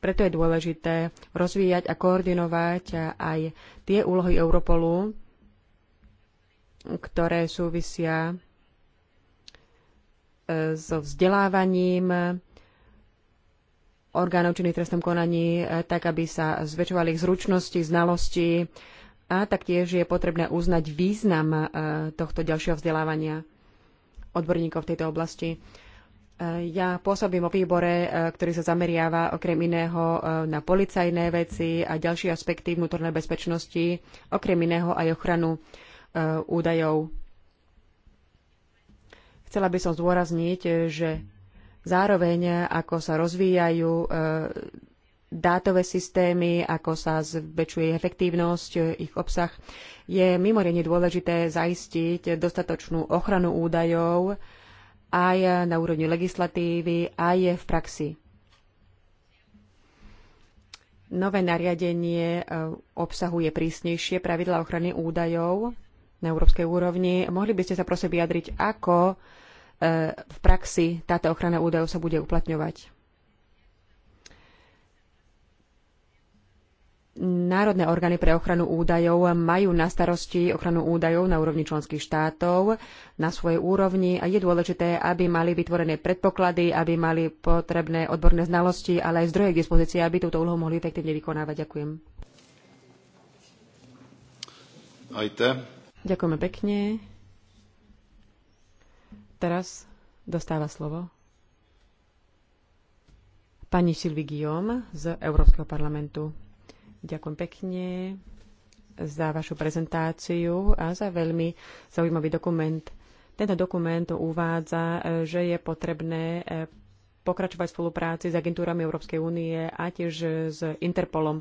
Preto je dôležité rozvíjať a koordinovať aj tie úlohy Europolu, ktoré súvisia e, so vzdelávaním orgánov činných trestnom konaní, e, tak aby sa zväčšovali ich zručnosti, znalosti a taktiež je potrebné uznať význam e, tohto ďalšieho vzdelávania odborníkov v tejto oblasti. Ja pôsobím o výbore, e, ktorý sa zameriava okrem iného e, na policajné veci a ďalšie aspekty vnútornej bezpečnosti, okrem iného aj ochranu e, údajov. Chcela by som zdôrazniť, že zároveň ako sa rozvíjajú dátové systémy, ako sa zväčšuje efektívnosť, ich obsah, je mimoriadne dôležité zaistiť dostatočnú ochranu údajov, aj na úrovni legislatívy, aj v praxi. Nové nariadenie e, obsahuje prísnejšie pravidla ochrany údajov na európskej úrovni. Mohli by ste sa prosím vyjadriť, ako e, v praxi táto ochrana údajov sa bude uplatňovať? národné orgány pre ochranu údajov majú na starosti ochranu údajov na úrovni členských štátov, na svojej úrovni a je dôležité, aby mali vytvorené predpoklady, aby mali potrebné odborné znalosti, ale aj zdroje k dispozícii, aby túto úlohu mohli efektívne vykonávať. Ďakujem. Ajte. Ďakujeme pekne. Teraz dostáva slovo pani Silvi Guillaume z Európskeho parlamentu. Ďakujem pekne za vašu prezentáciu a za veľmi zaujímavý dokument. Tento dokument uvádza, že je potrebné eh, pokračovať v spolupráci s agentúrami Európskej únie a tiež s Interpolom.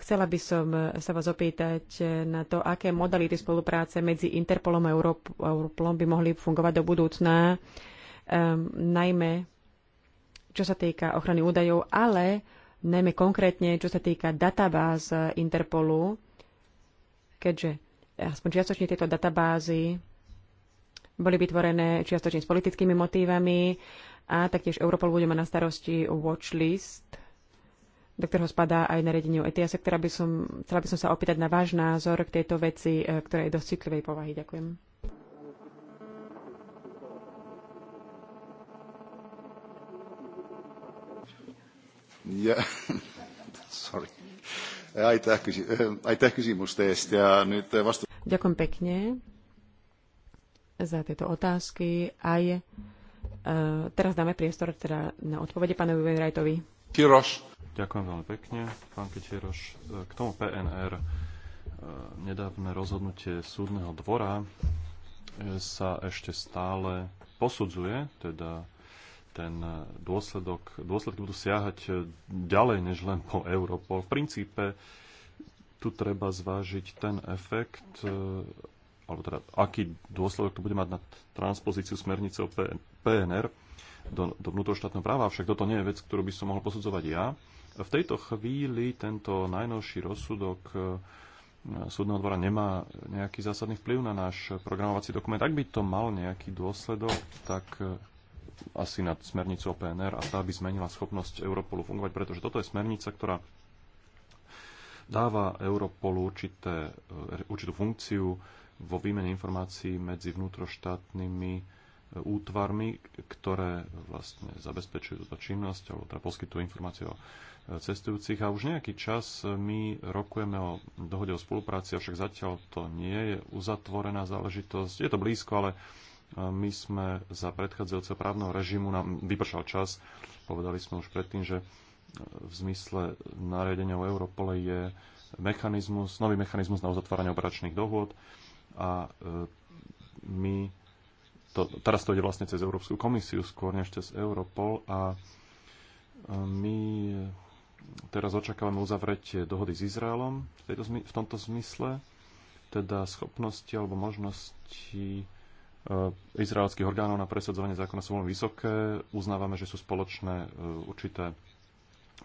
Chcela by som eh, sa vás opýtať eh, na to, aké modality spolupráce medzi Interpolom a Europolom by mohli fungovať do budúcna, um, najmä čo sa týka ochrany údajov, ale najmä konkrétne, čo sa týka databáz Interpolu, keďže aspoň čiastočne tieto databázy boli vytvorené čiastočne s politickými motívami a taktiež Europol bude mať na starosti watchlist, do ktorého spadá aj nariadenie ETIAS, ktorá by som, chcela by som sa opýtať na váš názor k tejto veci, e, ktorá je dosť citlivej povahy. Ďakujem. Ja, sorry. Aitäh, küsi- aitäh küsimuste ja nüüd vastu- Ďakujem pekne za tieto otázky. Aj e, teraz dáme priestor teda na odpovede pánovi Wainwrightovi. Kiroš. Ďakujem veľmi pekne, pán Kiroš. E, k tomu PNR e, nedávne rozhodnutie súdneho dvora e, sa ešte stále posudzuje, teda ten dôsledok, dôsledky budú siahať ďalej než len po Europol. V princípe tu treba zvážiť ten efekt, e, alebo teda aký dôsledok to bude mať na transpozíciu smernice o PNR do, do vnútroštátneho práva, avšak toto nie je vec, ktorú by som mohol posudzovať ja. V tejto chvíli tento najnovší rozsudok e, súdneho dvora nemá nejaký zásadný vplyv na náš programovací dokument. Ak by to mal nejaký dôsledok, tak e, asi nad smernicou PNR a tá by zmenila schopnosť Europolu fungovať, pretože toto je smernica, ktorá dáva Europolu určité, eh, určitú funkciu vo výmene informácií medzi vnútroštátnymi eh, útvarmi, ktoré vlastne zabezpečujú túto činnosť alebo teda poskytujú informácie o eh, cestujúcich. A už nejaký čas my rokujeme o dohode o spolupráci, avšak zatiaľ to nie je uzatvorená záležitosť. Je to blízko, ale my sme za predchádzajúceho právneho režimu, nám vypršal čas, povedali sme už predtým, že v zmysle nariadenia o Europole je mechanizmus, nový mechanizmus na uzatváranie operačných dohôd a e, my to, teraz to ide vlastne cez Európsku komisiu, skôr než cez Europol a e, my teraz očakávame uzavretie dohody s Izraelom v, tejto, v tomto zmysle, teda schopnosti alebo možnosti E, izraelských orgánov na presadzovanie zákona sú veľmi vysoké. Uznávame, že sú spoločné e, určité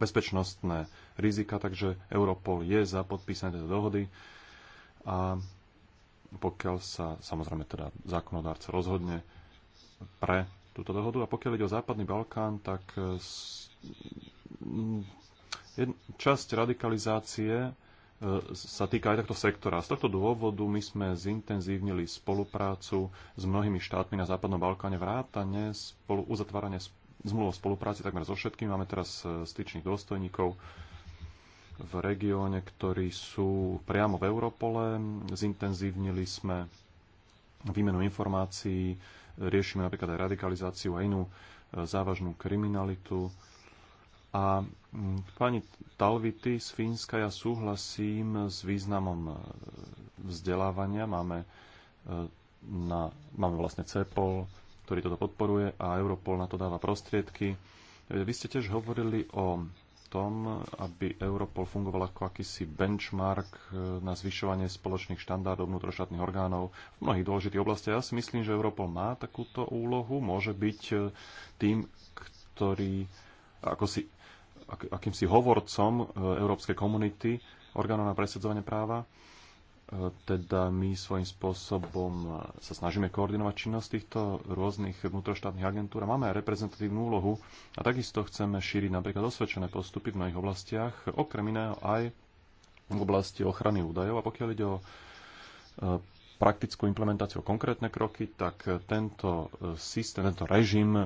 bezpečnostné rizika, takže Europol je za podpísanie tejto dohody a pokiaľ sa samozrejme teda zákonodárca rozhodne pre túto dohodu a pokiaľ ide o Západný Balkán, tak e, časť radikalizácie sa týka aj takto sektora. Z tohto dôvodu my sme zintenzívnili spoluprácu s mnohými štátmi na Západnom Balkáne, vrátane spolu, uzatváranie zmluv o spolupráci takmer so všetkými. Máme teraz e, styčných dôstojníkov v regióne, ktorí sú priamo v Europole. Zintenzívnili sme výmenu informácií, riešime napríklad aj radikalizáciu a inú e, závažnú kriminalitu a mm, pani Talvity z Fínska, ja súhlasím s významom e, vzdelávania. Máme, e, na, máme vlastne CEPOL, ktorý toto podporuje a Europol na to dáva prostriedky. E, vy ste tiež hovorili o tom, aby Europol fungoval ako akýsi benchmark na zvyšovanie spoločných štandardov vnútroštátnych orgánov v mnohých dôležitých oblastiach. Ja si myslím, že Europol má takúto úlohu, môže byť tým, ktorý ako si akýmsi hovorcom e, Európskej komunity orgánov na presadzovanie práva. E, teda my svojím spôsobom e, sa snažíme koordinovať činnosť týchto rôznych vnútroštátnych agentúr a máme aj reprezentatívnu úlohu a takisto chceme šíriť napríklad osvedčené postupy v mnohých oblastiach, okrem iného aj v oblasti ochrany údajov. A pokiaľ ide o praktickú implementáciu, konkrétne kroky, tak tento e, systém, tento režim, e,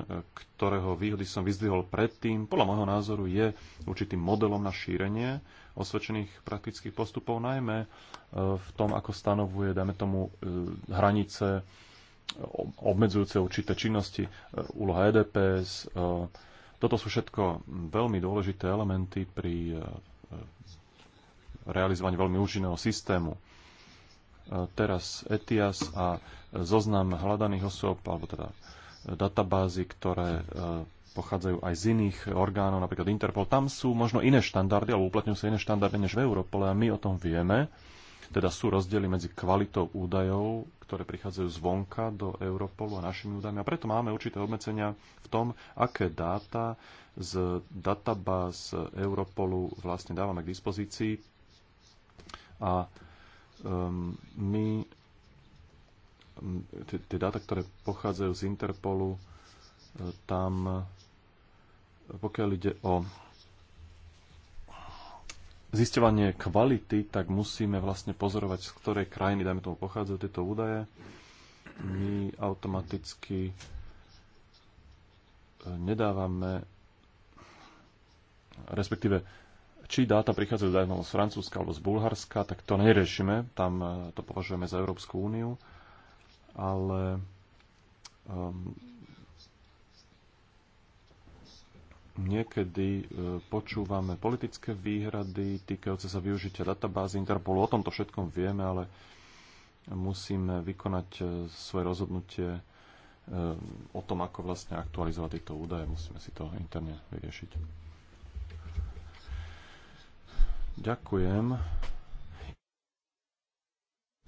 ktorého výhody som vyzdvihol predtým, podľa môjho názoru je určitým modelom na šírenie osvedčených praktických postupov, najmä e, v tom, ako stanovuje, dajme tomu, hranice obmedzujúce určité činnosti, úloha EDPS. Toto sú všetko veľmi dôležité elementy pri realizovaní veľmi účinného systému teraz ETIAS a zoznam hľadaných osôb, alebo teda databázy, ktoré e, pochádzajú aj z iných orgánov, napríklad Interpol. Tam sú možno iné štandardy, alebo uplatňujú sa iné štandardy než v Európole a my o tom vieme. Teda sú rozdiely medzi kvalitou údajov, ktoré prichádzajú zvonka do Europolu a našimi údajmi. A preto máme určité obmedzenia v tom, aké dáta z databáz Europolu vlastne dávame k dispozícii. A Ehm, my ehm, tie dáta, ktoré pochádzajú z Interpolu, e, tam e, pokiaľ ide o zisťovanie kvality, tak musíme vlastne pozorovať, z ktorej krajiny, dajme tomu, pochádzajú tieto údaje. My automaticky e, nedávame, respektíve či dáta prichádzajú dajmo z Francúzska alebo z Bulharska, tak to neriešime, tam e, to považujeme za Európsku úniu, ale um, niekedy e, počúvame politické výhrady týkajúce sa využitia databázy Interpolu. O tomto všetkom vieme, ale musíme vykonať e, svoje rozhodnutie o tom, ako vlastne aktualizovať tieto údaje. Musíme si to interne vyriešiť. Ďakujem.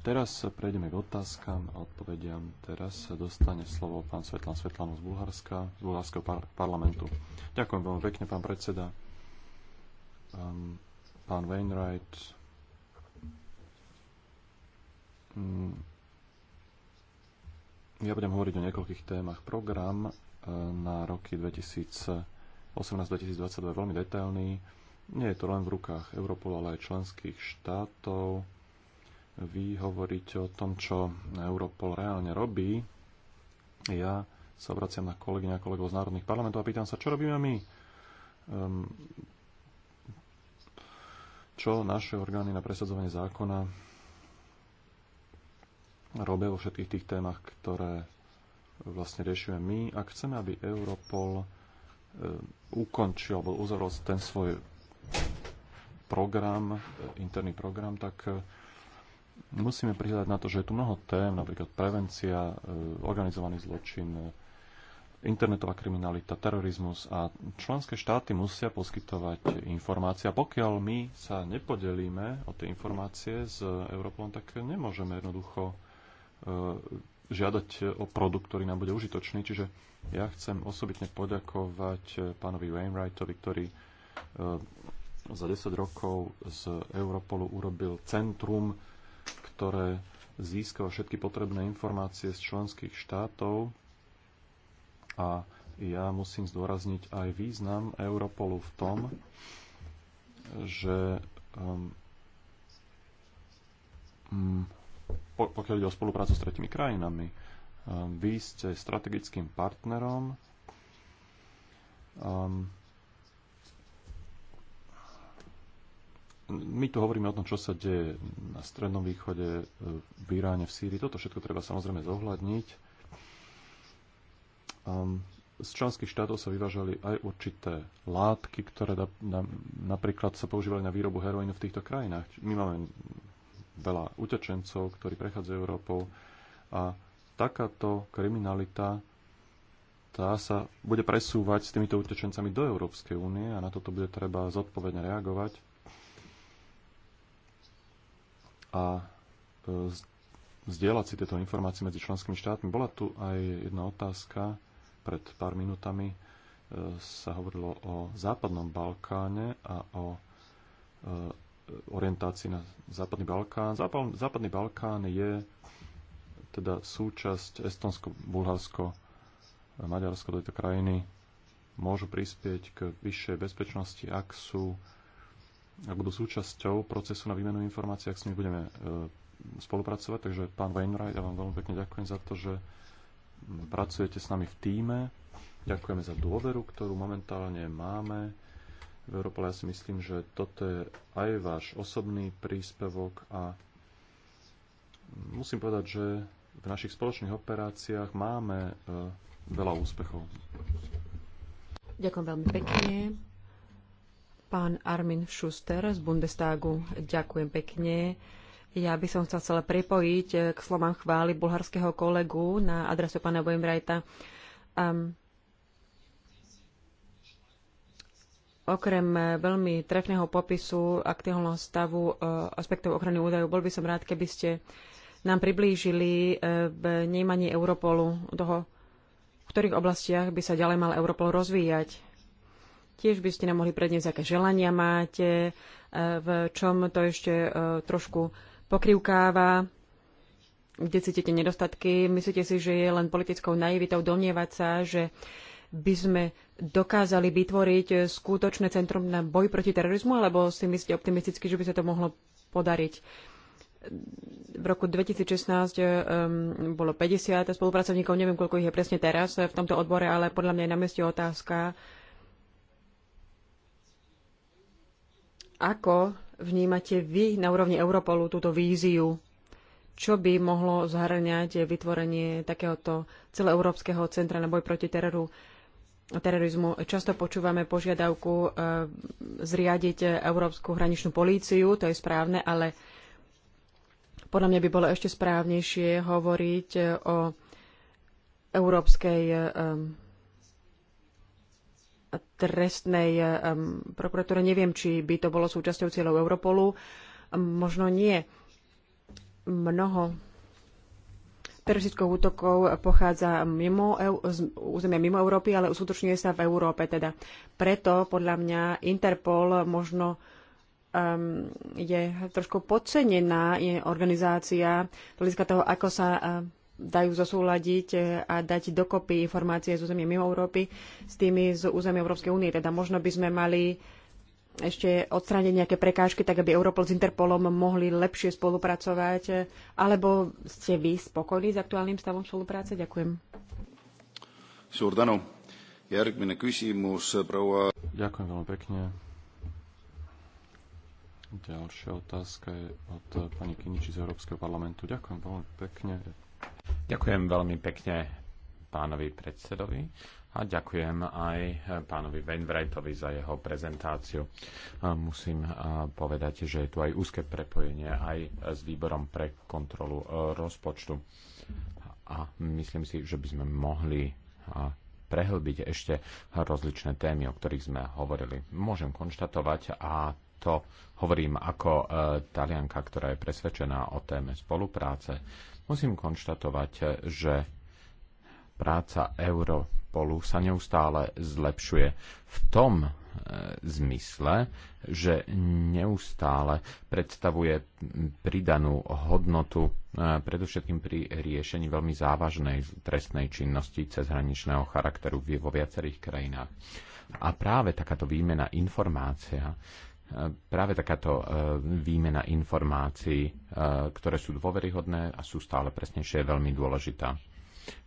Teraz prejdeme k otázkam a odpovediam. Teraz sa dostane slovo pán Svetlán Svetlanov z Bulharska, z Bulharského par- parlamentu. Ďakujem veľmi pekne, pán predseda. Um, pán Wainwright. Um, ja budem hovoriť o niekoľkých témach. Program eh, na roky 2018-2022 je veľmi detailný nie je to len v rukách Europolu, ale aj členských štátov. Vy hovoríte o tom, čo Europol reálne robí. Ja sa obraciam na kolegyňa a kolegov z národných parlamentov a pýtam sa, čo robíme my? Um, čo naše orgány na presadzovanie zákona robia vo všetkých tých témach, ktoré vlastne riešime my. Ak chceme, aby Europol ehm, ukončil alebo uzavrel ten svoj program, e, interný program, tak e, musíme prihľadať na to, že je tu mnoho tém, napríklad prevencia, e, organizovaný zločin, internetová kriminalita, terorizmus a členské štáty musia poskytovať informácie. A pokiaľ my sa nepodelíme o tie informácie s Europolom, tak nemôžeme jednoducho žiadať o produkt, ktorý nám bude užitočný. Čiže ja chcem osobitne poďakovať pánovi Wainwrightovi, ktorý za 10 rokov z Europolu urobil centrum, ktoré získava všetky potrebné informácie z členských štátov a ja musím zdôrazniť aj význam Europolu v tom, že um, mm, pokiaľ ide o spoluprácu s tretimi krajinami, um, vy ste strategickým partnerom um, my tu hovoríme o tom, čo sa deje na Strednom východe, e, v Iráne, v Sýrii. Toto všetko treba samozrejme zohľadniť. Um, z členských štátov sa vyvážali aj určité látky, ktoré na, na, napríklad sa používali na výrobu heroínu v týchto krajinách. My máme veľa utečencov, ktorí prechádzajú Európou a takáto kriminalita tá sa bude presúvať s týmito utečencami do Európskej únie a na toto bude treba zodpovedne reagovať a e, zdieľať si tieto informácie medzi členskými štátmi. Bola tu aj jedna otázka pred pár minútami e, sa hovorilo o západnom Balkáne a o e, orientácii na západný Balkán. Západný Balkán je teda súčasť Estonsko, Bulharsko, Maďarsko do tejto krajiny môžu prispieť k vyššej bezpečnosti, ak sú ak budú súčasťou procesu na výmenu informácií, ak s nimi budeme e, spolupracovať. Takže pán Wainwright, ja vám veľmi pekne ďakujem za to, že pracujete s nami v týme. Ďakujeme za dôveru, ktorú momentálne máme v Európole Ja si myslím, že toto je aj váš osobný príspevok a musím povedať, že v našich spoločných operáciách máme e, veľa úspechov. Ďakujem veľmi pekne. Pán Armin Schuster z Bundestagu, ďakujem pekne. Ja by som sa chcela pripojiť eh, k slovám chvály bulharského kolegu na adresu pána Boimbrajta. Um, ehm, okrem eh, veľmi trefného popisu aktuálneho stavu eh, aspektov ochrany údajov, bol by som rád, keby ste nám priblížili vnímanie Europolu toho, v ktorých oblastiach by sa ďalej mal Europol rozvíjať. Tiež by ste nám mohli predniesť, aké želania máte, e, v čom to ešte e, trošku pokrivkáva, kde cítite nedostatky. Myslíte si, že je len politickou naivitou domnievať sa, že by sme dokázali vytvoriť e, skutočné centrum na boj proti terorizmu, alebo si myslíte optimisticky, že by sa to mohlo podariť? v roku 2016 um, bolo 50 spolupracovníkov, neviem, koľko ich je presne teraz v tomto odbore, ale podľa mňa je na mieste otázka, Ako vnímate vy na úrovni Europolu túto víziu? Čo by mohlo zahrňať vytvorenie takéhoto celoeurópskeho centra na boj proti teroru? terorizmu. Často počúvame požiadavku eh, zriadiť Európsku hraničnú políciu, to je správne, ale podľa mňa by bolo ešte správnejšie hovoriť o Európskej eh, trestnej prokuratúre. Neviem, či by to bolo súčasťou cieľov Europolu. Možno nie. Mnoho teroristických útokov pochádza mimo, z územia mimo Európy, ale uskutočňuje sa v Európe. Teda. Preto podľa mňa Interpol možno um, je trošku podcenená je organizácia z hľadiska toho, ako sa um, dajú zosúľadiť e, a dať dokopy informácie z územie mimo Európy s tými z územia Európskej únie. Teda možno by sme mali ešte odstrániť nejaké prekážky, tak aby Europol s Interpolom mohli lepšie spolupracovať? Alebo ste vy spokojní s aktuálnym stavom spolupráce? Ďakujem. Ďakujem veľmi pekne. Ďalšia otázka je od pani Kiniči z Európskeho parlamentu. Ďakujem veľmi pekne. Ďakujem veľmi pekne pánovi predsedovi a ďakujem aj pánovi Wainwrightovi za jeho prezentáciu. Musím povedať, že je tu aj úzke prepojenie aj s výborom pre kontrolu e, rozpočtu. A myslím si, že by sme mohli prehlbiť ešte rozličné témy, o ktorých sme hovorili. Môžem konštatovať, a to hovorím ako e, talianka, ktorá je presvedčená o téme spolupráce, Musím konštatovať, že práca Europolu sa neustále zlepšuje v tom e, zmysle, že neustále predstavuje pridanú hodnotu e, predovšetkým pri riešení veľmi závažnej trestnej činnosti cezhraničného charakteru vo viacerých krajinách. A práve takáto výmena informácia, práve takáto e, výmena informácií, e, ktoré sú dôveryhodné a sú stále presnejšie, je veľmi dôležitá.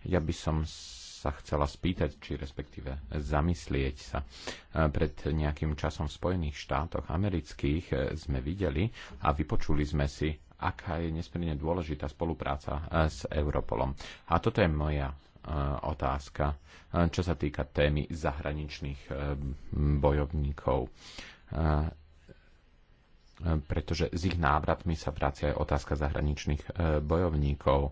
Ja by som sa chcela spýtať, či respektíve zamyslieť sa. E, pred nejakým časom v Spojených štátoch amerických sme videli a vypočuli sme si, aká je nesmierne dôležitá spolupráca s Europolom. A toto je moja otázka, čo sa týka témy zahraničných bojovníkov pretože s ich návratmi sa vracia aj otázka zahraničných e, bojovníkov. E,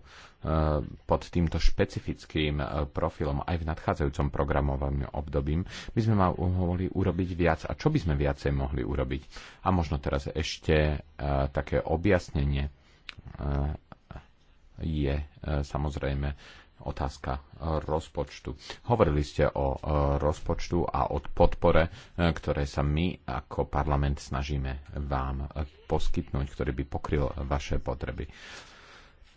pod týmto špecifickým e, profilom aj v nadchádzajúcom programovom obdobím by sme mohli urobiť viac. A čo by sme viacej mohli urobiť? A možno teraz ešte také objasnenie je samozrejme otázka rozpočtu. Hovorili ste o e, rozpočtu a o podpore, e, ktoré sa my ako parlament snažíme vám poskytnúť, ktorý by pokryl vaše potreby.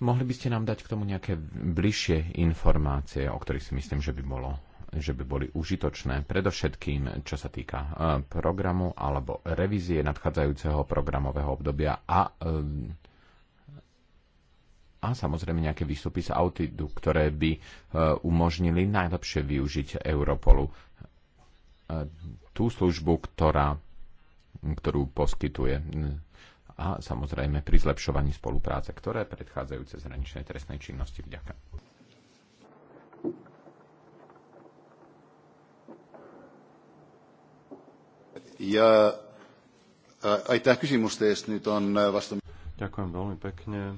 Mohli by ste nám dať k tomu nejaké bližšie informácie, o ktorých si myslím, že by, bolo, že by boli užitočné, predovšetkým čo sa týka e, programu alebo revízie nadchádzajúceho programového obdobia a a samozrejme nejaké výstupy z autidu, ktoré by e, umožnili najlepšie využiť Europolu. E, tú službu, ktorá, ktorú poskytuje a samozrejme pri zlepšovaní spolupráce, ktoré predchádzajú cez hraničnej trestnej činnosti. Vďaka. Ja, aj tá kysymys teist nyt on e, vasta... Ďakujem veľmi pekne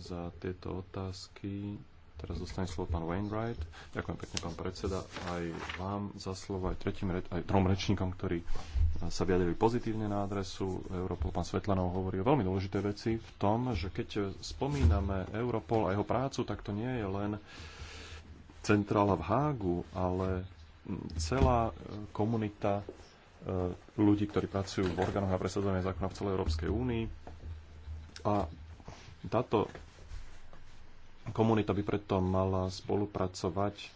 za tieto otázky. Teraz dostane slovo pán Wainwright. Ďakujem pekne, pán predseda, aj vám za slovo, aj, tretím, aj trom rečníkom, ktorí sa vyjadrili pozitívne na adresu Europol. Pán Svetlanov hovorí o veľmi dôležité veci v tom, že keď spomíname Europol a jeho prácu, tak to nie je len centrála v Hágu, ale celá komunita e, ľudí, ktorí pracujú v orgánoch na presadzovanie zákona v celej Európskej únii. A táto Komunita by preto mala spolupracovať eh,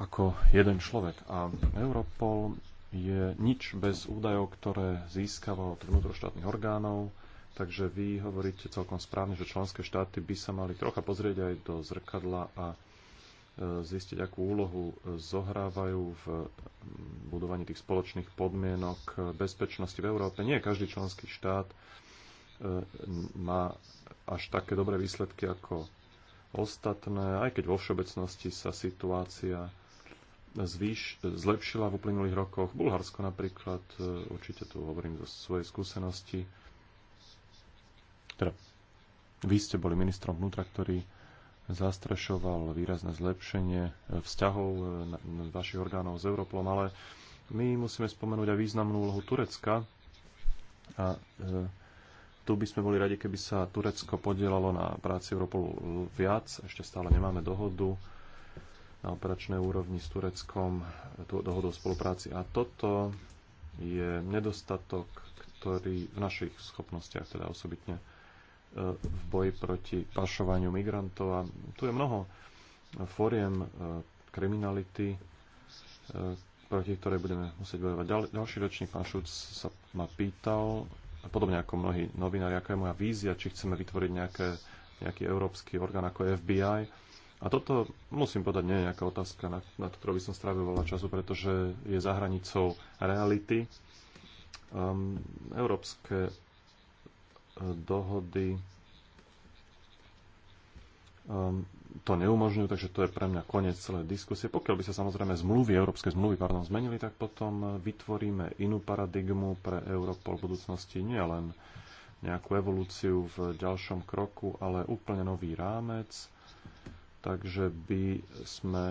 ako jeden človek. A Europol je nič bez údajov, ktoré získava od vnútroštátnych orgánov, takže vy hovoríte celkom správne, že členské štáty by sa mali trocha pozrieť aj do zrkadla a eh, zistiť, akú úlohu zohrávajú v mm, budovaní tých spoločných podmienok bezpečnosti v Európe. Nie každý členský štát eh, má až také dobré výsledky ako ostatné, aj keď vo všeobecnosti sa situácia zvýš, zlepšila v uplynulých rokoch. Bulharsko napríklad, e, určite tu hovorím zo svojej skúsenosti, teda vy ste boli ministrom vnútra, ktorý zastrešoval výrazné zlepšenie e, vzťahov e, vašich orgánov s Europlom, ale my musíme spomenúť aj významnú úlohu Turecka a e, tu by sme boli radi, keby sa Turecko podielalo na práci Europolu viac. Ešte stále nemáme dohodu na operačnej úrovni s Tureckom, tú dohodu o spolupráci. A toto je nedostatok, ktorý v našich schopnostiach, teda osobitne e, v boji proti pašovaniu migrantov. A tu je mnoho fóriem e, kriminality, e, proti ktorej budeme musieť bojovať. ďalší ročník, pán Šuc sa ma pýtal, podobne ako mnohí novinári, aká je moja vízia, či chceme vytvoriť nejaké, nejaký európsky orgán ako FBI. A toto, musím povedať, nie je nejaká otázka, na na ktorú by som strávil veľa času, pretože je za hranicou reality. Um, európske eh, dohody um, to neumožňujú, takže to je pre mňa koniec celej diskusie. Pokiaľ by sa samozrejme zmluvy, európske zmluvy pardon, zmenili, tak potom e, vytvoríme inú paradigmu pre Europol v budúcnosti, nie len nejakú evolúciu v ďalšom kroku, ale úplne nový rámec, takže by sme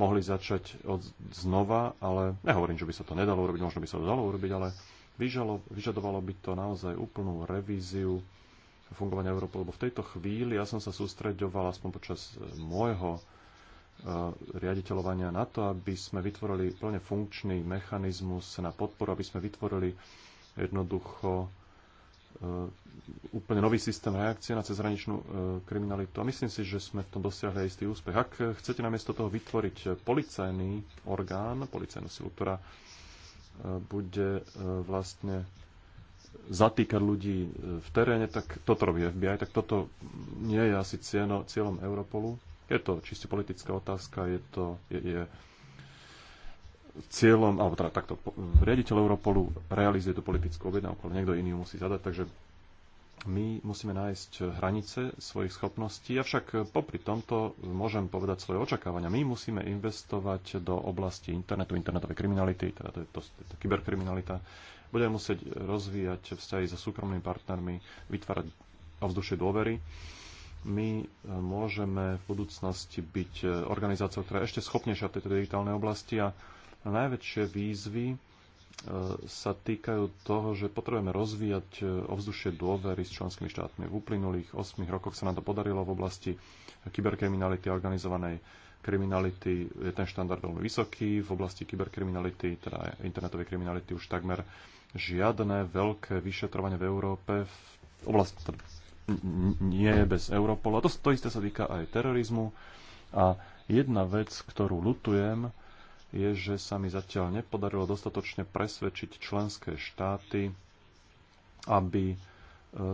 mohli začať od znova, ale nehovorím, že by sa to nedalo urobiť, možno by sa to dalo urobiť, ale vyžalo, vyžadovalo by to naozaj úplnú revíziu fungovania Európy, lebo v tejto chvíli ja som sa sústreďoval aspoň počas e, môjho e, riaditeľovania na to, aby sme vytvorili plne funkčný mechanizmus na podporu, aby sme vytvorili jednoducho e, úplne nový systém reakcie na cezhraničnú kriminalitu. A myslím si, že sme v tom dosiahli istý úspech. Ak chcete namiesto toho vytvoriť policajný orgán, policajnú silu, ktorá bude vlastne zatýkať ľudí e, v teréne, tak toto robí FBI, tak toto nie je asi cieno, cieľom Europolu. Je to čiste politická otázka, je to je, je cieľom, alebo teda takto, riaditeľ Europolu realizuje tú politickú objednávku, ale niekto iný ju musí zadať, takže my musíme nájsť hranice svojich schopností, avšak popri tomto môžem povedať svoje očakávania. My musíme investovať do oblasti internetu, internetovej kriminality, teda to je to, to, to kyberkriminalita, Budeme musieť rozvíjať vzťahy so súkromnými partnermi, vytvárať ovzdušie dôvery. My e, môžeme v budúcnosti byť e, organizáciou, ktorá je ešte schopnejšia v tejto digitálnej oblasti a najväčšie výzvy e, sa týkajú toho, že potrebujeme rozvíjať ovzdušie dôvery s členskými štátmi. V uplynulých 8 rokoch sa nám to podarilo v oblasti kyberkriminality organizovanej kriminality je ten štandard veľmi vysoký, v oblasti kyberkriminality, teda internetovej kriminality už takmer žiadne veľké vyšetrovanie v Európe v oblasti teda nie je bez Europolu. A to, to isté sa týka aj terorizmu. A jedna vec, ktorú lutujem, je, že sa mi zatiaľ nepodarilo dostatočne presvedčiť členské štáty, aby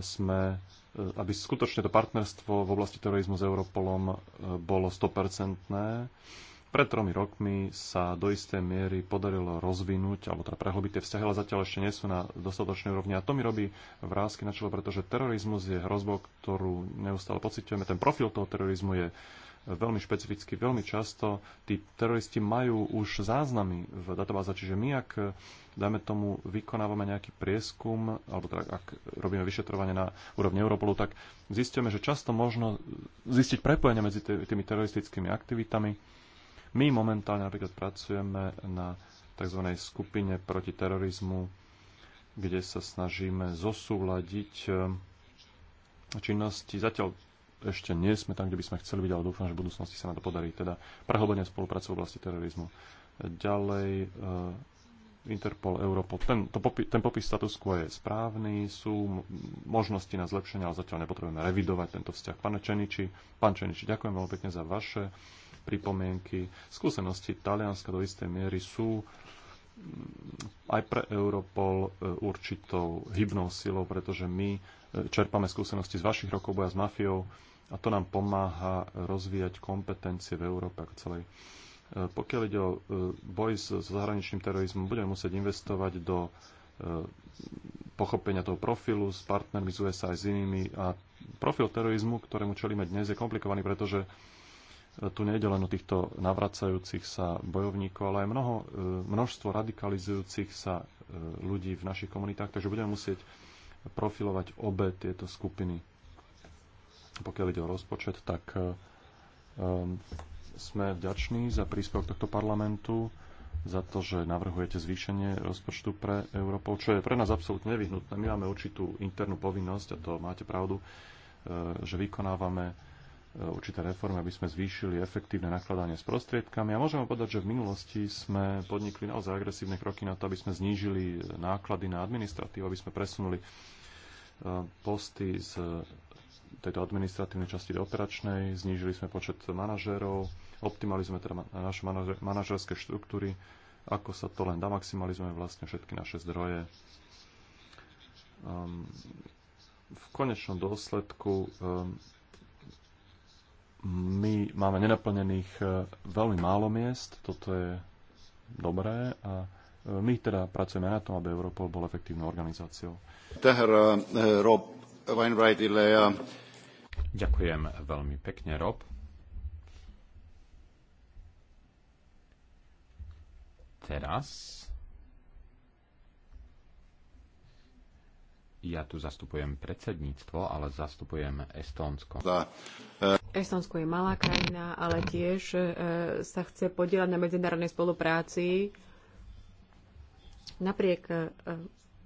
sme, e, aby skutočne to partnerstvo v oblasti terorizmu s Europolom e, bolo 100%. Pred tromi rokmi sa do istej miery podarilo rozvinúť, alebo teda prehlbiť tie vzťahy, ale zatiaľ ešte nie sú na dostatočnej úrovni. A to mi robí vrázky na čelo, pretože terorizmus je hrozbou, ktorú neustále pociťujeme. Ten profil toho terorizmu je veľmi špecificky, veľmi často tí teroristi majú už záznamy v databáze, čiže my ak dajme tomu, vykonávame nejaký prieskum, alebo teda ak robíme vyšetrovanie na úrovni Europolu, tak zistíme, že často možno zistiť prepojenie medzi tými teroristickými aktivitami. My momentálne napríklad pracujeme na tzv. skupine proti terorizmu, kde sa snažíme zosúľadiť eh, činnosti. Zatiaľ ešte nie sme tam, kde by sme chceli byť, ale dúfam, že v budúcnosti sa nám to podarí. Teda prehlbenie spolupráce v oblasti terorizmu. Ďalej eh, Interpol, Europol. Ten, to popi, ten popis status quo je správny, sú možnosti na zlepšenie, ale zatiaľ nepotrebujeme revidovať tento vzťah. Pane Čeniči, pán Čeniči, ďakujem veľmi pekne za vaše pripomienky. Skúsenosti Talianska do istej miery sú mm, aj pre Europol eh, určitou hybnou silou, pretože my eh, čerpame skúsenosti z vašich rokov boja s mafiou, a to nám pomáha rozvíjať kompetencie v Európe ako celej. E, pokiaľ ide o e, boj s zahraničným terorizmom, budeme musieť investovať do e, pochopenia toho profilu s partnermi z USA aj s inými. A profil terorizmu, ktorému čelíme dnes, je komplikovaný, pretože tu nejde len o týchto navracajúcich sa bojovníkov, ale aj mnoho, množstvo radikalizujúcich sa ľudí v našich komunitách, takže budeme musieť profilovať obe tieto skupiny pokiaľ ide o rozpočet, tak um, sme vďační za príspevok tohto parlamentu, za to, že navrhujete zvýšenie rozpočtu pre Európov, čo je pre nás absolútne nevyhnutné. My máme určitú internú povinnosť, a to máte pravdu, e, že vykonávame e, určité reformy, aby sme zvýšili efektívne nakladanie s prostriedkami. A môžeme povedať, že v minulosti sme podnikli naozaj agresívne kroky na to, aby sme znížili náklady na administratívu, aby sme presunuli posty z tejto administratívnej časti do operačnej, znížili sme počet manažérov, optimali sme teda naše manažerské štruktúry, ako sa to len dá, maximalizujeme vlastne všetky naše zdroje. Um, v konečnom dôsledku um, my máme nenaplnených e, veľmi málo miest, toto je dobré a e, my teda pracujeme na tom, aby Europol bol efektívnou organizáciou. uh, Rob Weinreitille uh... Ďakujem veľmi pekne, Rob. Teraz ja tu zastupujem predsedníctvo, ale zastupujem Estónsko. E, Estónsko je malá krajina, ale tiež e, sa chce podielať na medzinárodnej spolupráci. Napriek e,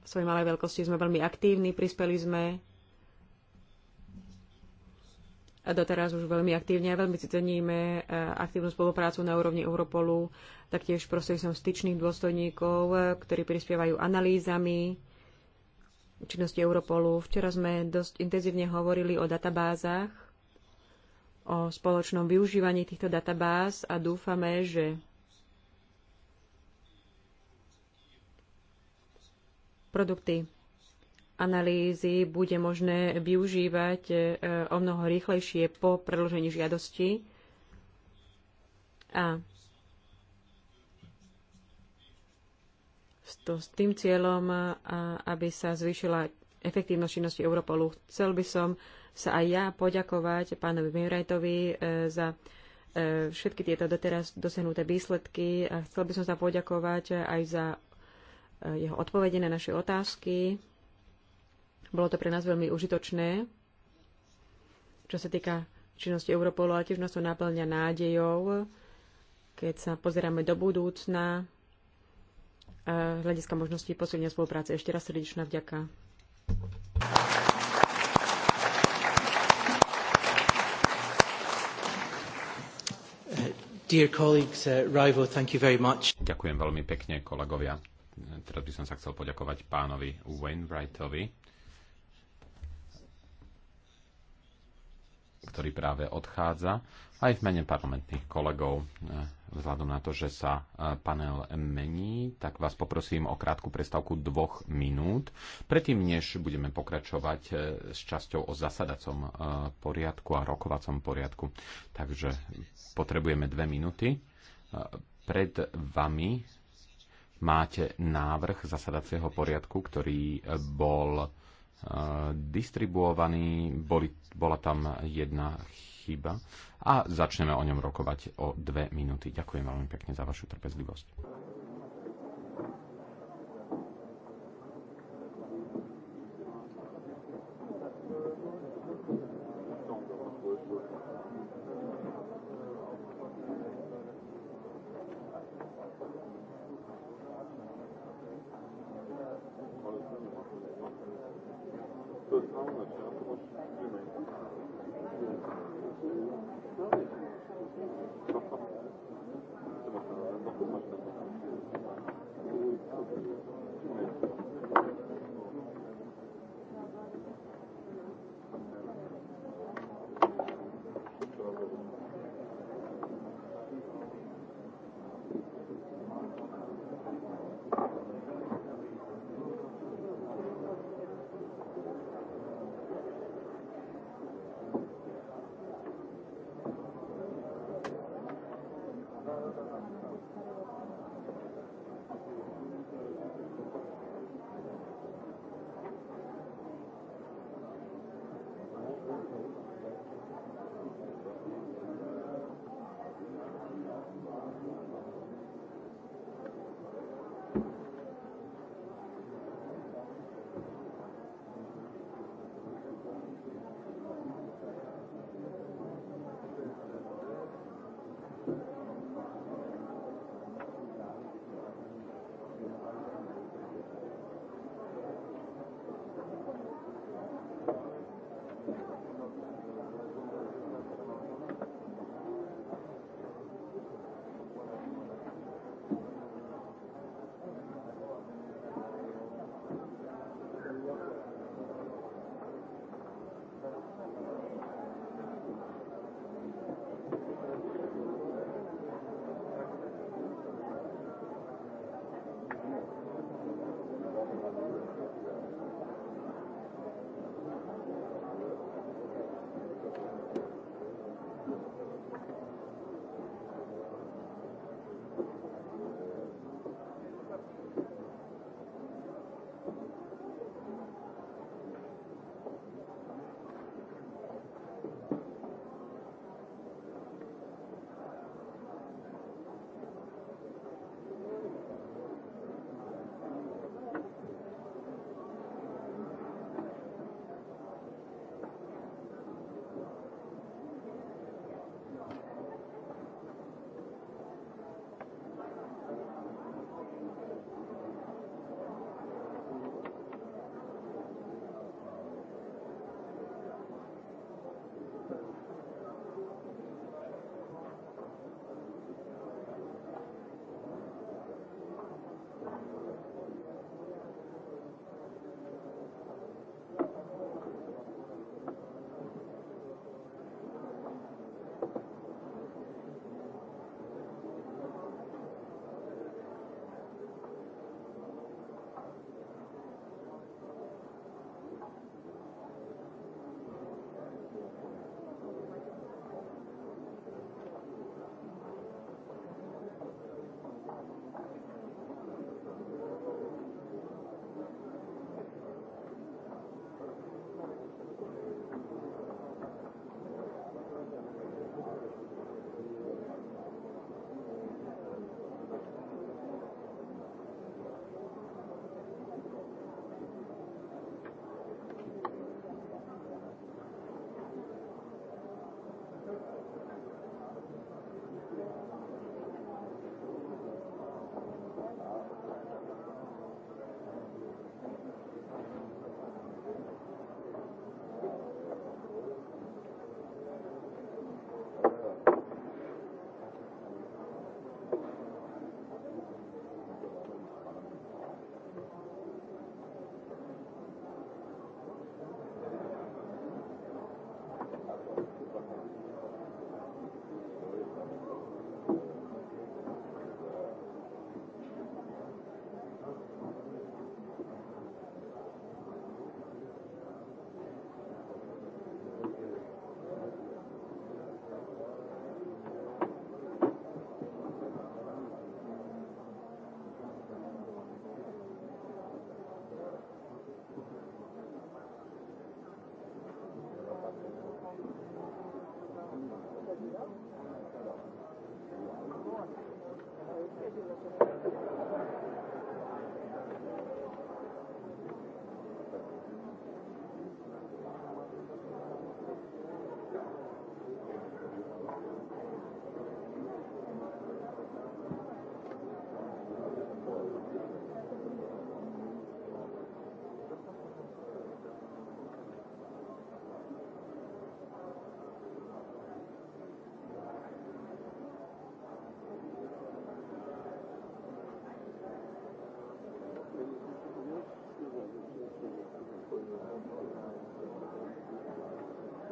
svojej malej veľkosti sme veľmi aktívni, prispeli sme a doteraz už veľmi aktívne a veľmi si ceníme e, aktívnu spoluprácu na úrovni Europolu, taktiež som styčných dôstojníkov, e, ktorí prispievajú analýzami činnosti Europolu. Včera sme dosť intenzívne hovorili o databázach, o spoločnom využívaní týchto databáz a dúfame, že produkty analýzy bude možné využívať e, o mnoho rýchlejšie po predložení žiadosti. A to s tým cieľom, aby sa zvýšila efektívnosť činnosti Europolu. Chcel by som sa aj ja poďakovať pánovi Mirajtovi e, za e, všetky tieto doteraz dosiahnuté výsledky a chcel by som sa poďakovať aj za jeho odpovede na naše otázky. Bolo to pre nás veľmi užitočné, čo sa týka činnosti Europolu, ale tiež nás to naplňa nádejou, keď sa pozeráme do budúcna e, z hľadiska možností posilnenia spolupráce. Ešte raz srdečná vďaka. Uh, dear colleagues, uh, thank you very much. Ďakujem veľmi pekne, kolegovia. Teraz by som sa chcel poďakovať pánovi Wainwrightovi ktorý práve odchádza, aj v mene parlamentných kolegov. E, vzhľadom na to, že sa e, panel mení, tak vás poprosím o krátku prestavku dvoch minút. Predtým, než budeme pokračovať e, s časťou o zasadacom poriadku a rokovacom poriadku. Takže potrebujeme dve minúty. Pred vami máte návrh zasadacieho poriadku, ktorý bol distribuovaný, boli, bola tam jedna chyba a začneme o ňom rokovať o dve minúty. Ďakujem veľmi pekne za vašu trpezlivosť.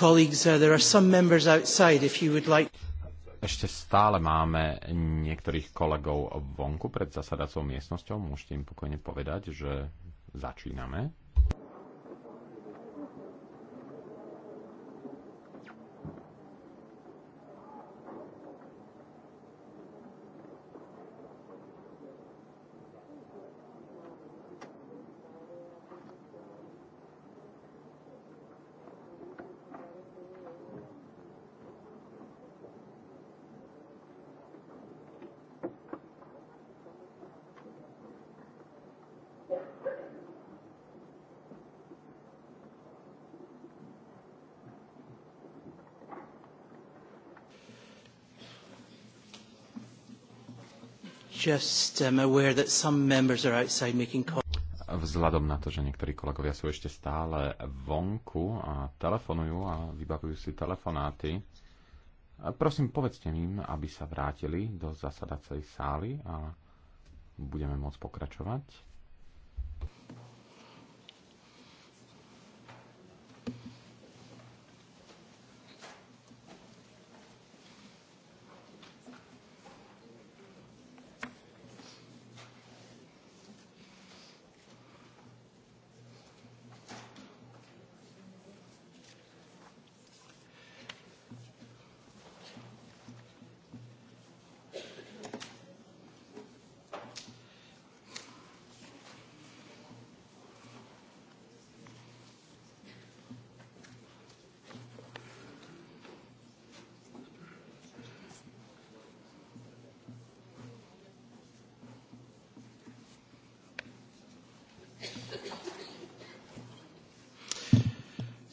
colleagues, uh, there are some members outside if you would like ešte stále máme niektorých kolegov vonku pred zasadacou miestnosťou. Môžete im pokojne povedať, že začíname. just um, aware that some members are outside making calls. Vzhľadom na to, že niektorí kolegovia sú ešte stále vonku a telefonujú a vybavujú si telefonáty, prosím, povedzte im, aby sa vrátili do zasadacej sály a budeme môcť pokračovať.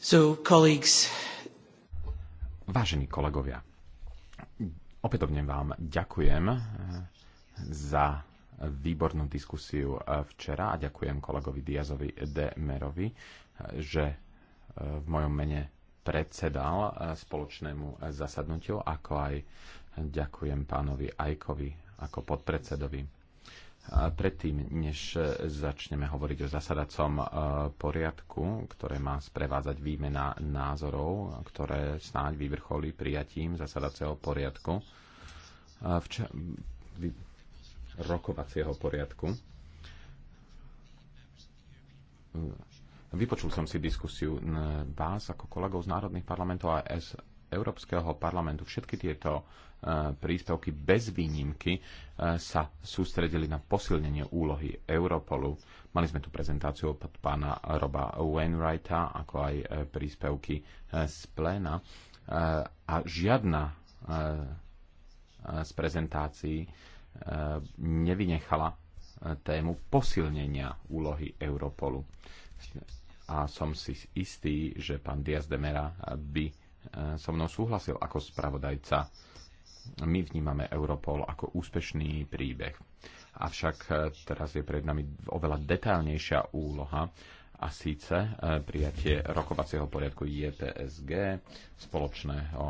So, colleagues. Vážení kolegovia, opätovne vám ďakujem eh, za výbornú diskusiu eh, včera a ďakujem kolegovi Diazovi D. Merovi, eh, že v mojom mene predsedal spoločnému zasadnutiu, ako aj ďakujem pánovi Ajkovi ako podpredsedovi Predtým, než začneme hovoriť o zasadacom e, poriadku, ktoré má sprevádzať výmena názorov, ktoré snáď vyvrcholí prijatím zasadacieho poriadku, e, vča- vy- rokovacieho poriadku. Vypočul som si diskusiu vás ako kolegov z národných parlamentov a S Európskeho parlamentu všetky tieto e, príspevky bez výnimky e, sa sústredili na posilnenie úlohy Europolu. Mali sme tu prezentáciu od pána Roba Wainwrighta, ako aj e, príspevky z pléna. A žiadna z prezentácií nevynechala tému posilnenia úlohy Europolu. A som si istý, že pán Diaz de Mera by E, so mnou súhlasil ako spravodajca. My vnímame Europol ako úspešný príbeh. Avšak e, teraz je pred nami oveľa detailnejšia úloha a síce e, prijatie rokovacieho poriadku JPSG, spoločného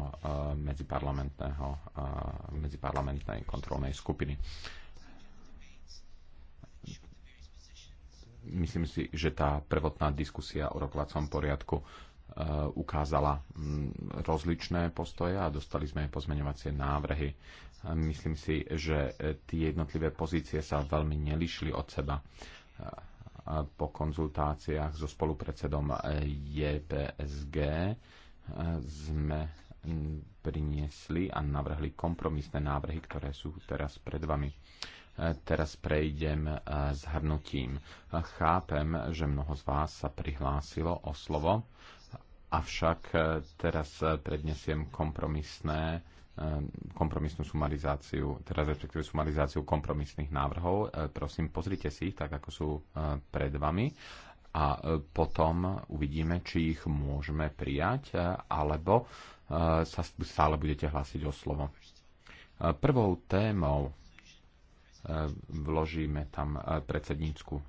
medziparlamentného, medziparlamentnej kontrolnej skupiny. Myslím si, že tá prvotná diskusia o rokovacom poriadku Eh, ukázala mm, rozličné postoje a dostali sme aj pozmeňovacie návrhy. Myslím si, že eh, tie jednotlivé pozície sa veľmi nelišili od seba. Eh, po konzultáciách so spolupredsedom JPSG sme mm, priniesli a navrhli kompromisné návrhy, ktoré sú teraz pred vami teraz prejdem s hrnutím. Chápem, že mnoho z vás sa prihlásilo o slovo Avšak eh, teraz eh, prednesiem kompromisné eh, kompromisnú sumarizáciu, teda respektíve sumarizáciu kompromisných návrhov. Prosím, pozrite si ich tak, ako sú pred vami a potom uvidíme, či ich môžeme prijať, alebo sa stále budete hlásiť o slovo. Prvou témou E, vložíme tam e, predsednícku e,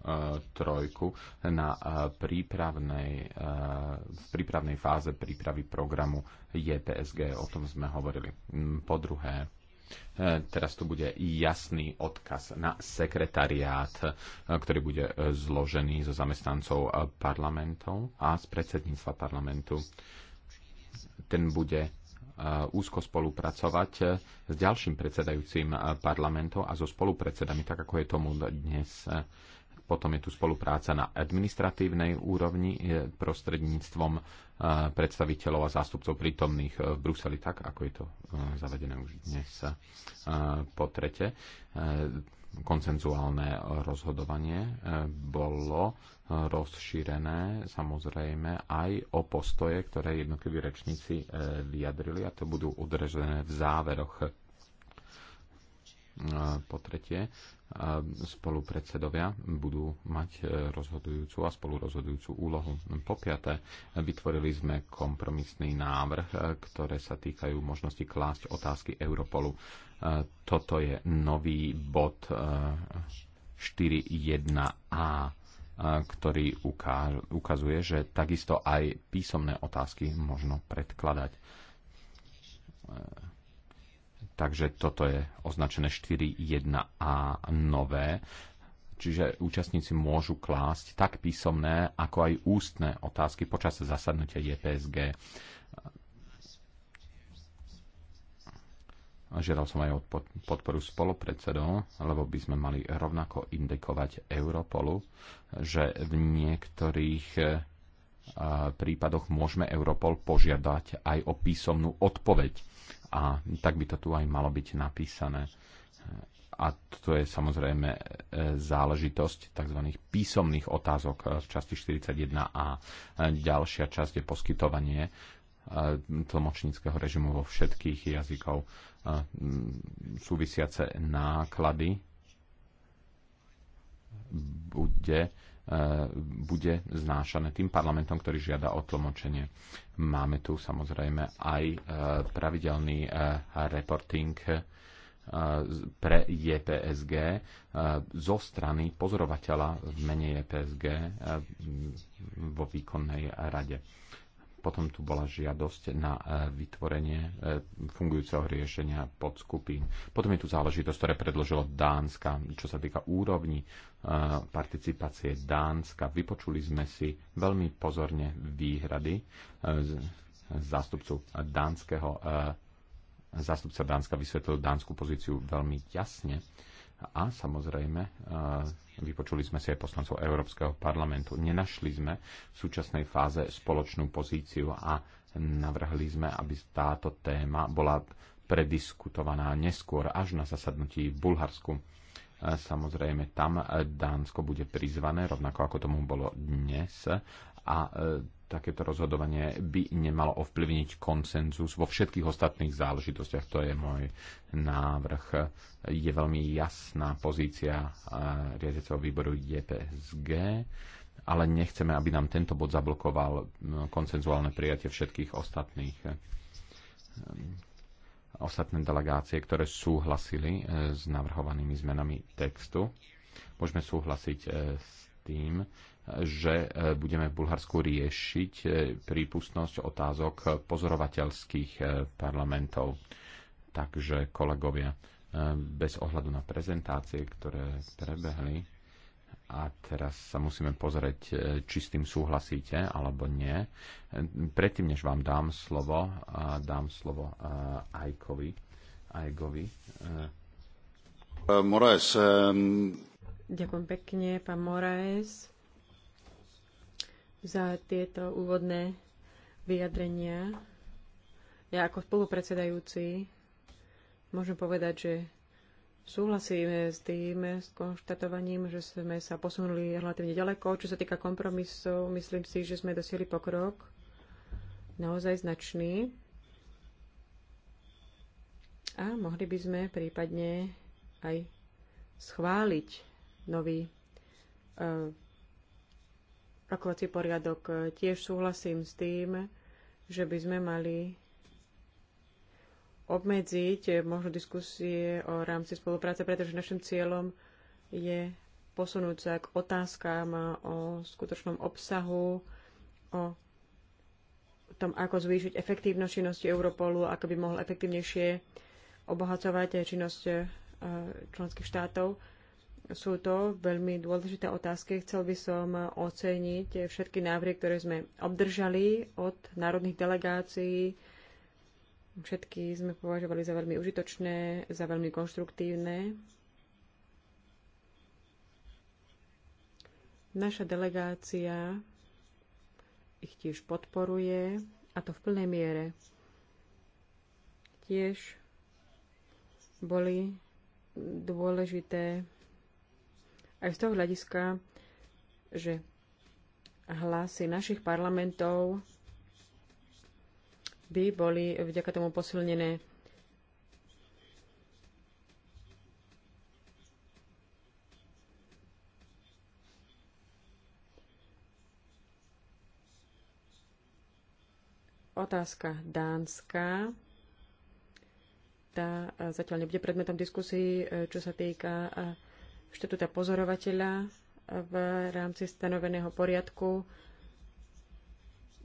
trojku na prípravnej, v prípravnej fáze prípravy programu JPSG. O tom sme hovorili. Mm, po druhé, Teraz tu bude jasný odkaz na sekretariát, ktorý bude zložený zo zamestnancov parlamentov a z predsedníctva parlamentu. Ten bude úzko spolupracovať e, s ďalším predsedajúcim e, parlamentom a so spolupredsedami, tak ako je tomu dnes. E, potom je tu spolupráca na administratívnej úrovni prostredníctvom predstaviteľov a zástupcov prítomných v Bruseli, tak ako je to zavedené už dnes. Po trete, koncenzuálne rozhodovanie e, bolo rozšírené samozrejme aj o postoje, ktoré jednotliví rečníci e, vyjadrili a to budú udržené v záveroch. E, po tretie, spolupredsedovia budú mať rozhodujúcu a spolurozhodujúcu úlohu. Po piaté, vytvorili sme kompromisný návrh, ktoré sa týkajú možnosti klásť otázky Europolu. Toto je nový bod 4.1a, e, e, ktorý ukazuje, že takisto aj písomné otázky možno predkladať. E, takže toto je označené 4.1a nové, čiže účastníci môžu klásť tak písomné, ako aj ústne otázky počas zasadnutia JPSG. Žiadal som aj o podporu spolupredsedov, lebo by sme mali rovnako indekovať Europolu, že v niektorých e, prípadoch môžeme Europol požiadať aj o písomnú odpoveď. A tak by to tu aj malo byť napísané. A to je samozrejme e, záležitosť tzv. písomných otázok e, v časti 41a. Ďalšia časť je poskytovanie tlmočníckého režimu vo všetkých jazykov mm, súvisiace náklady bude, bude znášané tým parlamentom, ktorý žiada o tlmočenie. Máme tu samozrejme aj e, pravidelný e, reporting e, pre JPSG zo strany pozorovateľa v mene JPSG vo výkonnej rade potom tu bola žiadosť na e, vytvorenie e, fungujúceho riešenia podskupín. Potom je tu záležitosť, ktoré predložilo Dánska, čo sa týka úrovni e, participácie Dánska. Vypočuli sme si veľmi pozorne výhrady zástupcu dánskeho zástupca Dánska vysvetlil dánsku pozíciu veľmi jasne a samozrejme, e, vypočuli sme si aj poslancov Európskeho parlamentu. Nenašli sme v súčasnej fáze spoločnú pozíciu a navrhli sme, aby táto téma bola prediskutovaná neskôr až na zasadnutí v Bulharsku. E, samozrejme, tam Dánsko bude prizvané, rovnako ako tomu bolo dnes. A e, takéto rozhodovanie by nemalo ovplyvniť konsenzus vo všetkých ostatných záležitostiach. To je môj návrh. Je veľmi jasná pozícia eh, riadeceho výboru JPSG, ale nechceme, aby nám tento bod zablokoval eh, konsenzuálne prijatie všetkých ostatných eh, ostatné delegácie, ktoré súhlasili s navrhovanými zmenami textu. Môžeme súhlasiť s tým, že e, budeme v Bulharsku riešiť e, prípustnosť otázok pozorovateľských e, parlamentov. Takže kolegovia, bez ohľadu na prezentácie, ktoré prebehli, a teraz sa musíme pozrieť, či s tým súhlasíte alebo nie. Predtým, než vám dám slovo, dám slovo Ajkovi. Ajkovi. Moraes. Ďakujem pekne, pán Moraes za tieto úvodné vyjadrenia. Ja ako spolupredsedajúci môžem povedať, že súhlasíme s tým, s konštatovaním, že sme sa posunuli relatívne ďaleko. Čo sa týka kompromisov, myslím si, že sme dosiahli pokrok naozaj značný. A mohli by sme prípadne aj schváliť nový e, rokovací poriadok. E, tiež súhlasím s tým, že by sme mali obmedziť e, možno diskusie o rámci spolupráce, pretože našim cieľom je posunúť sa k otázkám o skutočnom obsahu, o tom, ako zvýšiť efektívnosť činnosti Europolu, ako by mohol efektívnejšie obohacovať činnosť e, členských štátov. Sú to veľmi dôležité otázky. Chcel by som oceniť všetky návrhy, ktoré sme obdržali od národných delegácií. Všetky sme považovali za veľmi užitočné, za veľmi konštruktívne. Naša delegácia ich tiež podporuje a to v plnej miere. Tiež boli dôležité aj z toho hľadiska, že hlasy našich parlamentov by boli vďaka tomu posilnené. Otázka Dánska. Tá eh, zatiaľ nebude predmetom diskusii, eh, čo sa týka eh, štatúta pozorovateľa v rámci stanoveného poriadku.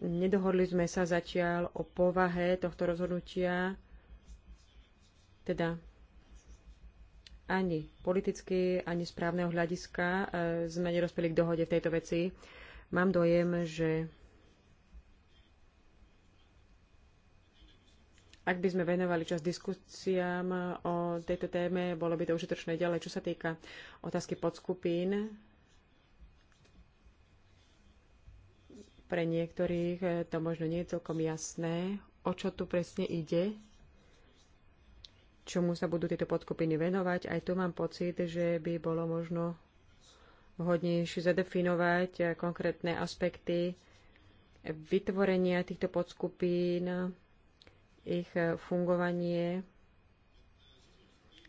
Nedohodli sme sa zatiaľ o povahe tohto rozhodnutia, teda ani politicky, ani správneho hľadiska e, sme nerozpeli k dohode v tejto veci. Mám dojem, že Ak by sme venovali čas diskusiám o tejto téme, bolo by to užitočné ďalej. Čo sa týka otázky podskupín, pre niektorých to možno nie je celkom jasné, o čo tu presne ide, čomu sa budú tieto podskupiny venovať. Aj tu mám pocit, že by bolo možno vhodnejšie zadefinovať konkrétne aspekty vytvorenia týchto podskupín, ich e, fungovanie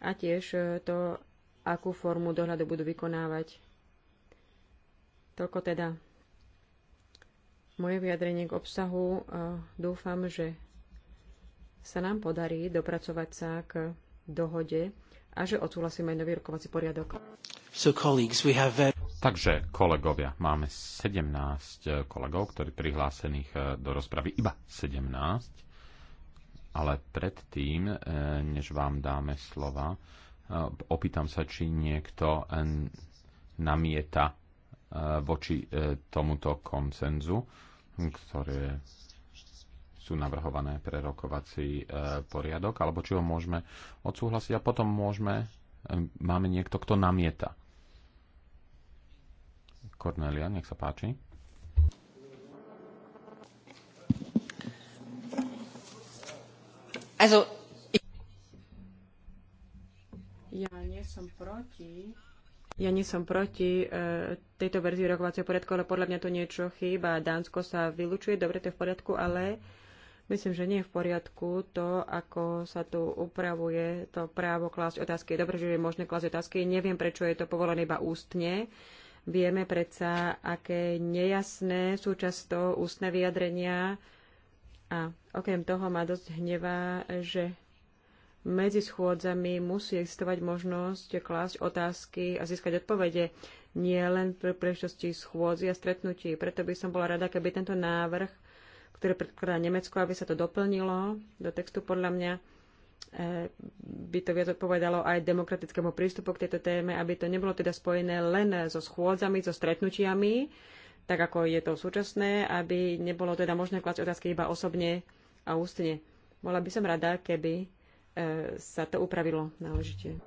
a tiež e, to, akú formu dohľadu budú vykonávať. Toľko teda moje vyjadrenie k obsahu. E, dúfam, že sa nám podarí dopracovať sa k dohode a že odsúhlasíme aj nový rokovací poriadok. So colleagues, we have... Uh, Takže, kolegovia, máme 17 kolegov, ktorí prihlásených do rozpravy, iba 17. Ale predtým, e, než vám dáme slova, e, opýtam sa, či niekto e, namieta voči tomuto koncenzu, ktoré sú navrhované pre rokovací poriadok, alebo či ho môžeme odsúhlasiť a potom môžeme, máme niekto, kto namieta. Cornelia, nech sa páči. Also, ja nie som proti. Ja nie som proti e, tejto verzii rokovacieho poriadku, ale podľa mňa to niečo chýba. Dánsko sa vylučuje, dobre, to je v poriadku, ale myslím, že nie je v poriadku to, ako sa tu upravuje to právo klásť otázky. Dobre, že je možné klásť otázky. Neviem, prečo je to povolené iba ústne. Vieme predsa, aké nejasné sú často ústne vyjadrenia a okrem toho ma dosť hnevá, že medzi schôdzami musí existovať možnosť klásť otázky a získať odpovede nie len pre príležitosti schôdzi a stretnutí. Preto by som bola rada, keby tento návrh, ktorý predkladá Nemecko, aby sa to doplnilo do textu podľa mňa, e, by to viac odpovedalo aj demokratickému prístupu k tejto téme, aby to nebolo teda spojené len so schôdzami, so stretnutiami, tak ako je to súčasné, aby nebolo teda možné klásť otázky iba osobne a ústne. Bola by som rada, keby e, sa to upravilo náležite.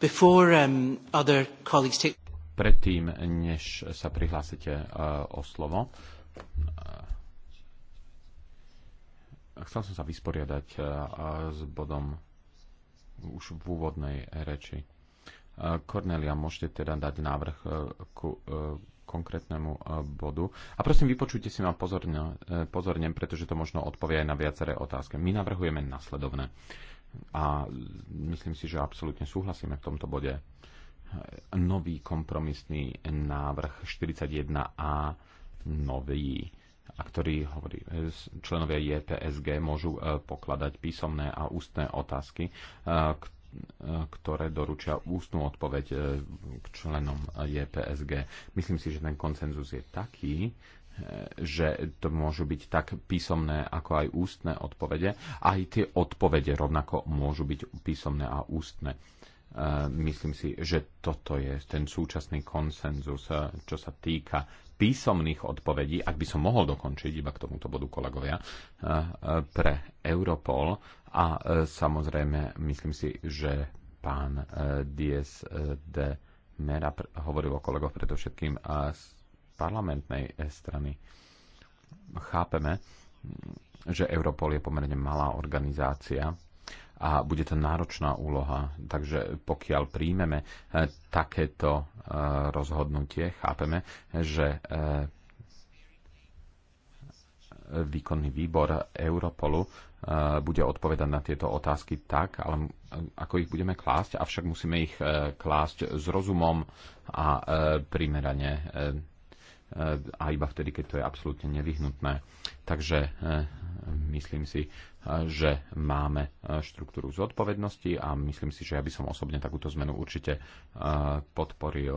Before, um, Predtým, než sa prihlásite uh, o slovo, uh, chcel som sa vysporiadať uh, s bodom už v úvodnej reči. Kornelia, môžete teda dať návrh ku konkrétnemu eh, bodu. A prosím, vypočujte si ma pozorne, eh, pozorne, pretože to možno odpovie aj na viaceré otázky. My navrhujeme nasledovné. A myslím si, že absolútne súhlasíme v tomto bode. Nový kompromisný návrh 41a, nový, a ktorý hovorí, eh, členovia JPSG môžu pokladať písomné a ústne otázky, ktoré doručia ústnu odpoveď e, k členom JPSG. E myslím si, že ten koncenzus je taký, e, že to môžu byť tak písomné ako aj ústne odpovede. Aj tie odpovede rovnako môžu byť písomné a ústne. Myslím si, že toto je ten súčasný konsenzus, čo sa týka písomných odpovedí, ak by som mohol dokončiť iba k tomuto bodu kolegovia, eh, pre Europol a eh, samozrejme myslím si, že pán eh, Dies de Mera hovoril o kolegoch predovšetkým z parlamentnej strany. Chápeme, že Europol je pomerne malá organizácia, a bude to náročná úloha. Takže pokiaľ príjmeme takéto rozhodnutie. Chápeme, že e, výkonný výbor Europolu e, bude odpovedať na tieto otázky tak, ale e, ako ich budeme klásť, avšak musíme ich klásť s rozumom a primerane a iba vtedy, keď to je absolútne nevyhnutné. Takže e, myslím si, e, že máme e, štruktúru zodpovednosti a myslím si, že ja by som osobne takúto zmenu určite podporil.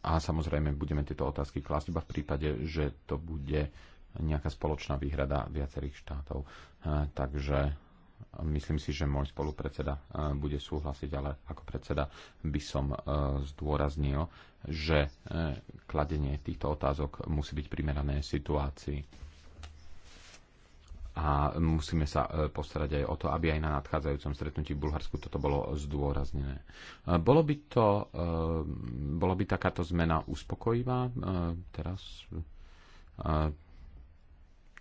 A samozrejme budeme tieto otázky klásť iba v prípade, že to bude nejaká spoločná výhrada viacerých štátov. Takže Myslím si, že môj spolupredseda e, bude súhlasiť, ale ako predseda by som e, zdôraznil, že e, kladenie týchto otázok musí byť primerané situácii a musíme sa postarať aj o to, aby aj na nadchádzajúcom stretnutí v Bulharsku toto bolo zdôraznené. Bolo by, to, bolo by takáto zmena uspokojivá teraz,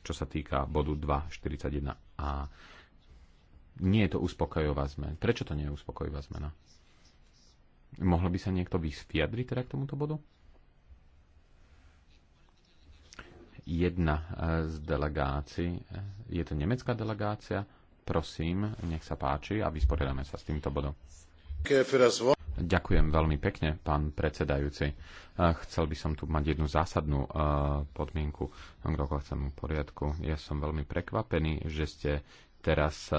čo sa týka bodu 2.41a nie je to uspokojová zmena. Prečo to nie je uspokojivá zmena? Mohol by sa niekto vyjadriť teda k tomuto bodu? Jedna e, z delegácií, e, je to nemecká delegácia, prosím, nech sa páči a vysporiadame sa s týmto bodom. Ďakujem veľmi pekne, pán predsedajúci. E, chcel by som tu mať jednu zásadnú podmienku k rokovaciemu poriadku. Ja som veľmi prekvapený, že ste teraz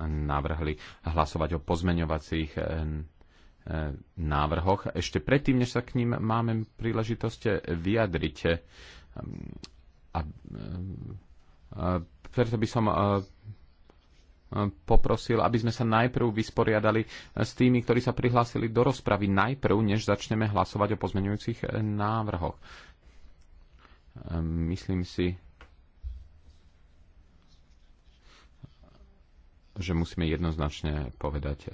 navrhli hlasovať o pozmeňovacích eh, eh, návrhoch. Ešte predtým, než sa k ním máme príležitosť eh, vyjadriť, a, preto by som poprosil, aby sme sa najprv vysporiadali s tými, ktorí sa prihlásili do rozpravy najprv, než začneme hlasovať o pozmeňujúcich návrhoch. Myslím si, že musíme jednoznačne povedať, e,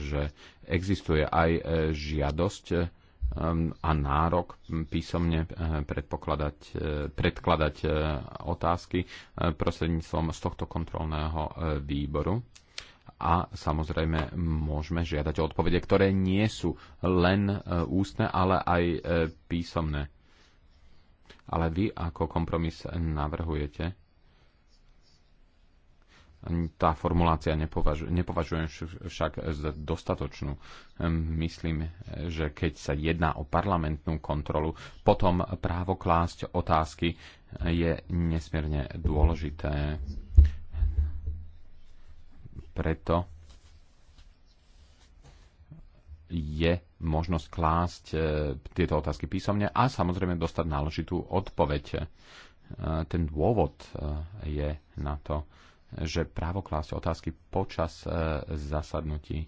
že existuje aj e, žiadosť e, a nárok písomne predpokladať, predkladať otázky prostredníctvom z tohto kontrolného výboru. A samozrejme môžeme žiadať o odpovede, ktoré nie sú len ústne, ale aj písomné. Ale vy ako kompromis navrhujete, tá formulácia nepovažujem však za dostatočnú. Ehm, myslím, že keď sa jedná o parlamentnú kontrolu, potom právo klásť otázky je nesmierne dôležité. Preto je možnosť klásť e, tieto otázky písomne a samozrejme dostať náležitú odpoveď. E, ten dôvod e, je na to, že právo klásť otázky počas e, zasadnutí e,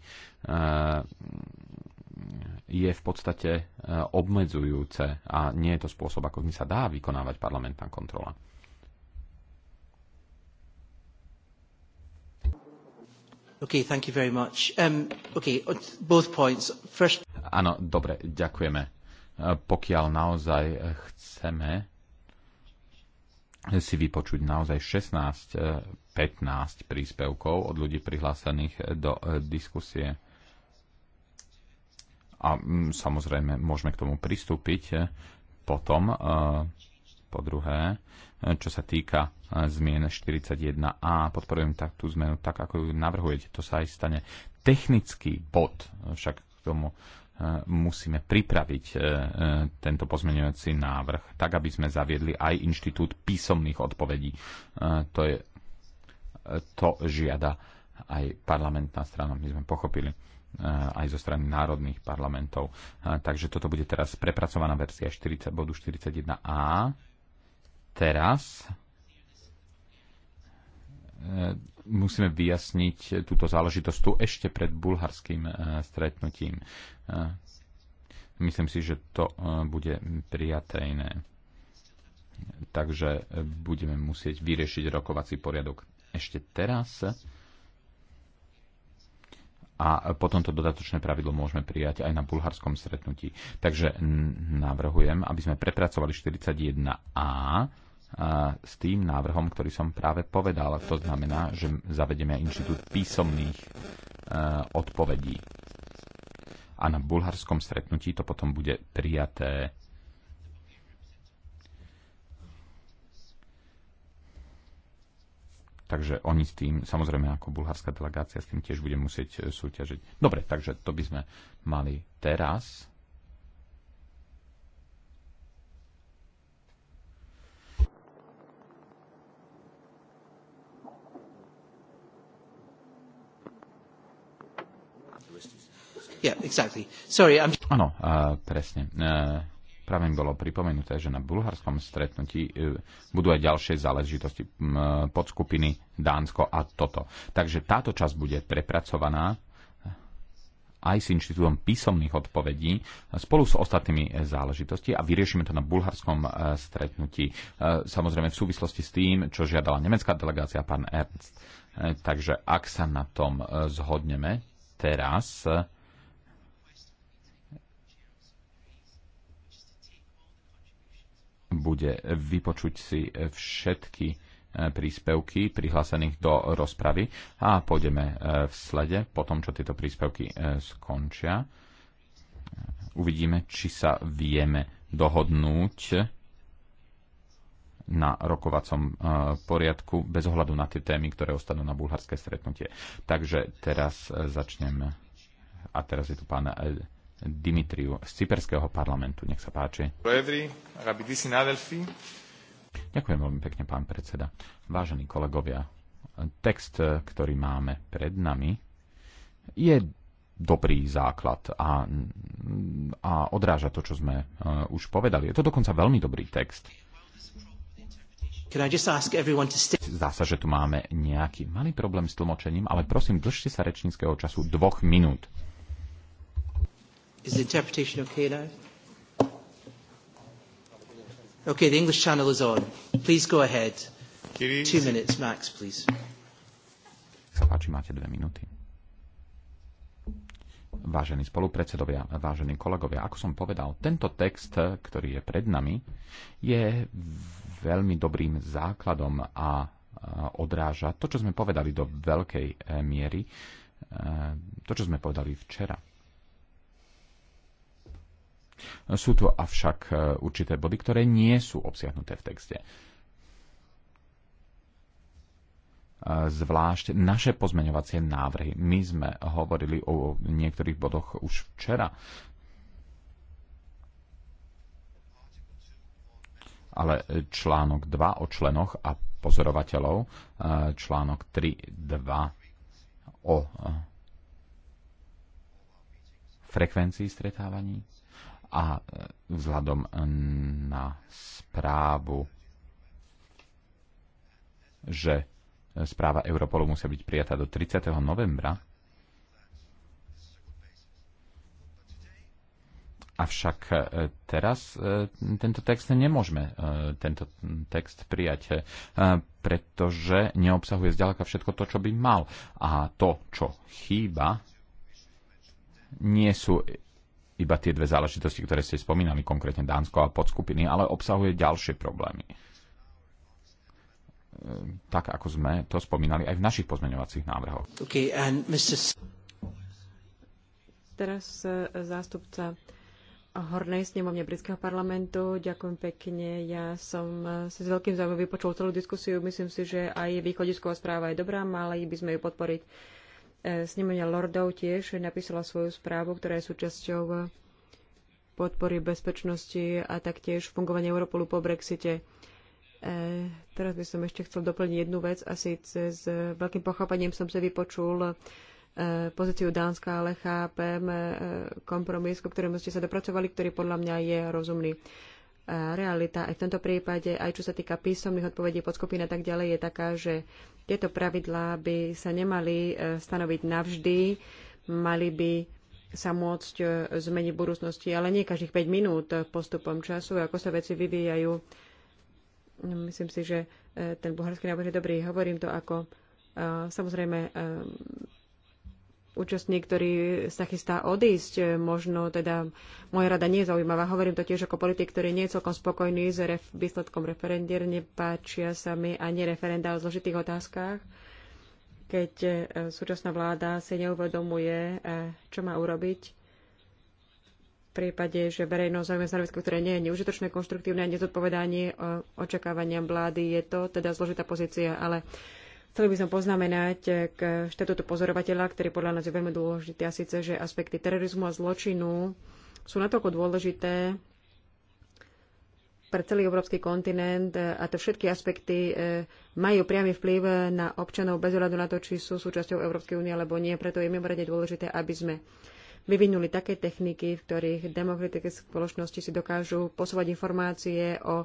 je v podstate e, obmedzujúce a nie je to spôsob, ako mi sa dá vykonávať parlamentná kontrola. Okay, thank you very much. Um, okay, both points. First... Áno, dobre, ďakujeme. Pokiaľ naozaj chceme si vypočuť naozaj 16-15 eh, príspevkov od ľudí prihlásených do eh, diskusie. A mm, samozrejme, môžeme k tomu pristúpiť eh, potom, po druhé, čo sa týka zmien 41a, podporujem tak, tú zmenu tak, ako ju navrhujete, to sa aj stane. Technický bod však k tomu E, musíme pripraviť e, e, tento pozmeňujúci návrh, tak aby sme zaviedli aj inštitút písomných odpovedí. To, je, to žiada aj parlamentná strana, my sme pochopili aj zo strany národných parlamentov. Takže toto bude teraz prepracovaná verzia 40, bodu 41a. Teraz E, musíme vyjasniť túto záležitosť tu ešte pred bulharským e, stretnutím. E, myslím si, že to bude prijaté iné. Takže budeme musieť vyriešiť rokovací poriadok ešte teraz a potom to dodatočné pravidlo môžeme prijať aj na bulharskom stretnutí. Takže navrhujem, aby sme prepracovali 41a s tým návrhom, ktorý som práve povedal. To znamená, že zavedeme inštitút písomných e, odpovedí. A na bulharskom stretnutí to potom bude prijaté takže oni s tým, samozrejme ako bulharská delegácia, s tým tiež bude musieť súťažiť. Dobre, takže to by sme mali teraz. Yeah, exactly. Sorry, I'm... Áno, uh, presne. Uh, práve mi bolo pripomenuté, že na bulharskom stretnutí e, budú aj ďalšie záležitosti e, podskupiny Dánsko a toto. Takže táto časť bude prepracovaná aj s inštitútom písomných odpovedí spolu s ostatnými záležitosti a vyriešime to na bulharskom stretnutí. Samozrejme v súvislosti s tým, čo žiadala nemecká delegácia pán Ernst. Takže ak sa na tom zhodneme teraz, bude vypočuť si všetky e, príspevky prihlásených do rozpravy a pôjdeme e, v slede po tom, čo tieto príspevky e, skončia. Uvidíme, či sa vieme dohodnúť na rokovacom poriadku bez ohľadu na tie témy, ktoré ostanú na bulharské stretnutie. Takže teraz začneme. A teraz je tu pán Dimitriu z Cyperského parlamentu. Nech sa páči. Ďakujem veľmi pekne, pán predseda. Vážení kolegovia, text, ktorý máme pred nami, je dobrý základ a, a odráža to, čo sme uh, už povedali. Je to dokonca veľmi dobrý text. Zdá sa, že tu máme nejaký malý problém s tlmočením, ale prosím, držte sa rečníckého času dvoch minút. Is the interpretation okay now? Okay, the English channel is on. Please go ahead. Two minutes max, please. Sa páči, máte dve minúty. Vážení spolupredsedovia, vážení kolegovia, ako som povedal, tento text, ktorý je pred nami, je veľmi dobrým základom a odráža to, čo sme povedali do veľkej e, miery, e, to, čo sme povedali včera. Sú tu avšak e, určité body, ktoré nie sú obsiahnuté v texte. E, zvlášť naše pozmeňovacie návrhy. My sme hovorili o niektorých bodoch už včera. ale článok 2 o členoch a pozorovateľov, e, článok 3, 2 o frekvencii stretávaní a e, vzhľadom e, na správu, že e, správa Europolu musia byť prijatá do 30. novembra, Avšak teraz tento text nemôžeme tento text prijať, pretože neobsahuje zďaleka všetko to, čo by mal. A to, čo chýba, nie sú iba tie dve záležitosti, ktoré ste spomínali, konkrétne Dánsko a podskupiny, ale obsahuje ďalšie problémy. Tak, ako sme to spomínali aj v našich pozmeňovacích návrhoch. Okay, and Mr. Teraz e, zástupca Hornej snemovne britského parlamentu. Ďakujem pekne. Ja som e, si s veľkým záujmom vypočul celú diskusiu. Myslím si, že aj východisková správa je dobrá, mali by sme ju podporiť. Snemenia lordov tiež napísala svoju správu, ktorá je súčasťou podpory bezpečnosti a taktiež fungovania Europolu po Brexite. E, teraz by som ešte chcel doplniť jednu vec a síce s veľkým pochopením som si vypočul e, pozíciu Dánska, ale chápem e, kompromis, ku ktorému ste sa dopracovali, ktorý podľa mňa je rozumný realita aj v tomto prípade, aj čo sa týka písomných odpovedí podskupín a tak ďalej, je taká, že tieto pravidlá by sa nemali e, stanoviť navždy, mali by sa môcť e, zmeniť v budúcnosti, ale nie každých 5 minút postupom času, ako sa veci vyvíjajú. Myslím si, že e, ten bulharský návrh je dobrý. Hovorím to ako samozrejme účastník, ktorý sa chystá odísť, možno teda moja rada nie je zaujímavá. Hovorím to tiež ako politik, ktorý nie je celkom spokojný s ref- výsledkom referendier, nepáčia sa mi ani referenda o zložitých otázkach, keď e, súčasná vláda si neuvedomuje, e, čo má urobiť v prípade, že verejnosť zaujíma stanovisko, ktoré nie je neužitočné, konštruktívne a nezodpovedanie e, očakávaniam vlády. Je to teda zložitá pozícia, ale Chcel by som poznamenať eh, k štatutu pozorovateľa, ktorý podľa nás je veľmi dôležitý, a síce, že aspekty terorizmu a zločinu sú natoľko dôležité pre celý európsky kontinent eh, a to všetky aspekty eh, majú priamy vplyv na občanov bez ohľadu na to, či sú súčasťou Európskej únie alebo nie. Preto je mimoriadne dôležité, aby sme vyvinuli také techniky, v ktorých demokratické spoločnosti si dokážu posúvať informácie o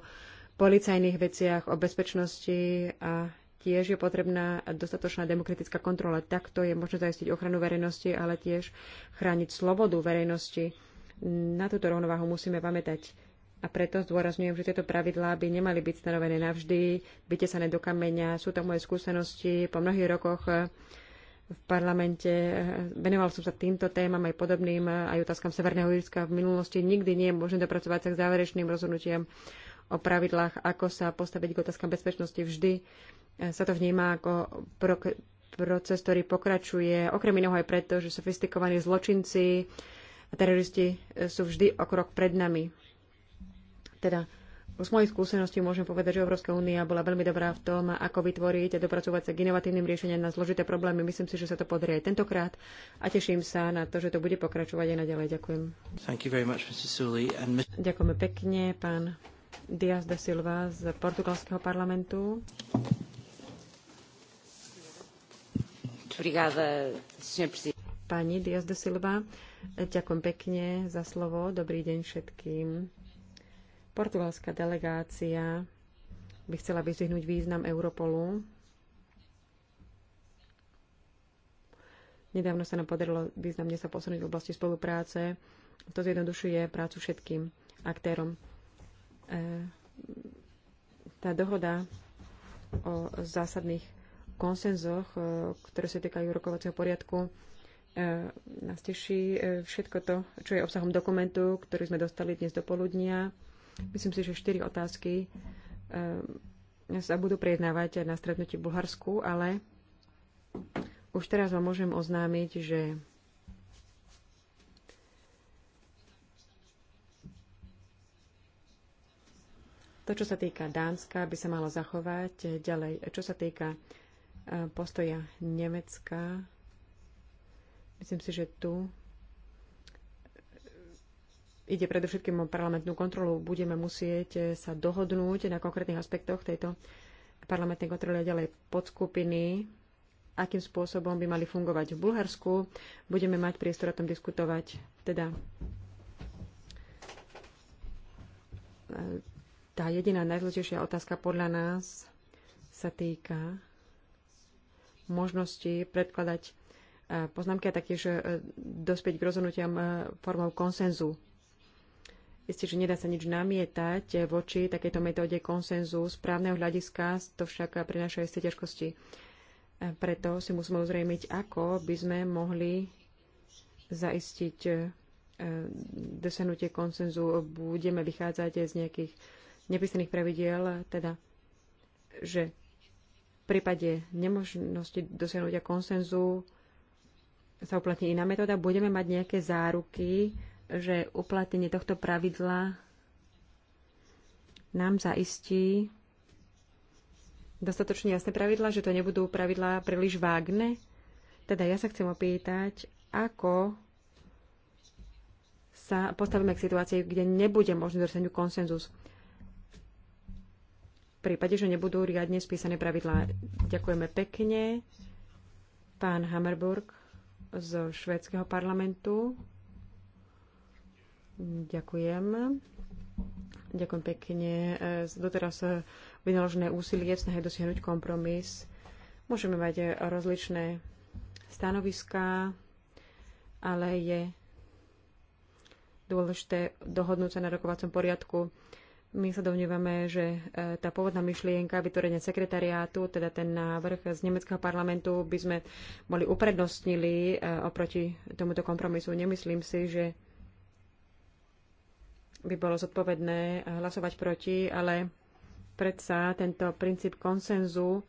policajných veciach, o bezpečnosti a Tiež je potrebná dostatočná demokratická kontrola. Takto je možné zajistiť ochranu verejnosti, ale tiež chrániť slobodu verejnosti. Na túto rovnováhu musíme pamätať. A preto zdôrazňujem, že tieto pravidlá by nemali byť stanovené navždy, vytesané do kameňa. Sú to moje skúsenosti po mnohých rokoch v parlamente. Venoval som sa týmto témam aj podobným, aj otázkam Severného Írska v minulosti. Nikdy nie je možné dopracovať sa k záverečným rozhodnutiam o pravidlách, ako sa postaviť k otázkam bezpečnosti. Vždy sa to vníma ako proces, ktorý pokračuje, okrem iného aj preto, že sofistikovaní zločinci a teroristi e, sú vždy o krok pred nami. Teda z mojich skúseností môžem povedať, že Európska únia bola veľmi dobrá v tom, ako vytvoriť a dopracovať sa k inovatívnym riešeniam na zložité problémy. Myslím si, že sa to podrie aj tentokrát a teším sa na to, že to bude pokračovať aj naďalej. Ďakujem. Much, And... Ďakujeme pekne, pán Diaz da Silva z portugalského parlamentu. Pani Diaz de Silva, ďakujem pekne za slovo. Dobrý deň všetkým. Portugalská delegácia by chcela vyzvihnúť význam Europolu. Nedávno sa nám podarilo významne sa posunúť v oblasti spolupráce. To zjednodušuje prácu všetkým aktérom. E, tá dohoda o zásadných konsenzoch, e, ktoré sa týkajú rokovacieho poriadku. E, nás teší e, všetko to, čo je obsahom dokumentu, ktorý sme dostali dnes do poludnia. Myslím si, že štyri otázky sa budú prejednávať na stretnutí v Bulharsku, ale už teraz vám môžem oznámiť, že To, čo sa týka Dánska, by sa malo zachovať ďalej. Čo sa týka postoja Nemecka. Myslím si, že tu ide predovšetkým o parlamentnú kontrolu. Budeme musieť sa dohodnúť na konkrétnych aspektoch tejto parlamentnej kontroly a ďalej podskupiny, akým spôsobom by mali fungovať v Bulharsku. Budeme mať priestor o tom diskutovať. Teda e, tá jediná najzložitejšia otázka podľa nás sa týka možnosti predkladať e, poznámky a taktiež e, dospieť k rozhodnutiam e, formou konsenzu. Isté, že nedá sa nič namietať voči takéto metóde konsenzu. Správneho hľadiska to však prináša isté ťažkosti. Preto si musíme uzrejmiť, ako by sme mohli zaistiť dosiahnutie konsenzu. Budeme vychádzať z nejakých nepísaných pravidiel, teda, že prípade nemožnosti a konsenzu sa uplatní iná metóda, budeme mať nejaké záruky, že uplatnenie tohto pravidla nám zaistí dostatočne jasné pravidla, že to nebudú pravidlá príliš vágne. Teda ja sa chcem opýtať, ako sa postavíme k situácii, kde nebude možné dosiahnuť konsenzus prípade, že nebudú riadne spísané pravidlá. Ďakujeme pekne. Pán Hammerburg zo švédskeho parlamentu. Ďakujem. Ďakujem pekne. E, doteraz e, vynaložené úsilie v snahe dosiahnuť kompromis. Môžeme mať e, rozličné stanoviská, ale je dôležité dohodnúť sa na rokovacom poriadku. My sa domnievame, že e, tá pôvodná myšlienka vytvorenia sekretariátu, teda ten návrh z nemeckého parlamentu, by sme boli uprednostnili e, oproti tomuto kompromisu. Nemyslím si, že by bolo zodpovedné hlasovať proti, ale predsa tento princíp konsenzu,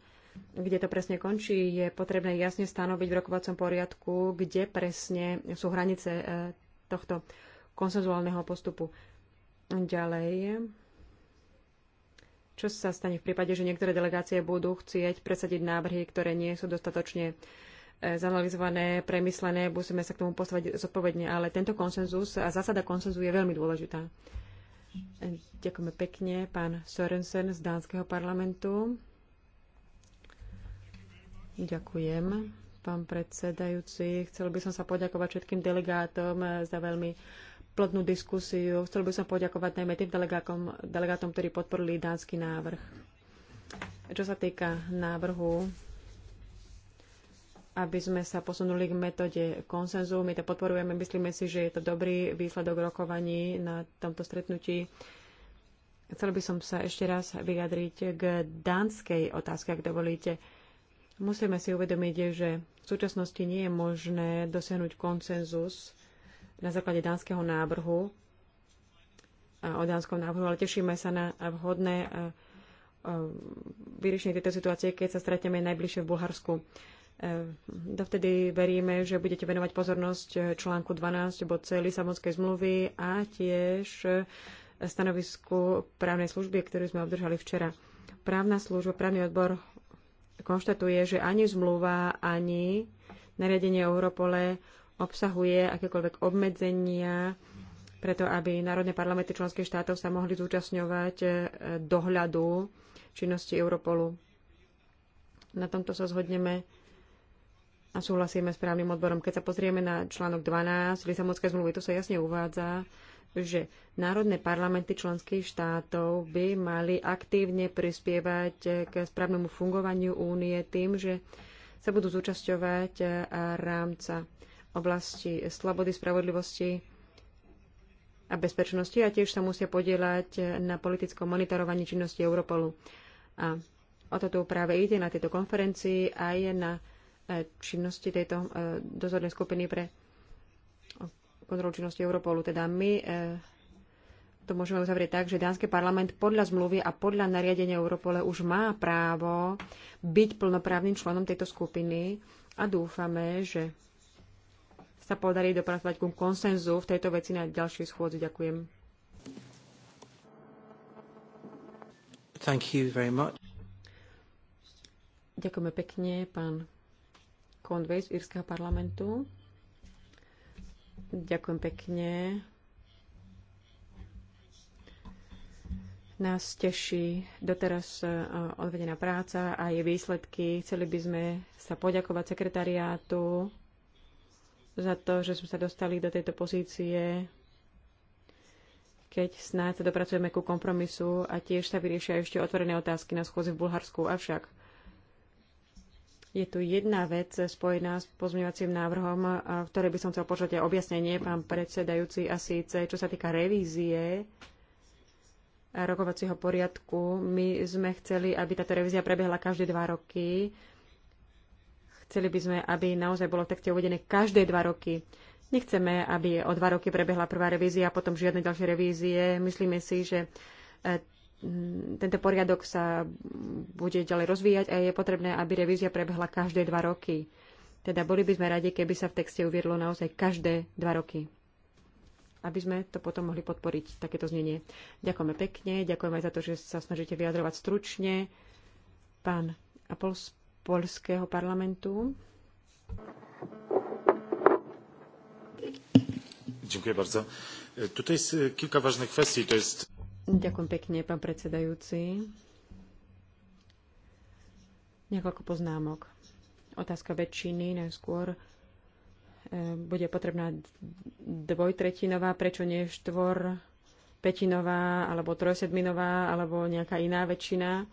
kde to presne končí, je potrebné jasne stanoviť v rokovacom poriadku, kde presne sú hranice e, tohto konsenzuálneho postupu. Ďalej, čo sa stane v prípade, že niektoré delegácie budú chcieť presadiť návrhy, ktoré nie sú dostatočne e, zanalizované, premyslené, musíme sa k tomu postaviť zodpovedne, ale tento konsenzus a zásada konsenzu je veľmi dôležitá. Ďakujeme pekne, pán Sorensen z Dánskeho parlamentu. Ďakujem, pán predsedajúci. Chcel by som sa poďakovať všetkým delegátom za veľmi plodnú diskusiu. Chcel by som poďakovať najmä tým delegátom, delegátom ktorí podporili dánsky návrh. Čo sa týka návrhu, aby sme sa posunuli k metóde konsenzu, my to podporujeme, myslíme si, že je to dobrý výsledok rokovaní na tomto stretnutí. Chcel by som sa ešte raz vyjadriť k dánskej otázke, ak dovolíte. Musíme si uvedomiť, že v súčasnosti nie je možné dosiahnuť konsenzus na základe dánskeho návrhu o dánskom návrhu, ale tešíme sa na vhodné vyriešenie tejto situácie, keď sa stretneme najbližšie v Bulharsku. E, dovtedy veríme, že budete venovať pozornosť e, článku 12 C Lisabonskej zmluvy a tiež e, stanovisku právnej služby, ktorú sme obdržali včera. Právna služba, právny odbor konštatuje, že ani zmluva, ani nariadenie Europole obsahuje akékoľvek obmedzenia preto, aby národné parlamenty členských štátov sa mohli zúčastňovať e, dohľadu činnosti Europolu. Na tomto sa zhodneme a súhlasíme s právnym odborom. Keď sa pozrieme na článok 12 Lisabonskej zmluvy, to sa jasne uvádza, že národné parlamenty členských štátov by mali aktívne prispievať k správnemu fungovaniu únie tým, že sa budú zúčasťovať e, rámca oblasti slobody, spravodlivosti a bezpečnosti a tiež sa musia podielať na politickom monitorovaní činnosti Europolu. A o to tu práve ide na tejto konferencii a je na e, činnosti tejto e, dozornej skupiny pre kontrolu činnosti Europolu. Teda my e, to môžeme uzavrieť tak, že Dánsky parlament podľa zmluvy a podľa nariadenia Europole už má právo byť plnoprávnym členom tejto skupiny a dúfame, že sa podarí dopracovať ku konsenzu v tejto veci na ďalšej schôdzi. Ďakujem. Thank you very much. Ďakujeme pekne, pán Conway z Írskeho parlamentu. Ďakujem pekne. Nás teší doteraz e, odvedená práca a jej výsledky. Chceli by sme sa poďakovať sekretariátu za to, že sme sa dostali do tejto pozície, keď snáď sa dopracujeme ku kompromisu a tiež sa vyriešia ešte otvorené otázky na schôze v Bulharsku. Avšak je tu jedna vec spojená s pozmeňovacím návrhom, v ktorej by som chcel počuť aj objasnenie, pán predsedajúci, a síce, čo sa týka revízie rokovacieho poriadku. My sme chceli, aby táto revízia prebehla každé dva roky Chceli by sme, aby naozaj bolo takte uvedené každé dva roky. Nechceme, aby o dva roky prebehla prvá revízia a potom žiadne ďalšie revízie. Myslíme si, že e, tento poriadok sa bude ďalej rozvíjať a je potrebné, aby revízia prebehla každé dva roky. Teda boli by sme radi, keby sa v texte uviedlo naozaj každé dva roky aby sme to potom mohli podporiť, takéto znenie. Ďakujeme pekne, ďakujeme aj za to, že sa snažíte vyjadrovať stručne. Pán Apols Polského parlamentu. Dziękuję bardzo. Tutaj jest e, kilka ważnych kwestii. To jest... Ďakujem pekne, pán predsedajúci. Niekoľko poznámok. Otázka väčšiny najskôr e, bude potrebná dvojtretinová, prečo nie štvor petinová, alebo trojsedminová, alebo nejaká iná väčšina.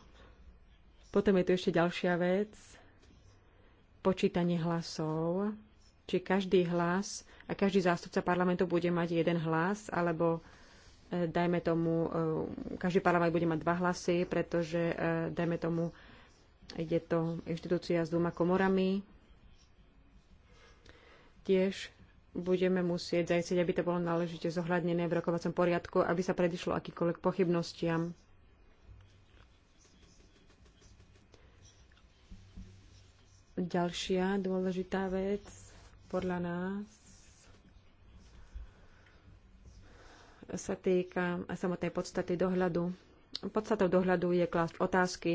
Potom je tu ešte ďalšia vec, počítanie hlasov, či každý hlas a každý zástupca parlamentu bude mať jeden hlas, alebo e, dajme tomu, e, každý parlament bude mať dva hlasy, pretože e, dajme tomu, je to inštitúcia s dvoma komorami. Tiež budeme musieť zajistiť, aby to bolo náležite zohľadnené v rokovacom poriadku, aby sa predišlo akýkoľvek pochybnostiam. Ďalšia dôležitá vec podľa nás sa týka samotnej podstaty dohľadu. Podstatou dohľadu je klásť otázky.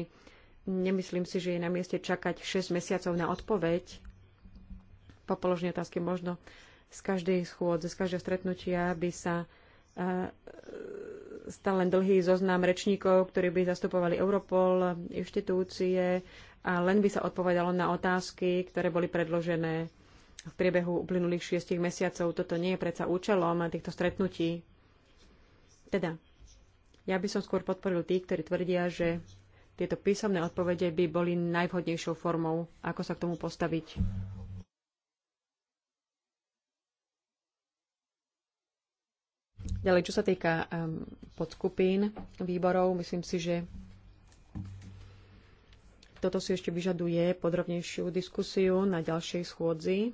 Nemyslím si, že je na mieste čakať 6 mesiacov na odpoveď. Po položení otázky možno z každej schôdze, z každého stretnutia by sa e, stal len dlhý zoznam rečníkov, ktorí by zastupovali Europol, inštitúcie, a len by sa odpovedalo na otázky, ktoré boli predložené v priebehu uplynulých šiestich mesiacov. Toto nie je predsa účelom týchto stretnutí. Teda, ja by som skôr podporil tých, ktorí tvrdia, že tieto písomné odpovede by boli najvhodnejšou formou, ako sa k tomu postaviť. Ďalej, čo sa týka um, podskupín výborov, myslím si, že toto si ešte vyžaduje podrobnejšiu diskusiu na ďalšej schôdzi.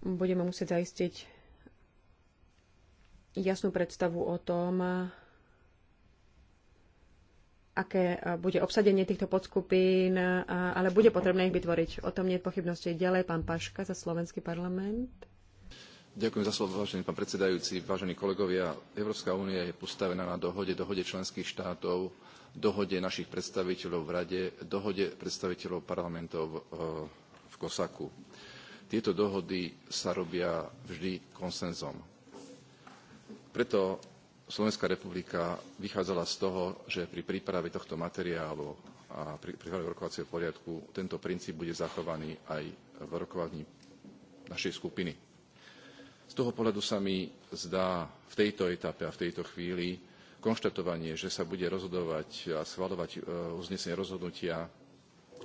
Budeme musieť zaistiť jasnú predstavu o tom, aké bude obsadenie týchto podskupín, ale bude potrebné ich vytvoriť. O tom nie je pochybnosti. Ďalej pán Paška za Slovenský parlament. Ďakujem za slovo, vážený pán predsedajúci, vážení kolegovia. Európska únia je postavená na dohode, dohode členských štátov dohode našich predstaviteľov v Rade, dohode predstaviteľov parlamentov e, v Kosaku. Tieto dohody sa robia vždy konsenzom. Preto Slovenská republika vychádzala z toho, že pri príprave tohto materiálu a pri príprave rokovacieho poriadku tento princíp bude zachovaný aj v rokovaní našej skupiny. Z toho pohľadu sa mi zdá v tejto etape a v tejto chvíli konštatovanie, že sa bude rozhodovať a schvaľovať e, uznesenie rozhodnutia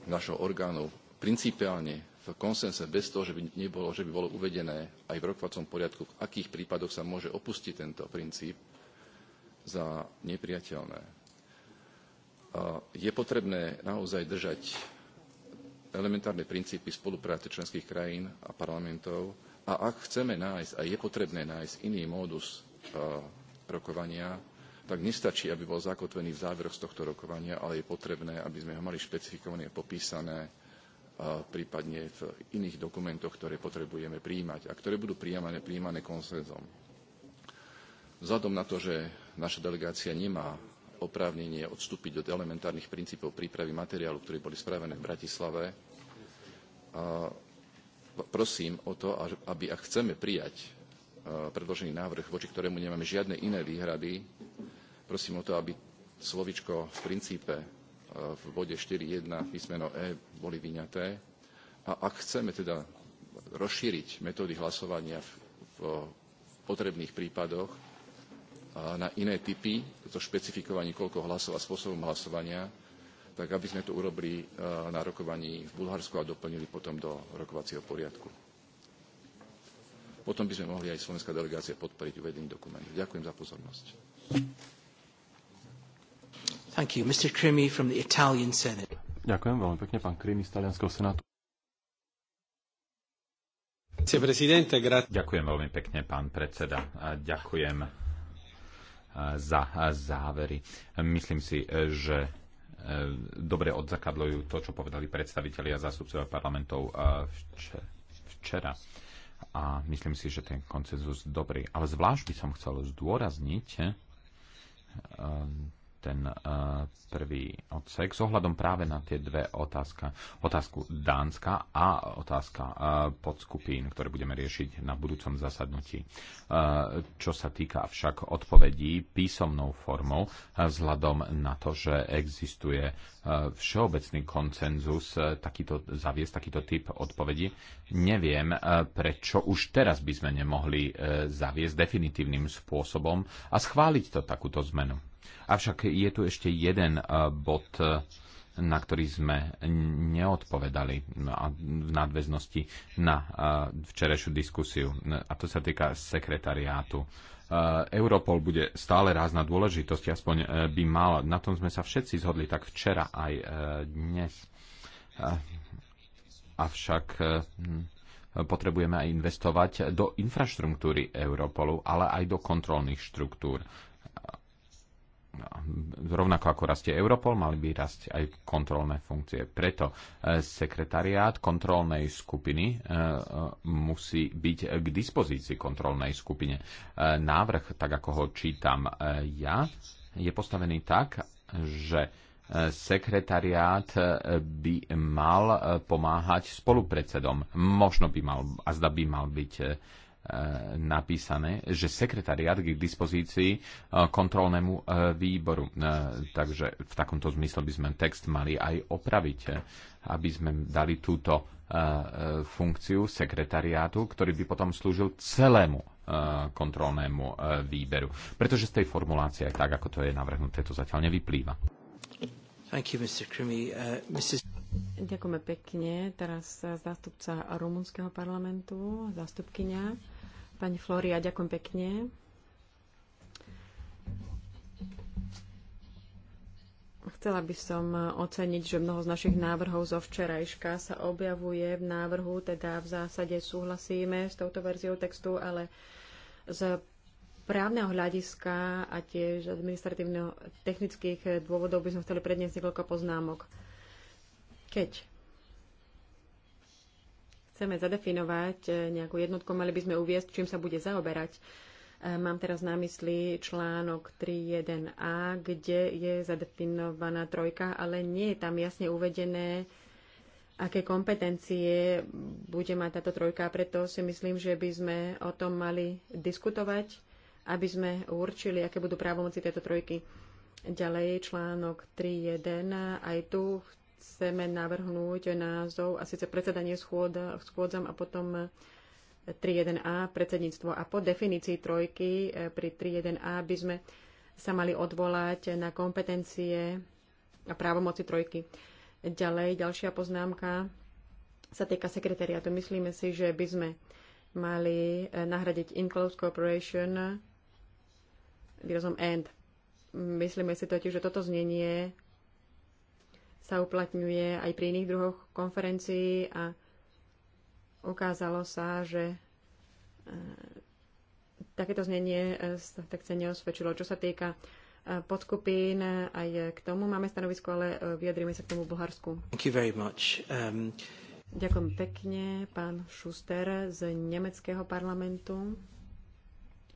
našho orgánu principiálne v konsense bez toho, že by, nebolo, že by bolo uvedené aj v rokovacom poriadku, v akých prípadoch sa môže opustiť tento princíp, za nepriateľné. Je potrebné naozaj držať elementárne princípy spolupráce členských krajín a parlamentov a ak chceme nájsť, a je potrebné nájsť iný módus e, rokovania, tak nestačí, aby bol zakotvený v záveroch z tohto rokovania, ale je potrebné, aby sme ho mali špecifikované, popísané, prípadne v iných dokumentoch, ktoré potrebujeme príjmať a ktoré budú prijímané, prijímané konsenzom. Vzhľadom na to, že naša delegácia nemá oprávnenie odstúpiť od elementárnych princípov prípravy materiálu, ktoré boli spravené v Bratislave, prosím o to, aby ak chceme prijať predložený návrh, voči ktorému nemáme žiadne iné výhrady, Prosím o to, aby slovičko v princípe e, v bode 4.1 písmeno E boli vyňaté. A ak chceme teda rozšíriť metódy hlasovania v, v potrebných prípadoch e, na iné typy, to špecifikovanie, koľko hlasov a spôsobom hlasovania, tak aby sme to urobili e, na rokovaní v Bulharsku a doplnili potom do rokovacieho poriadku. Potom by sme mohli aj slovenská delegácia podporiť uvedený dokument. Ďakujem za pozornosť. Thank you. Mr. from the Italian Senate. Ďakujem veľmi pekne, pán Krimi z Talianského senátu. Ďakujem veľmi pekne, pán predseda. A ďakujem za závery. Myslím si, e, že e, dobre odzakadľujú to, čo povedali predstavitelia zástupcov parlamentov včera. A myslím si, že ten koncenzus dobrý. Ale zvlášť by som chcel zdôrazniť e, ten eh, prvý odsek s ohľadom práve na tie dve otázka, otázku Dánska a otázka eh, podskupín, ktoré budeme riešiť na budúcom zasadnutí. Eh, čo sa týka však odpovedí písomnou formou, vzhľadom na to, že existuje všeobecný koncenzus takýto, zaviesť takýto typ odpovedí, neviem, prečo už teraz by sme nemohli zaviesť definitívnym spôsobom a schváliť to takúto zmenu Avšak je tu ešte jeden e, bod, e, na ktorý sme neodpovedali no v nadväznosti na e, včerajšiu diskusiu. A to sa týka sekretariátu. Europol bude stále raz na dôležitosti, aspoň by mal. Na tom sme sa všetci zhodli tak včera aj dnes. Avšak potrebujeme aj investovať do infraštruktúry Europolu, ale aj do kontrolných štruktúr. No, rovnako ako rastie Europol, mali by rásť aj kontrolné funkcie. Preto e, sekretariát kontrolnej skupiny e, e, musí byť k dispozícii kontrolnej skupine. Návrh, tak ako ho čítam ja, je postavený tak, že sekretariát by mal pomáhať spolupredsedom. Možno by mal, a zda by mal byť napísané, že sekretariat k dispozícii e, kontrolnému e, výboru. E, takže v takomto zmysle by sme text mali aj opraviť, aby sme dali túto funkciu sekretariátu, ktorý by potom slúžil celému kontrolnému výberu. Pretože z tej formulácie, aj tak ako to je navrhnuté, to zatiaľ nevyplýva. You, uh, Mrs... Ďakujeme pekne. Teraz zástupca rumunského parlamentu, zástupkynia. Pani Floria, ďakujem pekne. Chcela by som oceniť, že mnoho z našich návrhov zo včerajška sa objavuje v návrhu, teda v zásade súhlasíme s touto verziou textu, ale z právneho hľadiska a tiež z administratívno-technických dôvodov by sme chceli predniesť niekoľko poznámok. Keď chceme zadefinovať e, nejakú jednotku, mali by sme uviesť, čím sa bude zaoberať. E, mám teraz na mysli článok 3.1a, kde je zadefinovaná trojka, ale nie je tam jasne uvedené, aké kompetencie bude mať táto trojka. Preto si myslím, že by sme o tom mali diskutovať, aby sme určili, aké budú právomoci tejto trojky. Ďalej článok 3.1. Aj tu chceme navrhnúť názov a síce predsedanie schôdza, schôdzam a potom 3.1a predsedníctvo. A po definícii trojky e, pri 3.1a by sme sa mali odvolať na kompetencie a právomoci trojky. Ďalej, ďalšia poznámka sa týka sekretariatu. Myslíme si, že by sme mali e, nahradiť in close cooperation výrazom and. Myslíme si totiž, že toto znenie sa uplatňuje aj pri iných druhoch konferencií a ukázalo sa, že e, takéto znenie e, tak sa neosvedčilo. Čo sa týka e, podskupín, aj k tomu máme stanovisko, ale vyjadríme sa k tomu v Bulharsku. Um... Ďakujem pekne, pán Schuster z nemeckého parlamentu,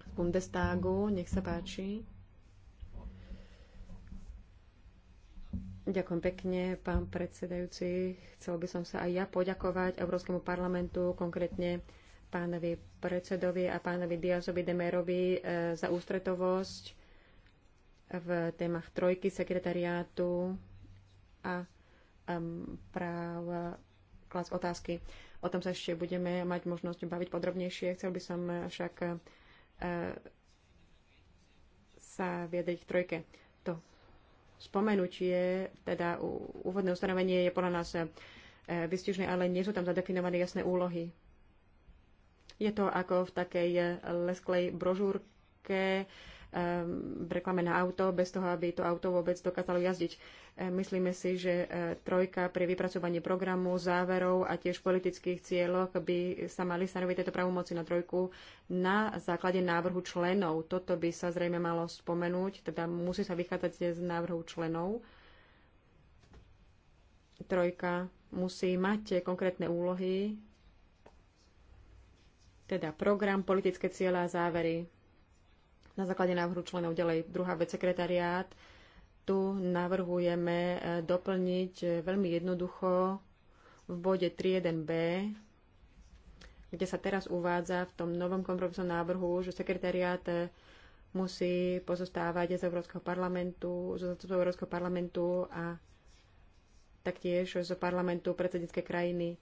z Bundestagu. Nech sa páči. Ďakujem pekne, pán predsedajúci. Chcel by som sa aj ja poďakovať Európskemu parlamentu, konkrétne pánovi predsedovi a pánovi Diazovi Demerovi e, za ústretovosť v témach trojky sekretariátu a práv e, klas otázky. O tom sa ešte budeme mať možnosť baviť podrobnejšie. Chcel by som však e, sa vyjadriť k trojke spomenutie, teda úvodné ustanovenie je podľa nás e, vystižné, ale nie sú tam zadefinované jasné úlohy. Je to ako v takej e, lesklej brožúrke, v reklame na auto, bez toho, aby to auto vôbec dokázalo jazdiť. E, myslíme si, že e, trojka pri vypracovaní programu, záverov a tiež politických cieľoch by sa mali stanoviť tieto pravomoci na trojku na základe návrhu členov. Toto by sa zrejme malo spomenúť, teda musí sa vychádzať z návrhu členov. Trojka musí mať tie konkrétne úlohy, teda program, politické cieľa a závery na základe návrhu členov. Ďalej druhá vec, sekretariát. Tu navrhujeme e, doplniť e, veľmi jednoducho v bode 3.1b, kde sa teraz uvádza v tom novom kompromisnom návrhu, že sekretariát e, musí pozostávať z Európskeho parlamentu, zo zastupcov Európskeho parlamentu a taktiež zo parlamentu predsedníckej krajiny.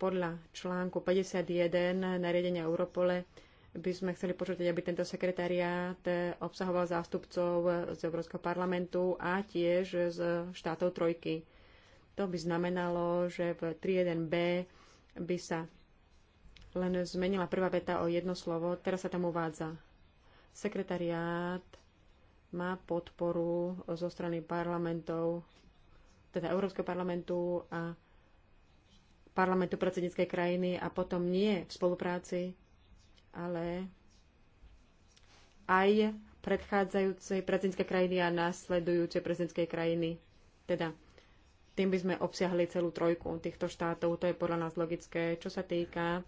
Podľa článku 51 nariadenia Europole by sme chceli počuť, aby tento sekretariát obsahoval zástupcov z Európskeho parlamentu a tiež z štátov trojky. To by znamenalo, že v 3.1b by sa len zmenila prvá veta o jedno slovo. Teraz sa tam uvádza. Sekretariát má podporu zo strany parlamentov, teda Európskeho parlamentu a parlamentu predsedníckej krajiny a potom nie v spolupráci ale aj predchádzajúcej prezidentskej krajiny a následujúcej prezidentskej krajiny. Teda tým by sme obsiahli celú trojku týchto štátov. To je podľa nás logické. Čo sa týka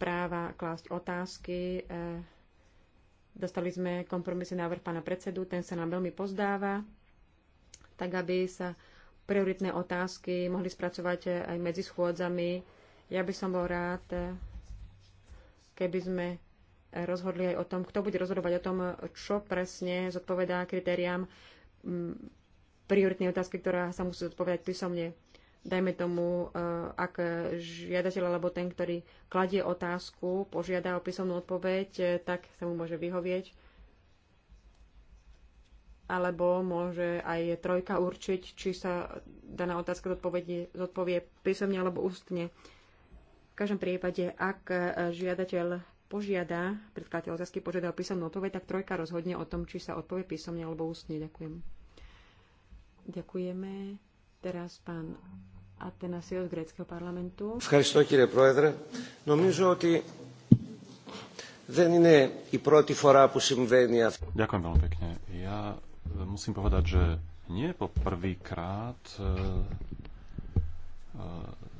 práva klásť otázky, eh, dostali sme kompromisný návrh pána predsedu, ten sa nám veľmi pozdáva, tak aby sa prioritné otázky mohli spracovať eh, aj medzi schôdzami. Ja by som bol rád, eh, keby sme rozhodli aj o tom, kto bude rozhodovať o tom, čo presne zodpovedá kritériám mm, prioritnej otázky, ktorá sa musí zodpovedať písomne. Dajme tomu, e, ak žiadateľ alebo ten, ktorý kladie otázku, požiada o písomnú odpoveď, e, tak sa mu môže vyhovieť. Alebo môže aj trojka určiť, či sa daná otázka zodpovie, zodpovie písomne alebo ústne. V každom prípade, ak žiadateľ požiada, predkladateľ otázky požiada o písomnú odpoveď, tak trojka rozhodne o tom, či sa odpovie písomne alebo ústne. Ďakujem. Ďakujeme. Teraz pán Atenasio z Gréckého parlamentu. Ευχαριστώ κύριε Πρόεδρε. Νομίζω ότι δεν είναι η πρώτη φορά που συμβαίνει αυτό. Ďakujem veľmi pekne. Ja e, musím povedať, že nie po prvýkrát e, e,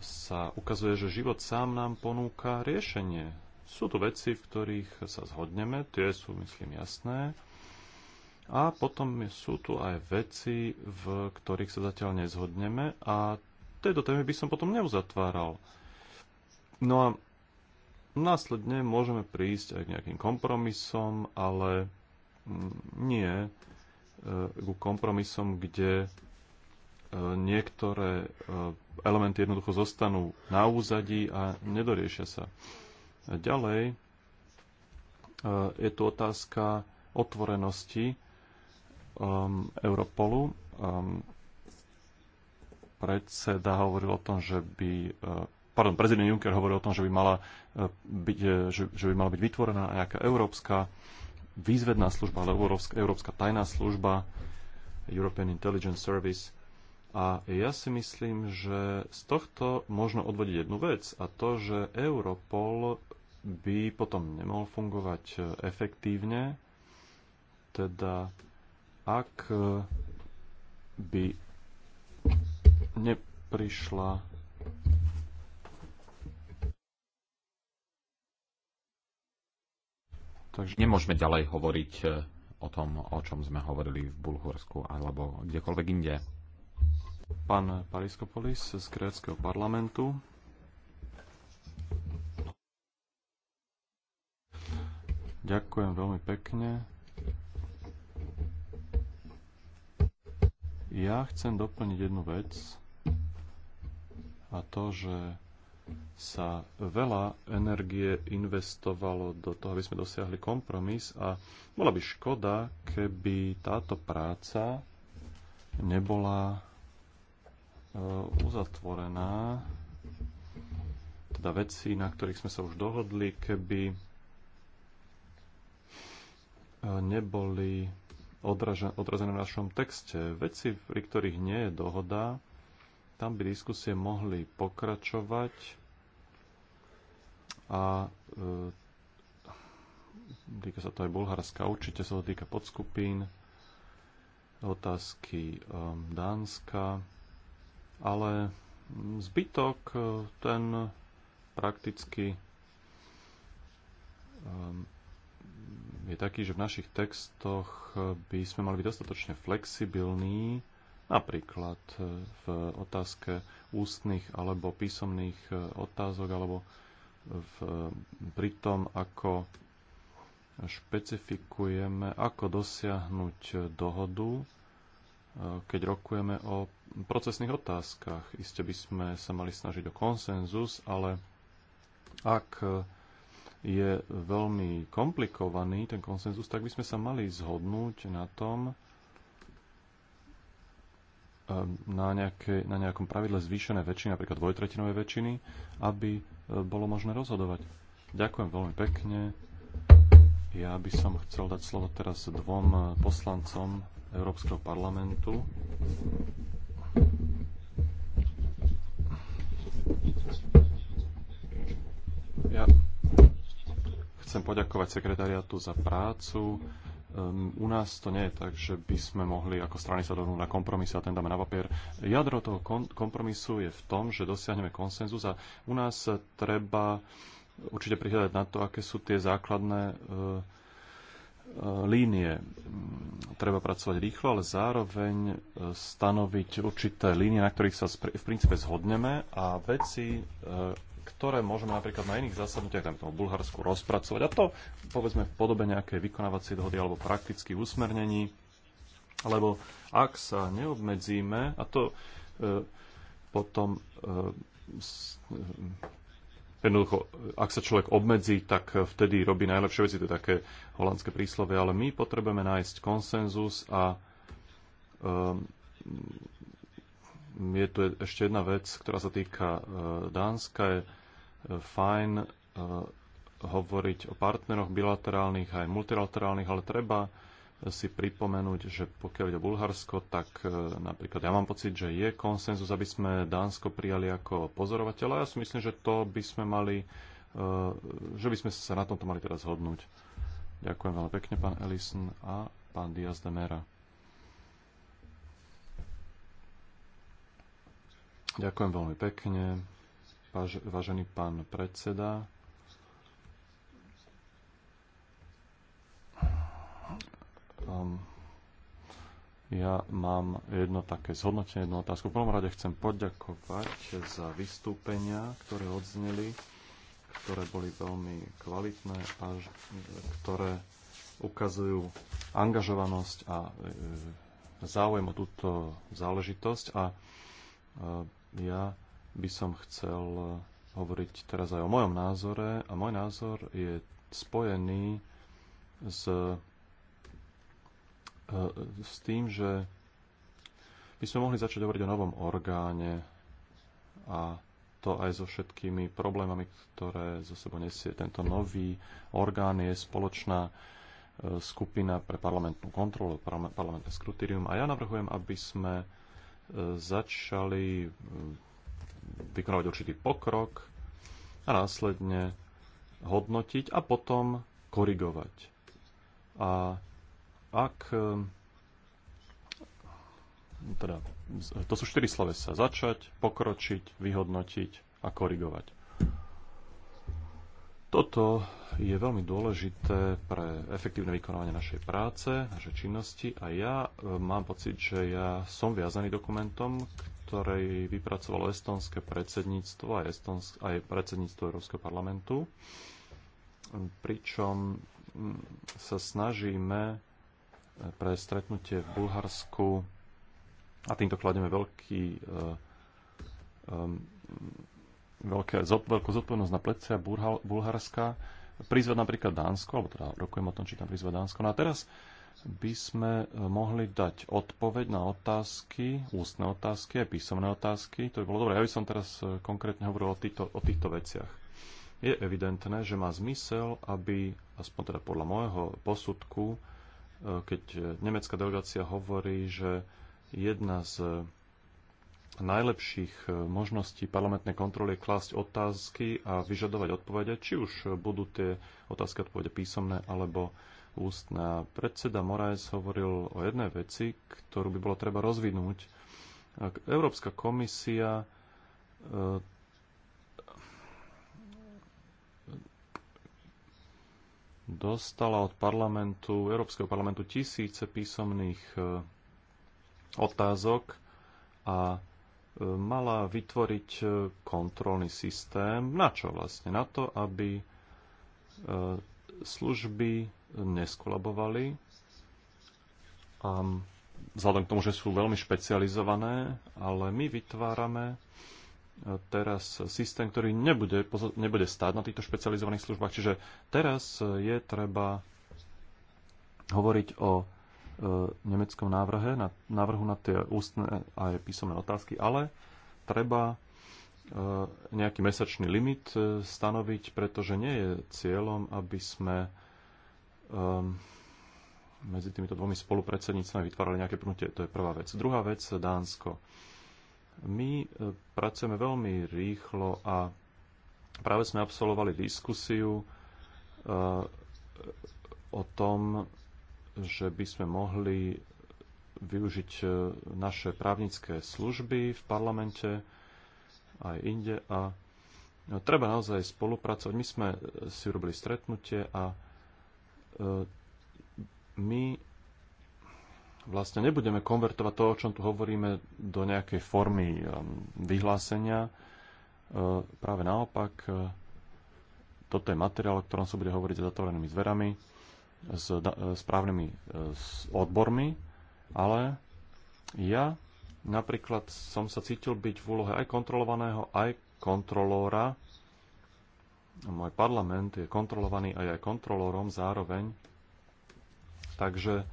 sa ukazuje, že život sám nám ponúka riešenie sú tu veci, v ktorých sa zhodneme, tie sú, myslím, jasné. A potom sú tu aj veci, v ktorých sa zatiaľ nezhodneme a tejto témy by som potom neuzatváral. No a následne môžeme prísť aj k nejakým kompromisom, ale nie e, ku kompromisom, kde e, niektoré e, elementy jednoducho zostanú na úzadí a nedoriešia sa. Ďalej e, je tu otázka otvorenosti um, Europolu. Um, predseda hovoril o tom, že by pardon, prezident Juncker hovoril o tom, že by mala byť, že, že by mala byť vytvorená nejaká európska výzvedná služba, alebo európska, európska tajná služba, European Intelligence Service. A ja si myslím, že z tohto možno odvodiť jednu vec a to, že Europol by potom nemohol fungovať e, efektívne. Teda ak e, by neprišla Takže nemôžeme ďalej hovoriť e, o tom, o čom sme hovorili v Bulhorsku alebo kdekoľvek inde. Pán Pariskopolis z Gréckého parlamentu Ďakujem veľmi pekne. Ja chcem doplniť jednu vec a to, že sa veľa energie investovalo do toho, aby sme dosiahli kompromis a bola by škoda, keby táto práca nebola e, uzatvorená, teda veci, na ktorých sme sa už dohodli, keby neboli odrazené v našom texte. Veci, pri ktorých nie je dohoda, tam by diskusie mohli pokračovať a e, týka sa to aj Bulharska, určite sa to týka podskupín, otázky e, Dánska, ale zbytok e, ten prakticky e, je taký, že v našich textoch by sme mali byť dostatočne flexibilní, napríklad e, v otázke ústnych alebo písomných e, otázok, alebo v, e, pri tom, ako špecifikujeme, ako dosiahnuť dohodu, keď rokujeme o procesných otázkach. Isté by sme sa mali snažiť o konsenzus, ale ak je veľmi komplikovaný, ten konsenzus, tak by sme sa mali zhodnúť na tom, ehm, na, nejaké, na nejakom pravidle zvýšené väčšiny, napríklad dvojtretinovej väčšiny, aby e, bolo možné rozhodovať. Ďakujem veľmi pekne. Ja by som chcel dať slovo teraz dvom e, poslancom Európskeho parlamentu. chcem poďakovať sekretariatu za prácu. Um, u nás to nie je tak, že by sme mohli ako strany sa dohodnúť na kompromis a ten dáme na papier. Jadro toho kompromisu je v tom, že dosiahneme konsenzus a u nás treba určite prihľadať na to, aké sú tie základné uh, línie. Treba pracovať rýchlo, ale zároveň stanoviť určité línie, na ktorých sa v princípe zhodneme a veci, ktoré môžeme napríklad na iných zasadnutiach, tam v Bulharsku, rozpracovať. A to povedzme v podobe nejakej vykonávacej dohody alebo praktických usmernení. Lebo ak sa neobmedzíme, a to e, potom e, s, e, Jednoducho, ak sa človek obmedzí, tak vtedy robí najlepšie veci, to je také holandské príslovie, ale my potrebujeme nájsť konsenzus a um, je tu ešte jedna vec, ktorá sa týka e, Dánska. Je e, fajn e, hovoriť o partneroch bilaterálnych aj multilaterálnych, ale treba si pripomenúť, že pokiaľ ide o Bulharsko, tak napríklad ja mám pocit, že je konsenzus, aby sme Dánsko prijali ako pozorovateľa. Ja si myslím, že to by sme mali, že by sme sa na tomto mali teraz zhodnúť. Ďakujem veľmi pekne, pán Ellison a pán Diaz de Mera. Ďakujem veľmi pekne, vážený pán predseda. Um, ja mám jedno také zhodnotenie, jednu otázku. V prvom rade chcem poďakovať za vystúpenia, ktoré odzneli, ktoré boli veľmi kvalitné a ktoré ukazujú angažovanosť a e, e, záujem o túto záležitosť. A e, ja by som chcel eh, hovoriť teraz aj o mojom názore a môj názor je spojený s, eh, s tým, že by sme mohli začať hovoriť o novom orgáne a to aj so všetkými problémami, ktoré zo sebou nesie tento nový orgán, je spoločná eh, skupina pre parlamentnú kontrolu, parlamentné skrutírium. A ja navrhujem, aby sme začali e, vykonávať určitý pokrok a následne hodnotiť a potom korigovať. A ak e, teda, to sú štyri slovesa. Začať, pokročiť, vyhodnotiť a korigovať. Toto je veľmi dôležité pre efektívne vykonávanie našej práce, našej činnosti a ja e, mám pocit, že ja som viazaný dokumentom, ktorý vypracovalo estonské predsedníctvo a aj predsedníctvo Európskeho parlamentu, pričom sa snažíme e, pre stretnutie v Bulharsku a týmto kladieme veľký um, veľké, veľkú zodpovednosť na plecia Bulharska prizvať napríklad Dánsko, alebo teda rokujem o tom, či tam prizvať Dánsko. No a teraz by sme e, mohli dať odpoveď na otázky, ústne otázky aj písomné otázky. To by bolo dobre. Ja by som teraz e, konkrétne hovoril o týchto, o týchto veciach. Je evidentné, že má zmysel, aby, aspoň teda podľa môjho posudku, e, keď nemecká delegácia hovorí, že jedna z najlepších e, možností parlamentnej kontroly je klásť otázky a vyžadovať odpovede, či už budú tie otázky odpovede písomné alebo ústne. Predseda Moraes hovoril o jednej veci, ktorú by bolo treba rozvinúť. Európska komisia e, dostala od parlamentu, Európskeho parlamentu tisíce písomných e, otázok a mala vytvoriť e, kontrolný systém. Na čo vlastne? Na to, aby e, služby neskolabovali. A vzhľadom k tomu, že sú veľmi špecializované, ale my vytvárame e, teraz systém, ktorý nebude, nebude stáť na týchto špecializovaných službách. Čiže teraz je treba hovoriť o E, nemeckom návrhe, na, návrhu na tie ústne aj písomné otázky, ale treba e, nejaký mesačný limit e, stanoviť, pretože nie je cieľom, aby sme um, medzi týmito dvomi spolupredsednícami vytvárali nejaké pnutie. To je prvá vec. Druhá vec, Dánsko. My pracujeme veľmi rýchlo a práve sme absolvovali diskusiu o tom, že by sme mohli využiť e, naše právnické služby v parlamente aj inde a e, treba naozaj spolupracovať. My sme e, si urobili stretnutie a my vlastne nebudeme konvertovať to, o čom tu hovoríme, do nejakej formy vyhlásenia. Práve naopak, toto je materiál, o ktorom sa bude hovoriť za zatvorenými dverami s e, správnymi e, odbormi, ale ja napríklad som sa cítil byť v úlohe aj kontrolovaného, aj kontrolóra. Môj parlament je kontrolovaný aj aj kontrolórom zároveň. Takže e,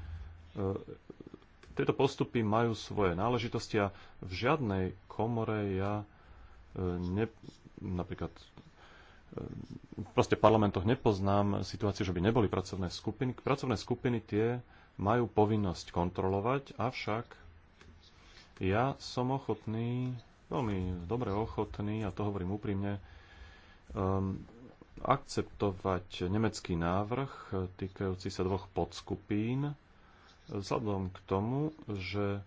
tieto postupy majú svoje náležitosti a v žiadnej komore ja e, ne, napríklad proste v parlamentoch nepoznám situáciu, že by neboli pracovné skupiny. Pracovné skupiny tie majú povinnosť kontrolovať, avšak ja som ochotný, veľmi dobre ochotný, a to hovorím úprimne, um, akceptovať nemecký návrh týkajúci sa dvoch podskupín, vzhľadom k tomu, že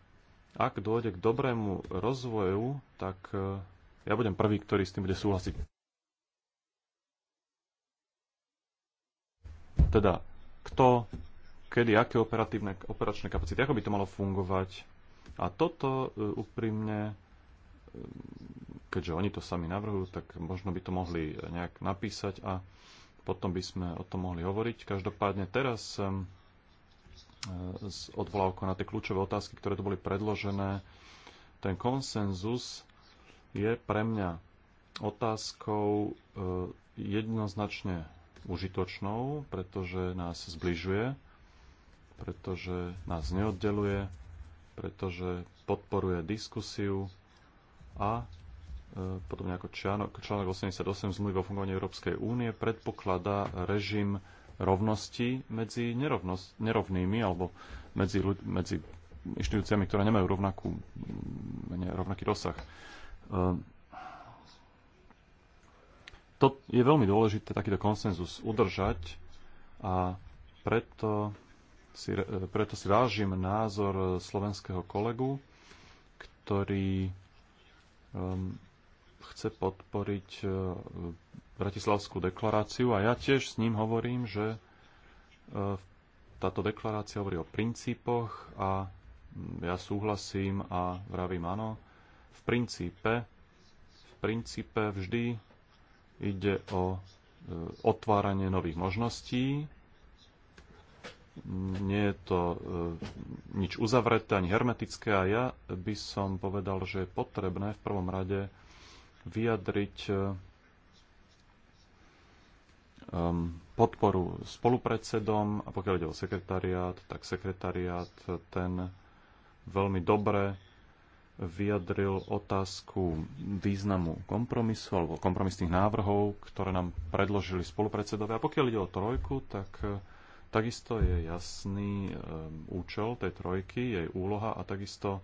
ak dôjde k dobrému rozvoju, tak uh, ja budem prvý, ktorý s tým bude súhlasiť. Teda kto, kedy, aké operatívne, operačné kapacity, ako by to malo fungovať. A toto e, úprimne, e, keďže oni to sami navrhujú, tak možno by to mohli e, nejak napísať a potom by sme o tom mohli hovoriť. Každopádne teraz s odvolávkou na tie kľúčové otázky, ktoré tu boli predložené, ten konsenzus je pre mňa otázkou jednoznačne užitočnou, pretože nás zbližuje, pretože nás neoddeluje, pretože podporuje diskusiu a e, potom ako článok, článok 88 zmluvy o fungovaní Európskej únie predpokladá režim rovnosti medzi nerovnosť, nerovnými alebo medzi, medzi inštitúciami, ktoré nemajú rovnakú, rovnaký rozsah. E, to je veľmi dôležité takýto konsenzus udržať a preto si, e, preto si vážim názor slovenského kolegu, ktorý um, chce podporiť uh, Bratislavskú deklaráciu a ja tiež s ním hovorím, že uh, táto deklarácia hovorí o princípoch a mm, ja súhlasím a vravím áno. V princípe, v princípe vždy ide o e, otváranie nových možností. Nie je to e, nič uzavreté ani hermetické a ja by som povedal, že je potrebné v prvom rade vyjadriť e, podporu spolupredsedom a pokiaľ ide o sekretariát, tak sekretariát ten veľmi dobre vyjadril otázku významu kompromisu alebo kompromisných návrhov, ktoré nám predložili spolupredsedovia. A pokiaľ ide o trojku, tak eh, takisto je jasný eh, účel tej trojky, jej úloha a takisto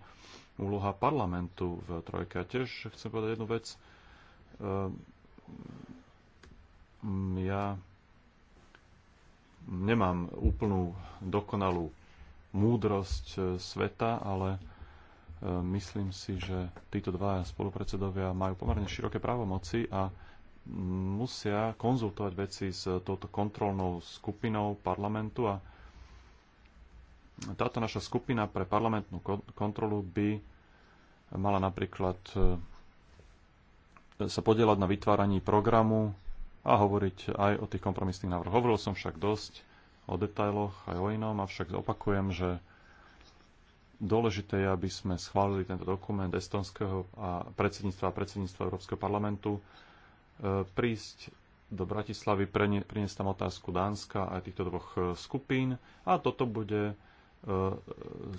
úloha parlamentu v trojke. A tiež chcem povedať jednu vec. Eh, ja nemám úplnú dokonalú múdrosť sveta, ale E, myslím si, že títo dva spolupredsedovia majú pomerne široké právomoci a musia konzultovať veci s touto kontrolnou skupinou parlamentu a táto naša skupina pre parlamentnú kontrolu by mala napríklad e, sa podielať na vytváraní programu a hovoriť aj o tých kompromisných návrhoch. Hovoril som však dosť o detailoch aj o inom, avšak opakujem, že Dôležité je, aby sme schválili tento dokument estonského a predsedníctva a predsedníctva Európskeho parlamentu, e, prísť do Bratislavy, priniesť tam otázku Dánska a týchto dvoch e, skupín a toto bude e,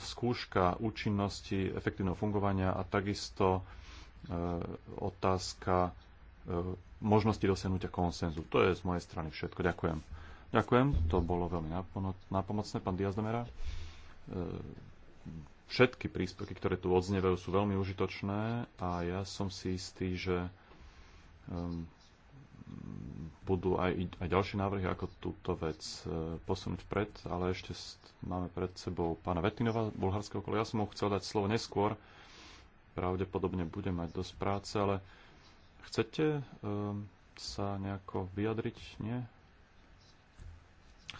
skúška účinnosti, efektívneho fungovania a takisto otázka možnosti dosiahnutia konsenzu. To je z mojej strany všetko. Ďakujem. Ďakujem, to bolo veľmi napomocné. Pán Diazdomera všetky príspevky, ktoré tu odznevajú, sú veľmi užitočné a ja som si istý, že ehm, budú aj, aj ďalšie návrhy, ako túto vec e, posunúť vpred, ale ešte máme pred sebou pána Vetinova, bulharského kolega. Ja som mu chcel dať slovo neskôr. Pravdepodobne bude mať dosť práce, ale chcete um, sa nejako vyjadriť? Nie?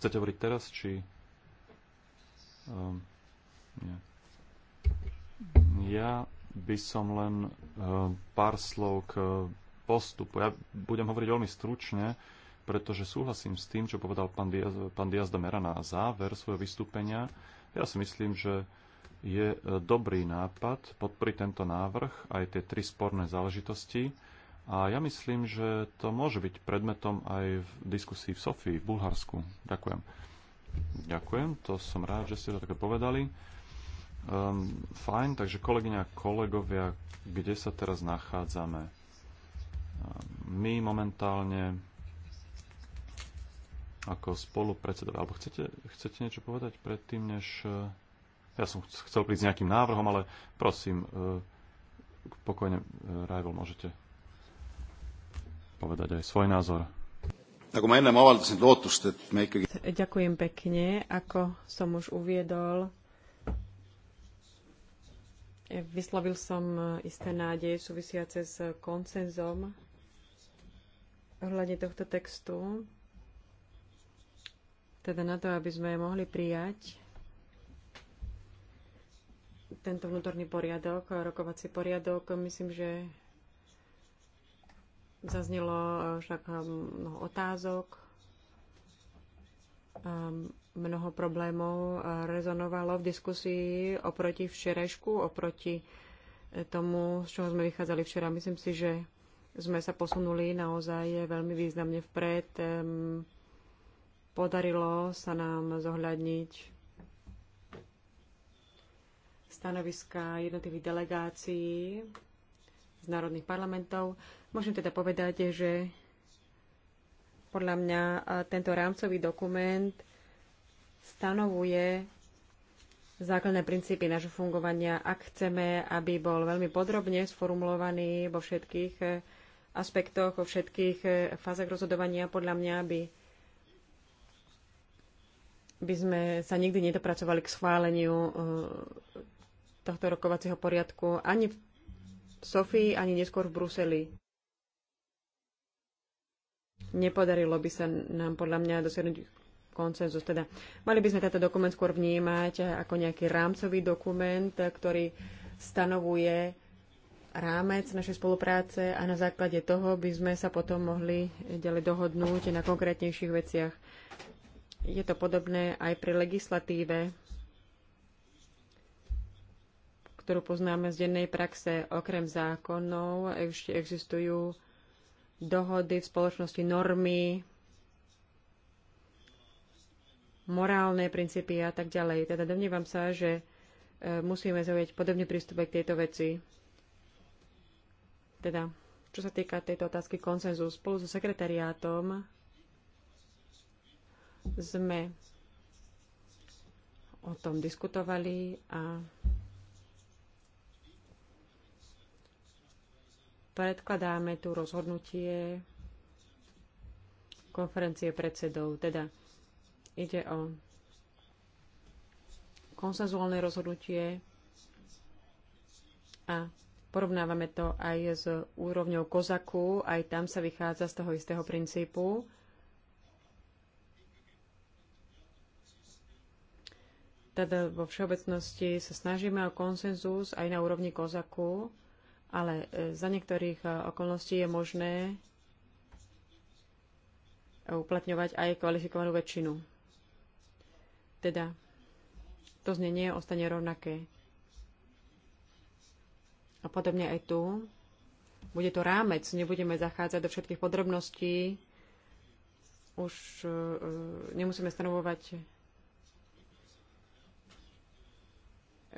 Chcete hovoriť teraz, či... Um, ja by som len e, pár slov k postupu. Ja budem hovoriť veľmi stručne, pretože súhlasím s tým, čo povedal pán Diaz, pán Diaz de na záver svojho vystúpenia. Ja si myslím, že je e, dobrý nápad podporiť tento návrh, aj tie tri sporné záležitosti. A ja myslím, že to môže byť predmetom aj v diskusii v Sofii, v Bulharsku. Ďakujem. Ďakujem, to som rád, že ste to také povedali. Um, fajn, takže kolegyňa a kolegovia, kde sa teraz nachádzame? Ehm, my momentálne ako spolupredsedovia, alebo chcete, chcete niečo povedať predtým, než... Eh, ja som chcel prísť s nejakým návrhom, ale prosím, eh, pokojne, eh, Rajvel, môžete povedať aj svoj názor. Ďakujem pekne. Ako som už uviedol, Vyslovil som isté nádeje súvisiace s koncenzom ohľadne tohto textu, teda na to, aby sme mohli prijať tento vnútorný poriadok, rokovací poriadok. Myslím, že zaznelo však mnoho otázok mnoho problémov rezonovalo v diskusii oproti včerajšku, oproti tomu, z čoho sme vychádzali včera. Myslím si, že sme sa posunuli naozaj veľmi významne vpred. Podarilo sa nám zohľadniť stanoviska jednotlivých delegácií z národných parlamentov. Môžem teda povedať, že podľa mňa e, tento rámcový dokument stanovuje základné princípy nášho fungovania, ak chceme, aby bol veľmi podrobne sformulovaný vo všetkých e, aspektoch, vo všetkých e, fázach rozhodovania, podľa mňa aby by sme sa nikdy nedopracovali k schváleniu tohto rokovacieho poriadku ani v Sofii, ani neskôr v Bruseli nepodarilo by sa nám podľa mňa dosiahnuť koncenzus. Teda mali by sme tento dokument skôr vnímať ako nejaký rámcový dokument, ktorý stanovuje rámec našej spolupráce a na základe toho by sme sa potom mohli ďalej dohodnúť na konkrétnejších veciach. Je to podobné aj pri legislatíve, ktorú poznáme z dennej praxe. Okrem zákonov ešte existujú dohody v spoločnosti, normy, morálne princípy a tak ďalej. Teda domnievam sa, že e, musíme zaujať podobný prístup k tejto veci. Teda, čo sa týka tejto otázky konsenzu, spolu so sekretariátom sme o tom diskutovali a predkladáme tu rozhodnutie konferencie predsedov. Teda ide o konsenzuálne rozhodnutie a porovnávame to aj s úrovňou kozaku, aj tam sa vychádza z toho istého princípu. Teda vo všeobecnosti sa snažíme o konsenzus aj na úrovni kozaku ale e, za niektorých e, okolností je možné e, uplatňovať aj kvalifikovanú väčšinu. Teda to znenie ostane rovnaké. A podobne aj tu. Bude to rámec, nebudeme zachádzať do všetkých podrobností. Už nemusíme stanovovať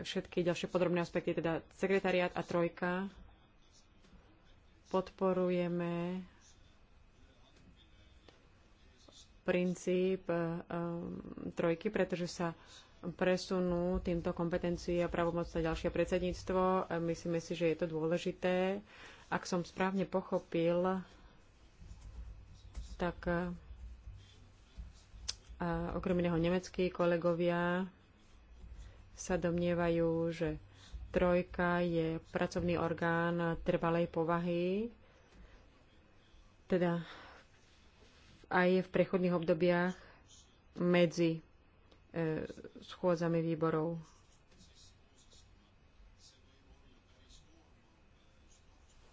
všetky ďalšie podrobné aspekty, teda sekretariát a trojka. Podporujeme princíp um, trojky, pretože sa presunú týmto kompetencií a pravomoc na ďalšie predsedníctvo. E, myslíme si, že je to dôležité. Ak som správne pochopil, tak a okrem iného nemeckí kolegovia sa domnievajú, že trojka je pracovný orgán trvalej povahy, teda aj v prechodných obdobiach medzi e, schôdzami výborov.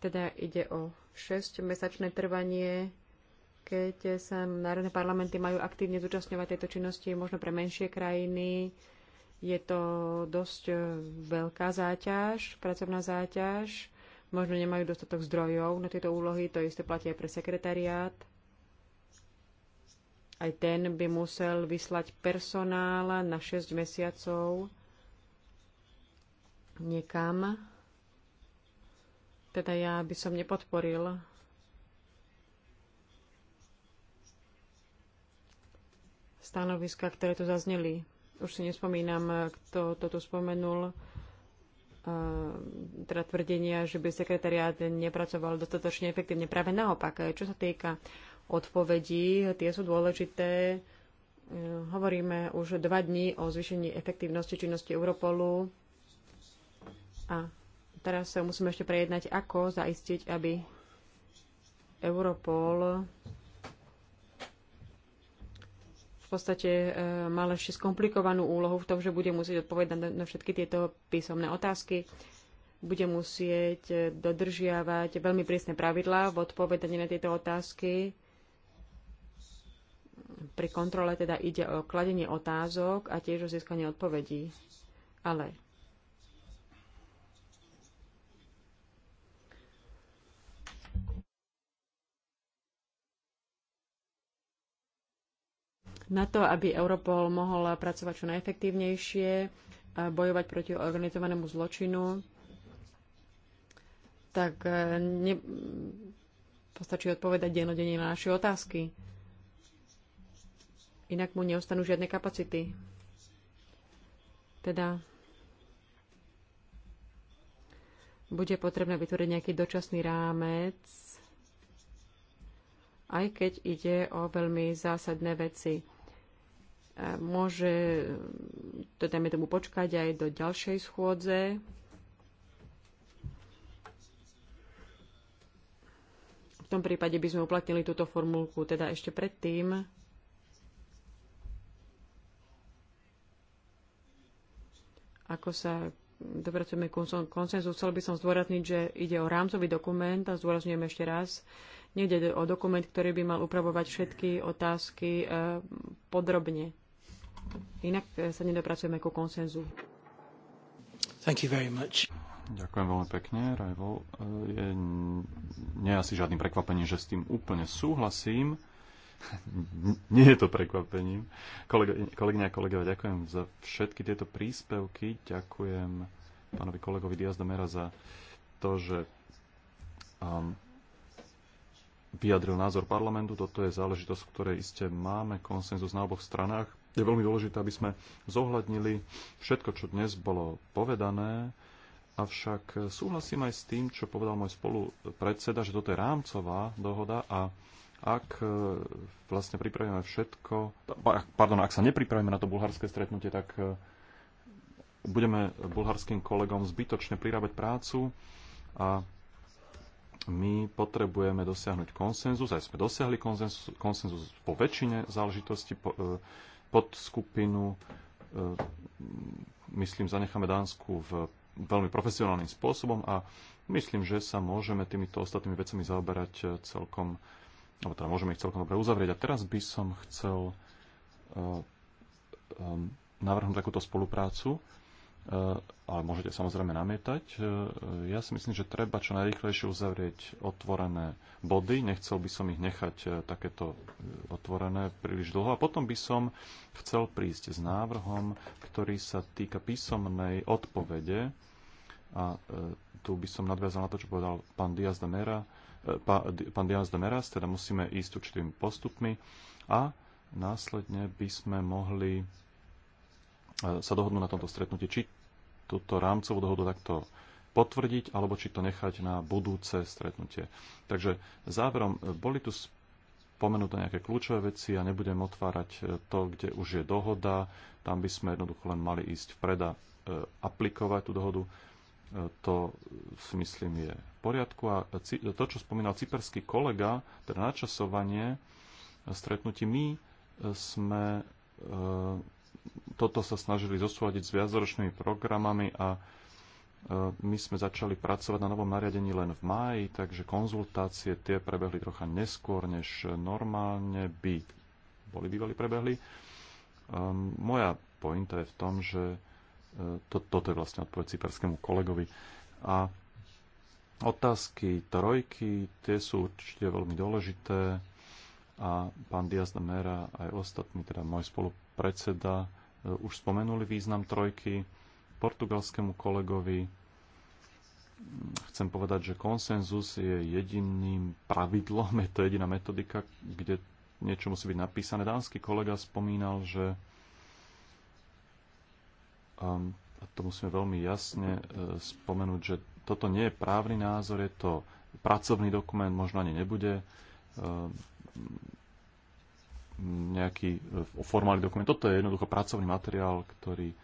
Teda ide o 6-mesačné trvanie, keď sa národné parlamenty majú aktívne zúčastňovať tejto činnosti, možno pre menšie krajiny, je to dosť e, veľká záťaž, pracovná záťaž. Možno nemajú dostatok zdrojov na tieto úlohy, to isté platí aj pre sekretariát. Aj ten by musel vyslať personál na 6 mesiacov niekam. Teda ja by som nepodporil stanoviska, ktoré tu zazneli už si nespomínam, kto toto spomenul, e, teda tvrdenia, že by sekretariát nepracoval dostatočne efektívne. Práve naopak, čo sa týka odpovedí, tie sú dôležité. E, hovoríme už dva dní o zvýšení efektívnosti činnosti Europolu a teraz sa musíme ešte prejednať, ako zaistiť, aby Europol v podstate e, mal ešte skomplikovanú úlohu v tom, že bude musieť odpovedať na všetky tieto písomné otázky, bude musieť dodržiavať veľmi prísne pravidlá v odpovedaní na tieto otázky. Pri kontrole teda ide o kladenie otázok a tiež o získanie odpovedí. Ale Na to, aby Europol mohol pracovať čo najefektívnejšie, bojovať proti organizovanému zločinu, tak e, ne, postačí odpovedať denodene na naše otázky. Inak mu neostanú žiadne kapacity. Teda bude potrebné vytvoriť nejaký dočasný rámec, aj keď ide o veľmi zásadné veci môže to, dajme tomu, počkať aj do ďalšej schôdze. V tom prípade by sme uplatnili túto formulku, teda ešte predtým, ako sa dopracujeme konsenzu. Chcel by som zdôrazniť, že ide o rámcový dokument a zdôrazňujem ešte raz, nejde o dokument, ktorý by mal upravovať všetky otázky eh, podrobne. Inak e, sa nedopracujeme ku konsenzu. Thank you very much. Ďakujem veľmi pekne, Rajvo. E, je, nie asi žiadnym prekvapením, že s tým úplne súhlasím. nie je to prekvapením. kolegyne a kolegovia, ďakujem za všetky tieto príspevky. Ďakujem pánovi kolegovi Diaz Mera za to, že um, vyjadril názor parlamentu. Toto je záležitosť, v ktorej iste máme konsenzus na oboch stranách je veľmi dôležité, aby sme zohľadnili všetko, čo dnes bolo povedané, avšak súhlasím aj s tým, čo povedal môj spolupredseda, že toto je rámcová dohoda a ak e, vlastne pripravíme všetko, pardon, ak sa nepripravíme na to bulharské stretnutie, tak e, budeme bulharským kolegom zbytočne prirábať prácu a my potrebujeme dosiahnuť konsenzus, aj sme dosiahli konsenzus, konsenzus po väčšine záležitosti, po, podskupinu, e, myslím, zanecháme Dánsku v veľmi profesionálnym spôsobom a myslím, že sa môžeme týmito ostatnými vecami zaoberať e, celkom, alebo teda môžeme ich celkom dobre uzavrieť. A teraz by som chcel e, navrhnúť takúto spoluprácu Eh, ale môžete samozrejme namietať. Eh, ja si myslím, že treba čo najrýchlejšie uzavrieť otvorené body. Nechcel by som ich nechať eh, takéto otvorené príliš dlho. A potom by som chcel prísť s návrhom, ktorý sa týka písomnej odpovede. A tu by som nadviazal na to, čo povedal pán Diaz de Mera. Pán Diaz de Meras, teda musíme ísť určitými postupmi a následne by sme mohli sa dohodnú na tomto stretnutí, či túto rámcovú dohodu takto potvrdiť, alebo či to nechať na budúce stretnutie. Takže záverom, boli tu spomenuté nejaké kľúčové veci a ja nebudem otvárať e, to, kde už je dohoda, tam by sme jednoducho len mali ísť vpred a e, aplikovať tú dohodu. E, to si myslím je v poriadku. A to, čo spomínal cyperský kolega, teda načasovanie stretnutí, my sme toto sa snažili zosúľadiť s viacročnými programami a e, my sme začali pracovať na novom nariadení len v máji, takže konzultácie tie prebehli trocha neskôr, než normálne by boli bývali prebehli. E, moja pointa je v tom, že e, to, toto je vlastne odpoveď cyperskému kolegovi. A otázky trojky, tie sú určite veľmi dôležité a pán Diaz de Mera aj ostatní, teda môj spolupredseda, e, už spomenuli význam trojky. Portugalskému kolegovi chcem povedať, že konsenzus je jediným pravidlom, je to jediná metodika, kde niečo musí byť napísané. Dánsky kolega spomínal, že um, a to musíme veľmi jasne e, spomenúť, že toto nie je právny názor, je to pracovný dokument, možno ani nebude um, nejaký e, formálny dokument. Toto je jednoducho pracovný materiál, ktorý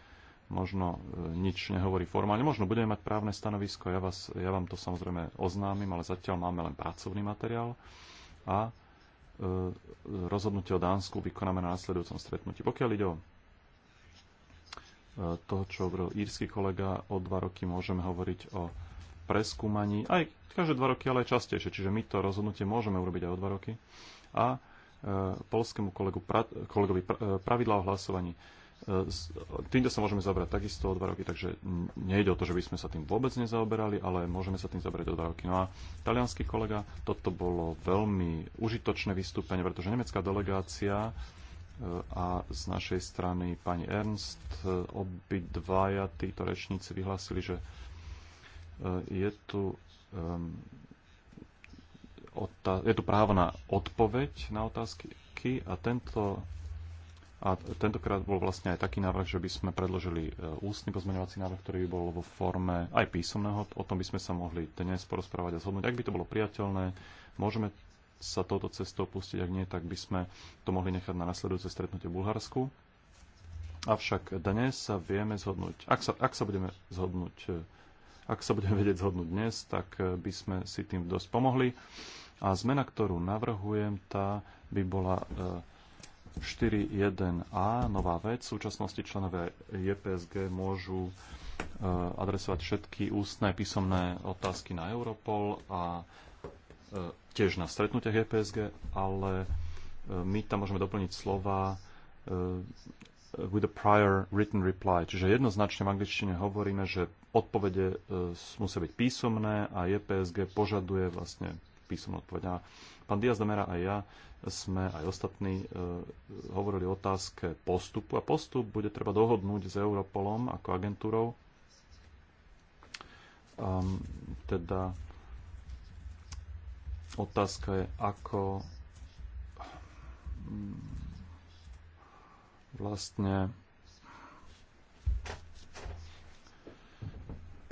možno e, nič nehovorí formálne. Možno budeme mať právne stanovisko, ja, vás, ja vám to samozrejme oznámim, ale zatiaľ máme len pracovný materiál a e, rozhodnutie o Dánsku vykonáme na následujúcom stretnutí. Pokiaľ ide o e, toho, čo hovoril írsky kolega, o dva roky môžeme hovoriť o preskúmaní, aj každé dva roky, ale aj častejšie, čiže my to rozhodnutie môžeme urobiť aj o dva roky a e, polskému kolegu, kolegovi e, pravidla o hlasovaní. E, týmto sa môžeme zabrať takisto o dva roky, takže nejde o to, že by sme sa tým vôbec nezaoberali, ale môžeme sa tým zabrať o dva roky. No a talianský kolega, toto bolo veľmi užitočné vystúpenie, pretože nemecká delegácia a z našej strany pani Ernst, obidvaja títo rečníci vyhlásili, že je tu je tu právo na odpoveď na otázky a tento a tentokrát bol vlastne aj taký návrh, že by sme predložili e, ústny pozmeňovací návrh, ktorý by bol vo forme aj písomného. O tom by sme sa mohli dnes porozprávať a zhodnúť. Ak by to bolo priateľné, môžeme sa touto cestou pustiť. Ak nie, tak by sme to mohli nechať na nasledujúce stretnutie v Bulharsku. Avšak dnes sa vieme zhodnúť. Ak sa, ak sa budeme zhodnúť, e, ak sa budeme vedieť zhodnúť dnes, tak e, by sme si tým dosť pomohli. A zmena, ktorú navrhujem, tá by bola 4.1a, e, nová vec. V súčasnosti členové JPSG môžu e, adresovať všetky ústne písomné otázky na Europol a e, tiež na stretnutiach EPSG, ale my tam môžeme doplniť slova with a prior written reply. Čiže jednoznačne v angličtine hovoríme, že odpovede musia byť písomné a JPSG požaduje vlastne písomnú odpoveď. A pán Diaz Damera a ja sme aj ostatní e, hovorili o otázke postupu a postup bude treba dohodnúť s Europolom ako agentúrou. Um, teda otázka je, ako mm, vlastne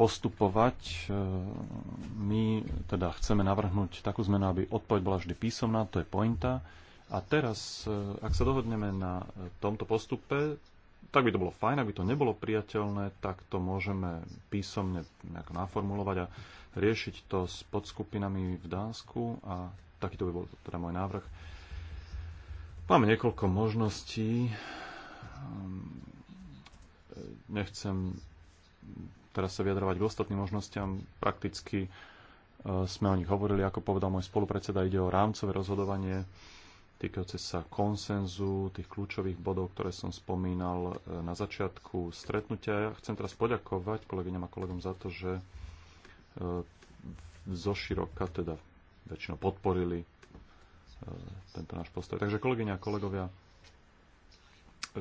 postupovať. E, my teda chceme navrhnúť takú zmenu, aby odpoveď bola vždy písomná, to je pointa. A teraz, e, ak sa dohodneme na tomto postupe, tak by to bolo fajn, ak by to nebolo priateľné, tak to môžeme písomne nejak naformulovať a riešiť to s podskupinami v Dánsku a takýto by bol teda môj návrh. Máme niekoľko možností. Ehm, e, nechcem teraz sa vyjadrovať k ostatným možnostiam. Prakticky e, sme o nich hovorili, ako povedal môj spolupredseda, ide o rámcové rozhodovanie týkajúce sa konsenzu, tých kľúčových bodov, ktoré som spomínal e, na začiatku stretnutia. Ja chcem teraz poďakovať kolegyňam a kolegom za to, že e, zo široka teda väčšinou podporili tento náš postoj. Takže kolegyňa a kolegovia,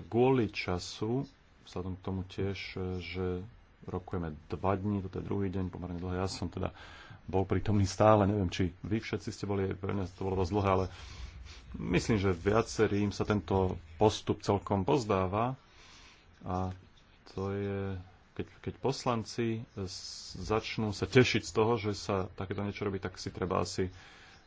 kvôli času, vzhľadom k tomu tiež, že rokujeme dva dní, toto je druhý deň, pomerne dlhé. Ja som teda bol prítomný stále, neviem, či vy všetci ste boli, pre mňa to bolo dosť dlhé, ale myslím, že viacerým sa tento postup celkom pozdáva a to je, keď, keď poslanci začnú sa tešiť z toho, že sa takéto niečo robí, tak si treba asi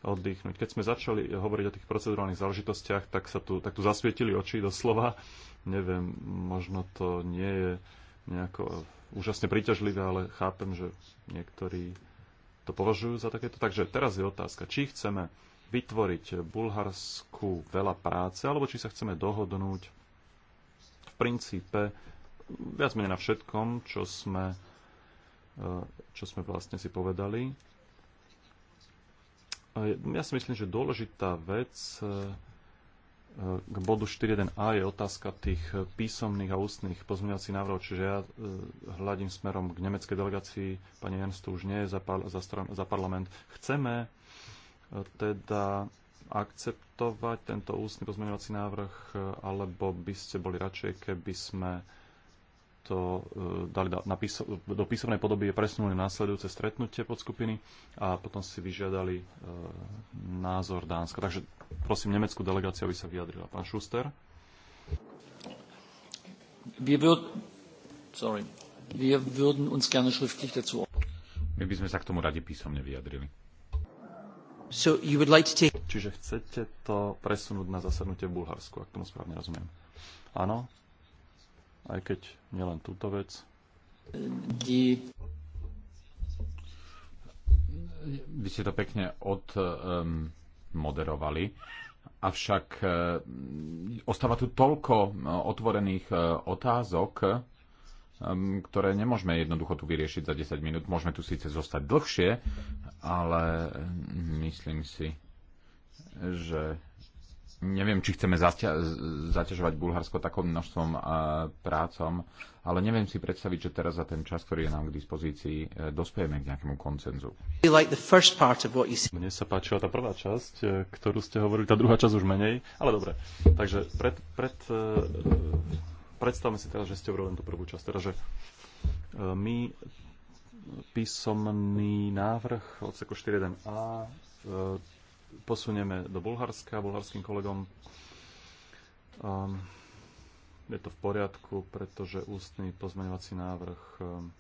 oddychnúť. Keď sme začali hovoriť o tých procedurálnych záležitostiach, tak sa tu, tak tu zasvietili oči doslova. Neviem, možno to nie je nejako úžasne príťažlivé, ale chápem, že niektorí to považujú za takéto. Takže teraz je otázka, či chceme vytvoriť Bulharsku veľa práce, alebo či sa chceme dohodnúť v princípe viac menej na všetkom, čo sme, eh, čo sme vlastne si povedali. Eh, ja si myslím, že dôležitá vec eh, k bodu 4.1a je otázka tých písomných a ústnych pozmeňovacích návrhov, čiže ja e, hľadím smerom k nemeckej delegácii, pani Jens tu už nie je za, par, za, stran, za parlament. Chceme e, teda akceptovať tento ústny pozmeňovací návrh, e, alebo by ste boli radšej, keby sme to e, dali na píso- do písomnej podoby, je presunuli následujúce stretnutie podskupiny a potom si vyžiadali e, názor Dánska. Takže prosím nemeckú delegáciu, aby sa vyjadrila. Pán Schuster. My by sme sa k tomu radi písomne vyjadrili. So you would like to take... Čiže chcete to presunúť na zasadnutie v Bulharsku, ak tomu správne rozumiem. Áno, aj keď nielen túto vec. Vy ste to pekne odmoderovali, avšak ostáva tu toľko otvorených otázok, ktoré nemôžeme jednoducho tu vyriešiť za 10 minút. Môžeme tu síce zostať dlhšie, ale myslím si, že neviem, či chceme zaťa- zaťažovať Bulharsko takom množstvom eh, prácom, ale neviem si predstaviť, že teraz za ten čas, ktorý je nám k dispozícii, eh, dospejeme k nejakému koncenzu. Mne sa páčila tá prvá časť, eh, ktorú ste hovorili, tá druhá časť už menej, ale dobre. Takže pred, pred, predstavme si teraz, že ste hovorili len tú prvú časť. Teda, že my písomný návrh odseku 41a posunieme do Bulharska bulharským kolegom. Um, je to v poriadku, pretože ústny pozmeňovací návrh um,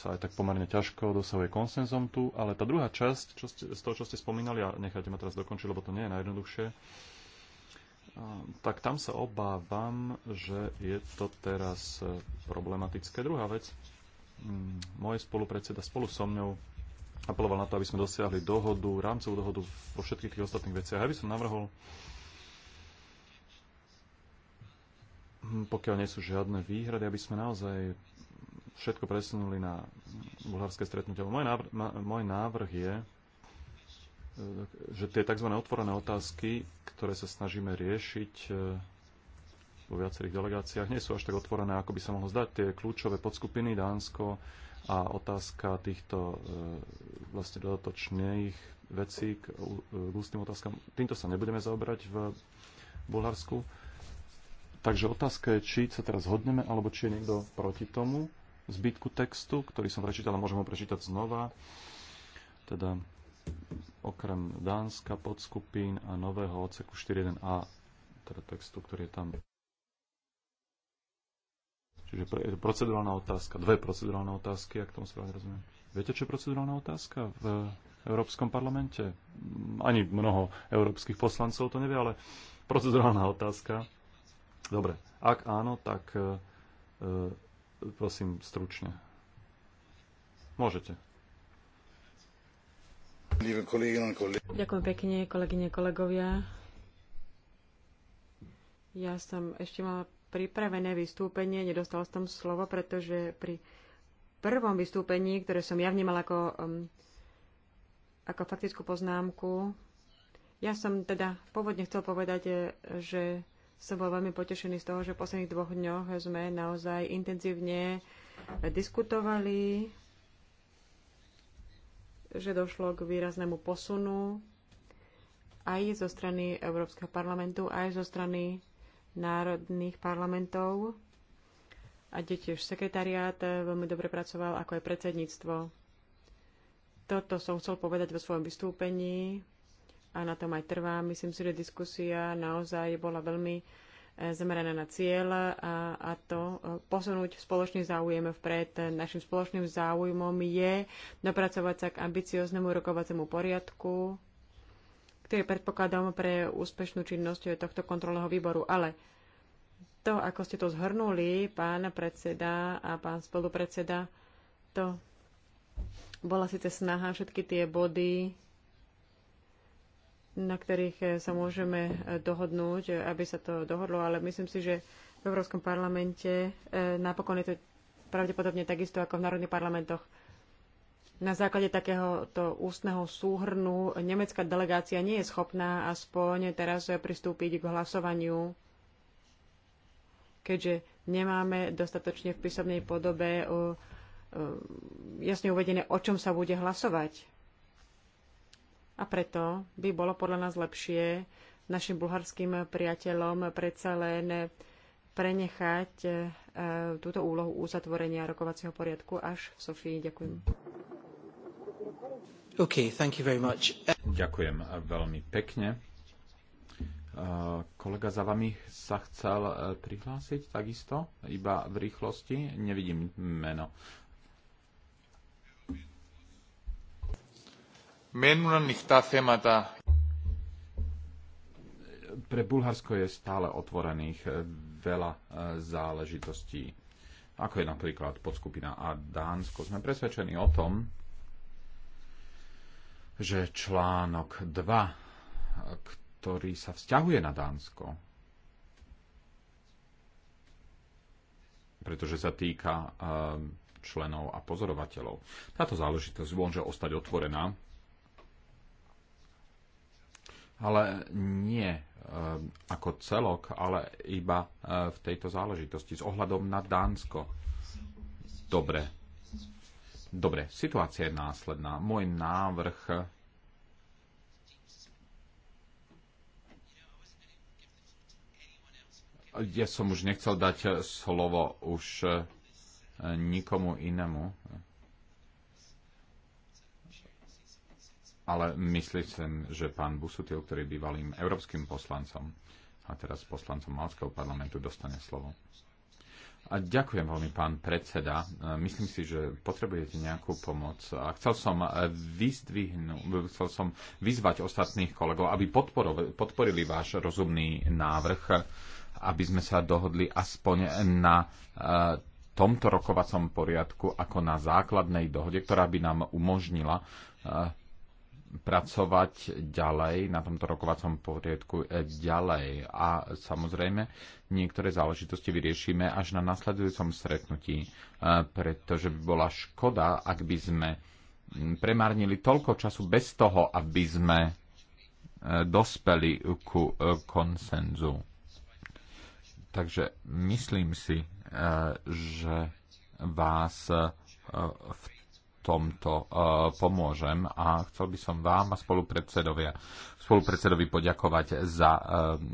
sa aj tak pomerne ťažko dosahuje konsenzom tu, ale tá druhá časť čo ste, z toho, čo ste spomínali, a nechajte ma teraz dokončiť, lebo to nie je najjednoduchšie, um, tak tam sa obávam, že je to teraz eh, problematické. Druhá vec, um, môj spolupredseda spolu so mnou apeloval na to, aby sme dosiahli dohodu, rámcovú dohodu vo všetkých tých ostatných veciach. Ja by som navrhol, hm, pokiaľ nie sú žiadne výhrady, aby sme naozaj všetko presunuli na bulharské stretnutie. Môj návrh, môj návrh je, e, že tie tzv. otvorené otázky, ktoré sa snažíme riešiť e, vo viacerých delegáciách, nie sú až tak otvorené, ako by sa mohlo zdať. Tie kľúčové podskupiny Dánsko, a otázka týchto e, vlastne dodatočných vecí k ústnym e, otázkam, týmto sa nebudeme zaoberať v Bulharsku. Takže otázka je, či sa teraz hodneme, alebo či je niekto proti tomu zbytku textu, ktorý som prečítal, a môžem ho prečítať znova. Teda okrem Dánska, podskupín a nového odseku 4.1a, teda textu, ktorý je tam Čiže je to procedurálna otázka, dve procedurálne otázky, ak tomu správne rozumiem. Viete, čo je procedurálna otázka v Európskom parlamente? Ani mnoho európskych poslancov to nevie, ale procedurálna otázka. Dobre, ak áno, tak e, e prosím stručne. Môžete. Ďakujem pekne, kolegyne, kolegovia. Ja som ešte mala pripravené vystúpenie. Nedostal som slovo, pretože pri prvom vystúpení, ktoré som ja vnímala ako, um, ako faktickú poznámku, ja som teda pôvodne chcel povedať, e, že som bol veľmi potešený z toho, že v posledných dvoch dňoch sme naozaj intenzívne diskutovali, že došlo k výraznému posunu aj zo strany Európskeho parlamentu, aj zo strany národných parlamentov a tiež sekretariát eh, veľmi dobre pracoval, ako aj predsedníctvo. Toto som chcel povedať vo svojom vystúpení a na tom aj trvá. Myslím si, že diskusia naozaj bola veľmi eh, zameraná na cieľ a, a to eh, posunúť spoločný záujem vpred. Našim spoločným záujmom je dopracovať sa k ambicioznému rokovacemu poriadku, ktorý je predpokladom pre úspešnú činnosť tohto kontrolného výboru. Ale to, ako ste to zhrnuli, pán predseda a pán spolupredseda, to bola síce snaha všetky tie body, na ktorých sa môžeme e, dohodnúť, aby sa to dohodlo, ale myslím si, že v Európskom parlamente e, napokon je to pravdepodobne takisto ako v národných parlamentoch na základe takéhoto ústneho súhrnu nemecká delegácia nie je schopná aspoň teraz pristúpiť k hlasovaniu, keďže nemáme dostatočne v písomnej podobe jasne uvedené, o čom sa bude hlasovať. A preto by bolo podľa nás lepšie našim bulharským priateľom predsa len prenechať e, túto úlohu uzatvorenia rokovacieho poriadku až v Sofii. Ďakujem. Okay, thank you very much. Ďakujem veľmi pekne. Kolega za vami sa chcel e, prihlásiť takisto, iba v rýchlosti. Nevidím meno. Pre Bulharsko je stále otvorených e, veľa e, záležitostí, ako je napríklad podskupina a Dánsko. Sme presvedčení o tom, že článok 2, ktorý sa vzťahuje na Dánsko, pretože sa týka eh, členov a pozorovateľov. Táto záležitosť môže ostať otvorená, ale nie eh, ako celok, ale iba eh, v tejto záležitosti s ohľadom na Dánsko. Dobre, Dobre, situácia je následná. Môj návrh ja som už nechcel dať slovo už e, nikomu inému. Ale myslím, že pán Busutil, ktorý je bývalým európskym poslancom a teraz poslancom Malského parlamentu, dostane slovo. A ďakujem veľmi, pán predseda. E, myslím si, že potrebujete nejakú pomoc. A chcel som, e, chcel som vyzvať ostatných kolegov, aby podporili váš rozumný návrh, aby sme sa dohodli aspoň na e, tomto rokovacom poriadku ako na základnej dohode, ktorá by nám umožnila pracovať ďalej na tomto rokovacom poriadku e, ďalej. A samozrejme, niektoré záležitosti vyriešime až na nasledujúcom stretnutí, e, pretože by bola škoda, ak by sme premárnili toľko času bez toho, aby sme e, dospeli ku konsenzu. Takže myslím si, že vás v tomto e, pomôžem a chcel by som vám a spolupredsedovi poďakovať za e,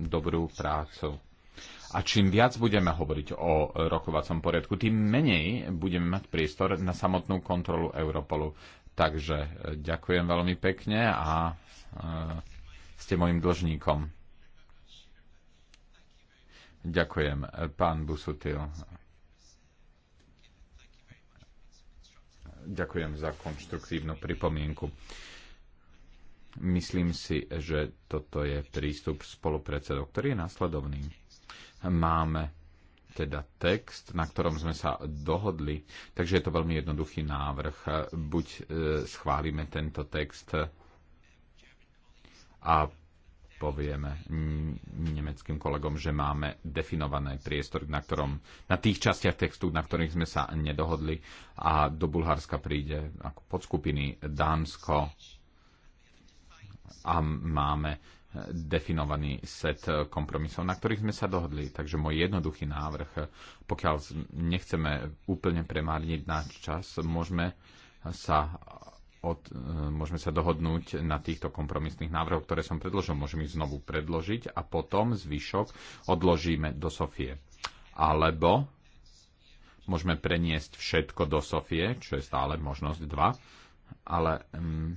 dobrú prácu. A čím viac budeme hovoriť o rokovacom poriadku, tým menej budeme mať priestor na samotnú kontrolu Europolu. Takže e, ďakujem veľmi pekne a e, ste mojim dlžníkom. Ďakujem, pán Busutil. Ďakujem za konštruktívnu pripomienku. Myslím si, že toto je prístup spolupredsedov, ktorý je následovný. Máme teda text, na ktorom sme sa dohodli, takže je to veľmi jednoduchý návrh. Buď e, schválime tento text a povieme nemeckým kolegom, že máme definované priestory, na, ktorom, na tých častiach textu, na ktorých sme sa nedohodli a do Bulharska príde ako podskupiny Dánsko a máme definovaný set kompromisov, na ktorých sme sa dohodli. Takže môj jednoduchý návrh, pokiaľ nechceme úplne premárniť náš čas, môžeme sa od, e, môžeme sa dohodnúť na týchto kompromisných návrhoch, ktoré som predložil. Môžeme ich znovu predložiť a potom zvyšok odložíme do Sofie. Alebo môžeme preniesť všetko do Sofie, čo je stále možnosť 2, ale, mm,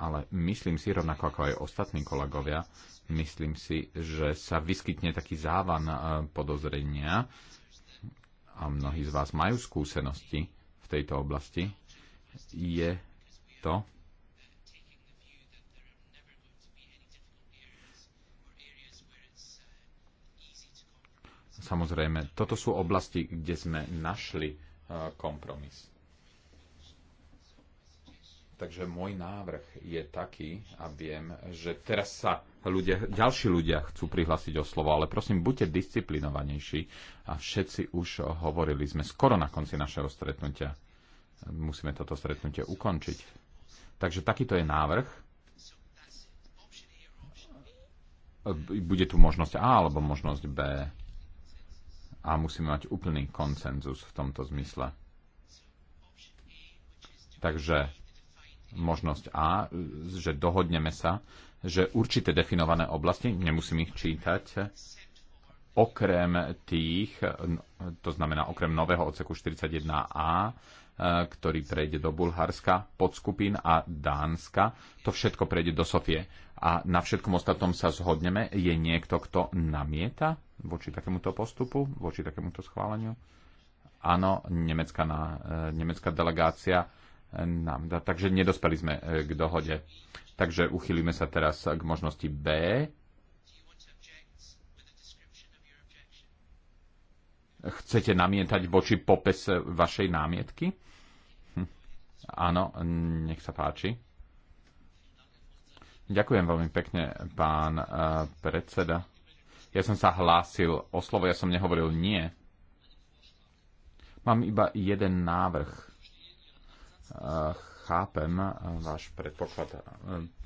ale myslím si, rovnako ako aj ostatní kolegovia, myslím si, že sa vyskytne taký závan e, podozrenia a mnohí z vás majú skúsenosti v tejto oblasti, je to, Samozrejme, toto sú oblasti, kde sme našli e, kompromis. Takže môj návrh je taký a viem, že teraz sa ľudia, ďalší ľudia chcú prihlásiť o slovo, ale prosím, buďte disciplinovanejší a všetci už hovorili sme skoro na konci našeho stretnutia musíme toto stretnutie ukončiť. Takže takýto je návrh. Bude tu možnosť A alebo možnosť B. A musíme mať úplný koncenzus v tomto zmysle. Takže možnosť A, že dohodneme sa, že určité definované oblasti, nemusím ich čítať, okrem tých, to znamená okrem nového odseku 41a, E, ktorý prejde do Bulharska, podskupín a Dánska. To všetko prejde do Sofie. A na všetkom ostatnom sa zhodneme. Je niekto, kto namieta voči takémuto postupu, voči takémuto schváleniu? Áno, nemecká, na, e, nemecká delegácia nám dá. Takže nedospeli sme e, k dohode. Takže uchylíme sa teraz k možnosti B, Chcete namietať voči popes vašej námietky? Hm. Áno, nech sa páči. Ďakujem veľmi pekne, pán eh, predseda. Ja som sa hlásil o slovo, ja som nehovoril nie. Mám iba jeden návrh. Eh, chápem váš predpoklad, eh,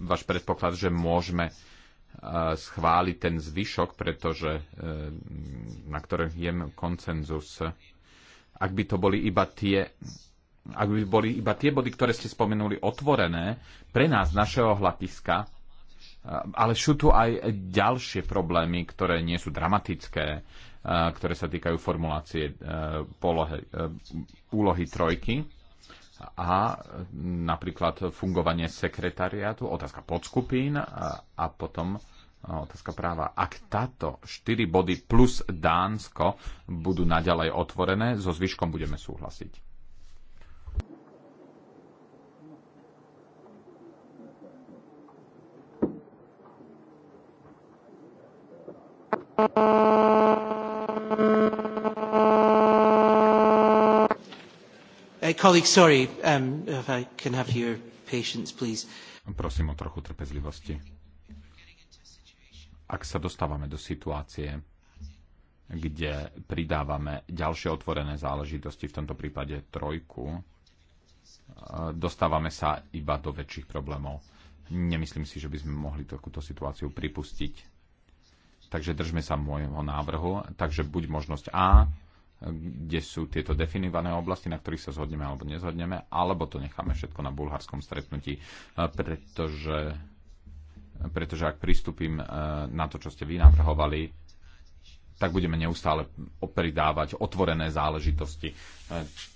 váš predpoklad že môžeme schváliť ten zvyšok, pretože e, na ktorom je koncenzus. Ak by to boli iba tie ak by boli iba tie body, ktoré ste spomenuli, otvorené pre nás, našeho hľadiska, e, ale sú tu aj ďalšie problémy, ktoré nie sú dramatické, e, ktoré sa týkajú formulácie polohy, úlohy trojky a napríklad fungovanie sekretariátu, otázka podskupín a, a potom otázka práva. Ak táto 4 body plus Dánsko budú naďalej otvorené, so zvyškom budeme súhlasiť. Thank you. Uh, colleague, sorry, um, if I can have your patience, please. Prosím o trochu trpezlivosti. Ak sa dostávame do situácie, kde pridávame ďalšie otvorené záležitosti, v tomto prípade trojku, uh, dostávame sa iba do väčších problémov. Nemyslím si, že by sme mohli takúto situáciu pripustiť. Takže držme sa môjho návrhu. Takže buď možnosť A, kde sú tieto definované oblasti, na ktorých sa zhodneme alebo nezhodneme, alebo to necháme všetko na bulharskom stretnutí, pretože, pretože ak pristúpim e, na to, čo ste vy navrhovali, tak budeme neustále opridávať otvorené záležitosti. E,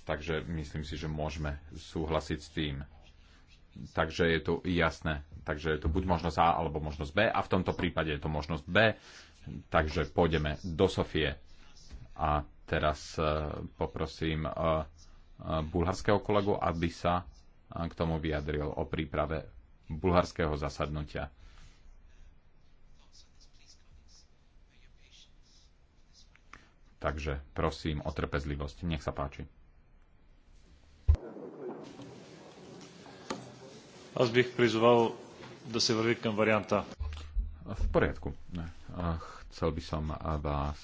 takže myslím si, že môžeme súhlasiť s tým. Takže je to jasné. Takže je to buď možnosť A alebo možnosť B a v tomto prípade je to možnosť B. Takže pôjdeme do Sofie a teraz e, poprosím e, e, bulharského kolegu, aby sa k tomu vyjadril o príprave bulharského zasadnutia. Takže prosím o trpezlivosť. Nech sa páči. V poriadku. призвал Chcel by som vás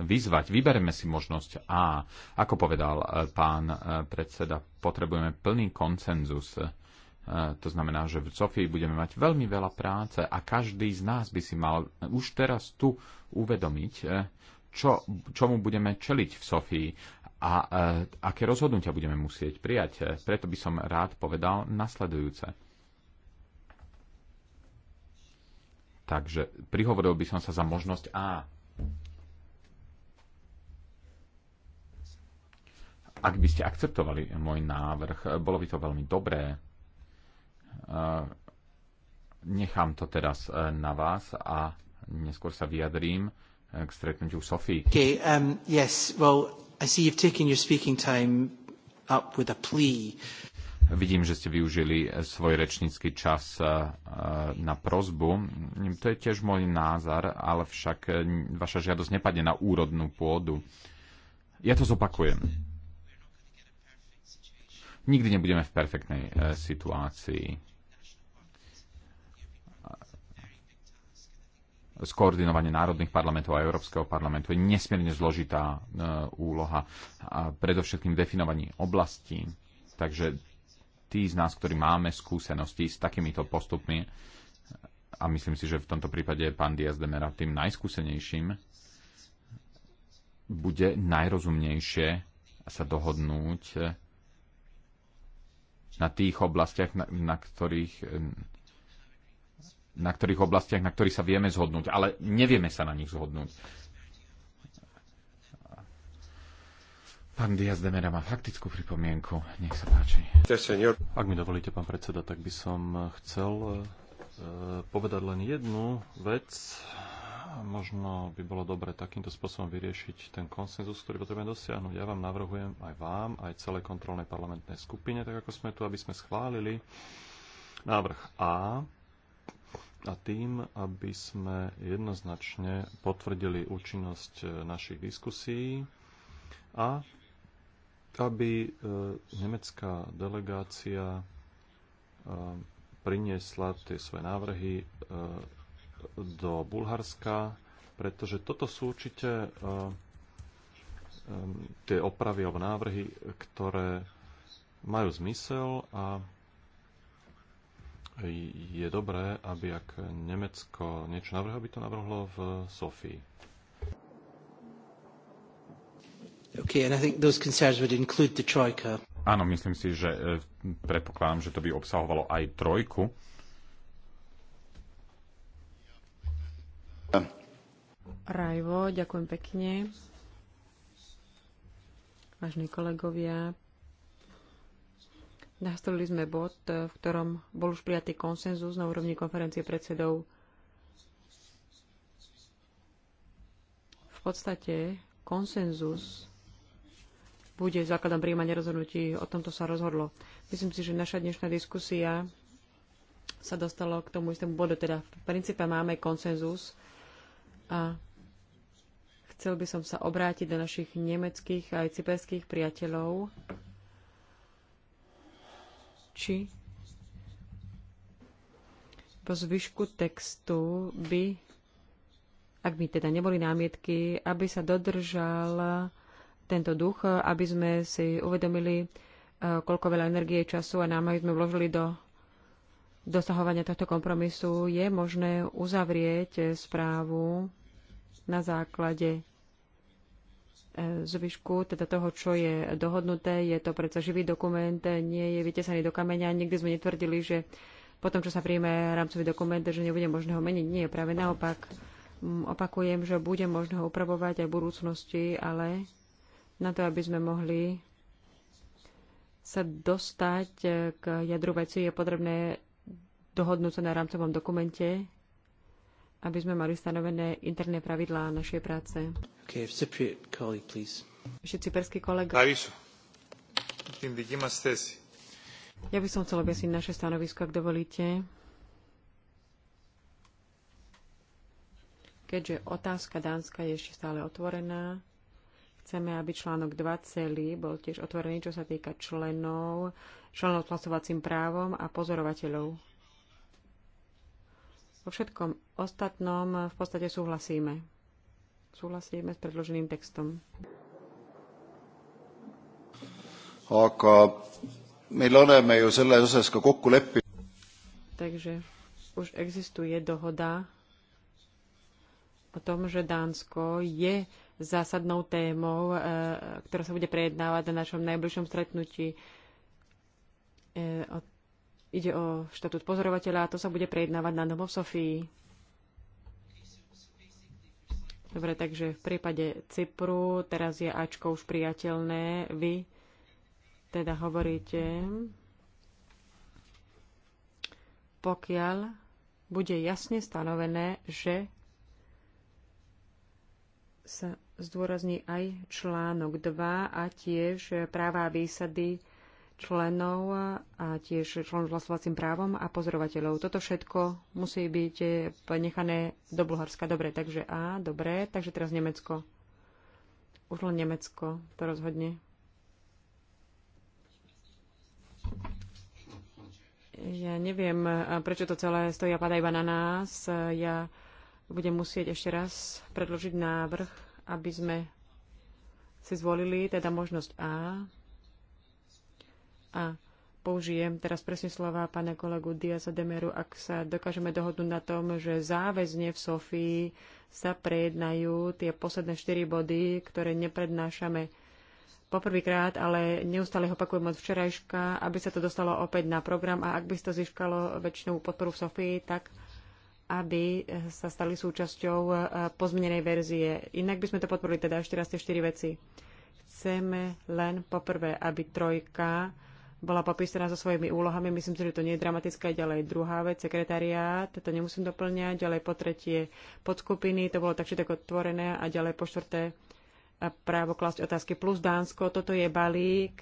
vyzvať. Vybereme si možnosť A. Ako povedal e, pán e, predseda, potrebujeme plný koncenzus. E, to znamená, že v Sofii budeme mať veľmi veľa práce a každý z nás by si mal už teraz tu uvedomiť, čo, čomu budeme čeliť v Sofii a aké rozhodnutia budeme musieť prijať. Preto by som rád povedal nasledujúce. Takže prihovoril by som sa za možnosť A ak by ste akceptovali môj návrh, bolo by to veľmi dobré. Nechám to teraz e, na vás a neskôr sa vyjadrím e, k stretnutiu Sofie. Okay, um, yes, well, I see you've taken your speaking time up with a plea. Vidím, že ste využili e, svoj rečnícky čas na prozbu. Mm, to je tiež môj názor, ale však vaša žiadosť nepadne na úrodnú pôdu. Ja to zopakujem Nikdy nebudeme v perfektnej e, situácii. Skoordinovanie národných parlamentov a Európskeho parlamentu je nesmierne zložitá e, úloha a predovšetkým definovanie oblastí. Takže tí z nás, ktorí máme skúsenosti s takýmito postupmi, a myslím si, že v tomto prípade je pán Diaz de Mera tým najskúsenejším, bude najrozumnejšie sa dohodnúť na tých oblastiach, na, na ktorých na ktorých oblastiach, na ktorých sa vieme zhodnúť, ale nevieme sa na nich zhodnúť. Pán Diaz de Mera má faktickú pripomienku. Nech sa páči. Ak mi dovolíte, pán predseda, tak by som chcel eh, povedať len jednu vec, možno by bolo dobre takýmto spôsobom vyriešiť ten konsenzus, ktorý potrebujeme dosiahnuť. Ja vám navrhujem aj vám, aj celej kontrolnej parlamentnej skupine, tak ako sme tu, aby sme schválili návrh A a tým, aby sme jednoznačne potvrdili účinnosť e, našich diskusí a aby e, nemecká delegácia e, priniesla tie svoje návrhy do Bulharska, pretože toto sú určite eh, eh, tie opravy alebo návrhy, ktoré majú zmysel a je dobré, aby ak Nemecko niečo navrhlo, aby to navrhlo v Sofii. Okay, and I think those concerns would include the Troika. Áno, myslím si, že eh, predpokladám, že to by obsahovalo aj trojku. Rajvo, ďakujem pekne. Vážení kolegovia, nastolili sme bod, v ktorom bol už prijatý konsenzus na úrovni konferencie predsedov. V podstate konsenzus bude základom príjmania rozhodnutí. O tomto sa rozhodlo. Myslím si, že naša dnešná diskusia sa dostalo k tomu istému bodu. Teda v princípe máme konsenzus a chcel by som sa obrátiť do našich nemeckých a aj cyperských priateľov, či po zvyšku textu by, ak by teda neboli námietky, aby sa dodržal tento duch, aby sme si uvedomili, eh, koľko veľa energie, času a námahy sme vložili do dosahovania tohto kompromisu je možné uzavrieť správu na základe e, zvyšku, teda toho, čo je dohodnuté. Je to predsa živý dokument, nie je vytesaný do kameňa. Nikdy sme netvrdili, že po tom, čo sa príjme rámcový dokument, že nebude možné ho meniť. Nie, práve naopak. Opakujem, že bude možné ho upravovať aj v budúcnosti, ale na to, aby sme mohli sa dostať e, k jadru veci, je potrebné dohodnúť sa na rámcovom dokumente, aby sme mali stanovené interné pravidlá našej práce. Okay, Cypriot colleague, please. Ešte cyperský kolega. Ja by som chcel objasniť naše stanovisko, ak dovolíte. Keďže otázka Dánska je ešte stále otvorená, chceme, aby článok 2 celý bol tiež otvorený, čo sa týka členov, členov s hlasovacím právom a pozorovateľov vo všetkom ostatnom v podstate súhlasíme. Súhlasíme s predloženým textom. Aga meil oleme ju selles osas ka kokku leppinud. Takže už existuje dohoda o tom, že Dánsko je zásadnou témou, e, ktorá sa bude prejednávať na našom najbližšom stretnutí. E, o Ide o štatút pozorovateľa a to sa bude prejednávať na domu v Sofii. Dobre, takže v prípade Cypru teraz je Ačko už priateľné. Vy teda hovoríte, pokiaľ bude jasne stanovené, že sa zdôrazní aj článok 2 a tiež práva a výsady členov a tiež členov s hlasovacím právom a pozorovateľov. Toto všetko musí byť nechané do Bulharska. Dobre, takže A, dobre, takže teraz Nemecko. Už len Nemecko to rozhodne. Ja neviem, prečo to celé stojí a padá iba na nás. Ja budem musieť ešte raz predložiť návrh, aby sme si zvolili teda možnosť A, a použijem teraz presne slova pána kolegu Diaza Demeru, ak sa dokážeme dohodnúť na tom, že záväzne v Sofii sa prejednajú tie posledné štyri body, ktoré neprednášame poprvýkrát, ale neustále opakujem od včerajška, aby sa to dostalo opäť na program a ak by to získalo väčšinou podporu v Sofii, tak aby sa stali súčasťou e, pozmenenej verzie. Inak by sme to podporili teda ešte raz tie štyri veci. Chceme len poprvé, aby trojka bola popísaná so svojimi úlohami. Myslím si, že to nie je dramatické. Ďalej druhá vec, sekretariát, to nemusím doplňať. Ďalej po tretie podskupiny, to bolo tak otvorené A ďalej po štvrté právo klásť otázky plus Dánsko. Toto je balík,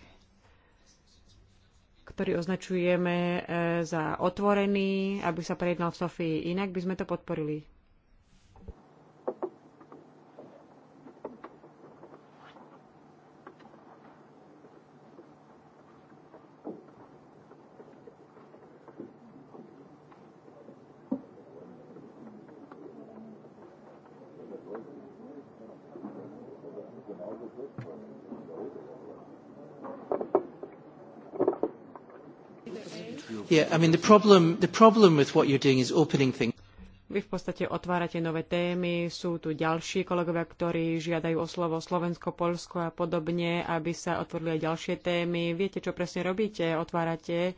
ktorý označujeme e, za otvorený, aby sa prejednal v Sofii. Inak by sme to podporili. Vy v podstate otvárate nové témy, sú tu ďalší kolegovia, ktorí žiadajú o slovo Slovensko, Polsko a podobne, aby sa otvorili aj ďalšie témy. Viete, čo presne robíte? Otvárate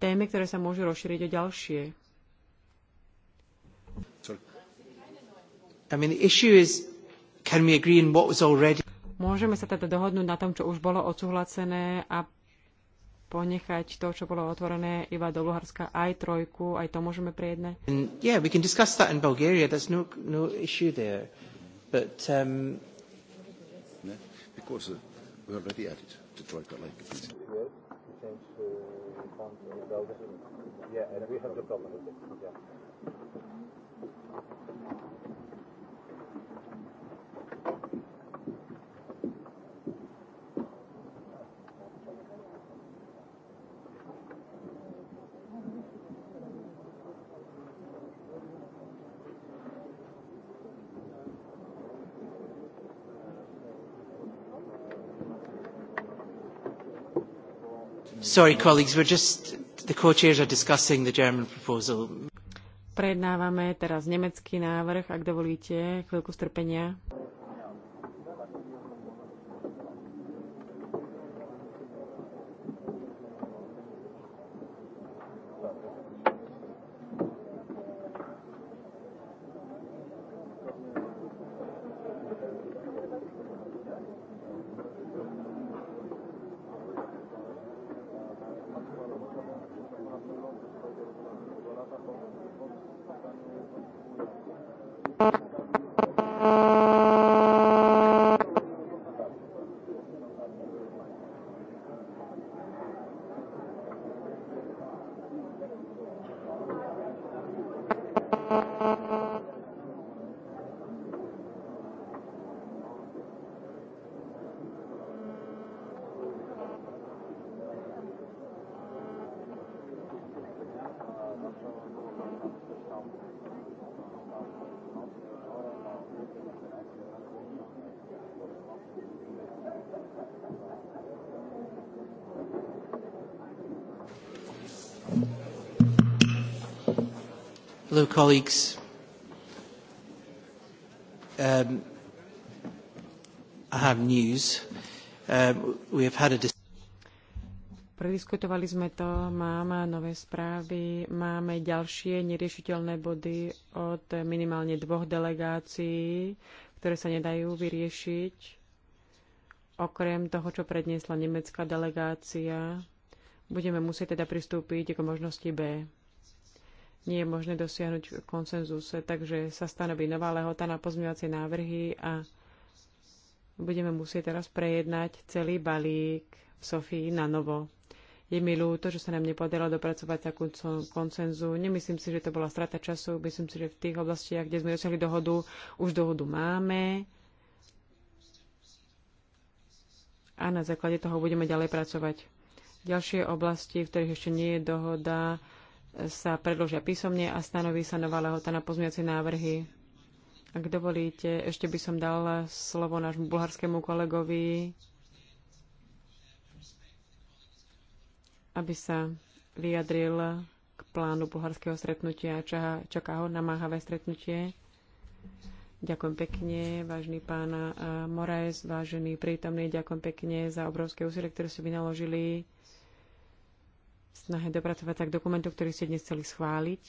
témy, ktoré sa môžu rozšíriť o ďalšie. I mean, the issue is, can we agree what was already... Môžeme sa teda dohodnúť na tom, čo už bolo odsúhlasené a ponechať to, čo bolo otvorené iba do Bulharska, aj trojku, aj to môžeme prejednať? Yeah, we can discuss that in Bulgaria. There's no, no issue there. But, um... No, because uh, we already added to troika like this. Yes, Yeah, and we have the problem with it. Yeah. Sorry, colleagues, we're just, the co-chairs are discussing the German proposal. Prednávame teraz nemecký návrh, ak dovolíte, chvíľku strpenia. Hello, colleagues. Um, I have news. Um, we have had a Prediskutovali sme to, máme nové správy, máme ďalšie neriešiteľné body od minimálne dvoch delegácií, ktoré sa nedajú vyriešiť. Okrem toho, čo predniesla nemecká delegácia, budeme musieť teda pristúpiť k možnosti B nie je možné dosiahnuť konsenzus, takže sa stanoví nová lehota na pozmývacie návrhy a budeme musieť teraz prejednať celý balík v Sofii na novo. Je mi ľúto, že sa nám nepodarilo dopracovať takú koncenzu. Nemyslím si, že to bola strata času. Myslím si, že v tých oblastiach, kde sme dosiahli dohodu, už dohodu máme. A na základe toho budeme ďalej pracovať. Ďalšie oblasti, v ktorých ešte nie je dohoda, sa predložia písomne a stanoví sa nová lehota na pozmiace návrhy. Ak dovolíte, ešte by som dal slovo nášmu bulharskému kolegovi, aby sa vyjadril k plánu bulharského stretnutia. Čaha, čaká ho namáhavé stretnutie. Ďakujem pekne, vážny pán eh, Moraes, vážený prítomný, ďakujem pekne za obrovské úsilie, ktoré ste vynaložili snahe dopracovať sa k dokumentu, ktorý ste dnes chceli schváliť.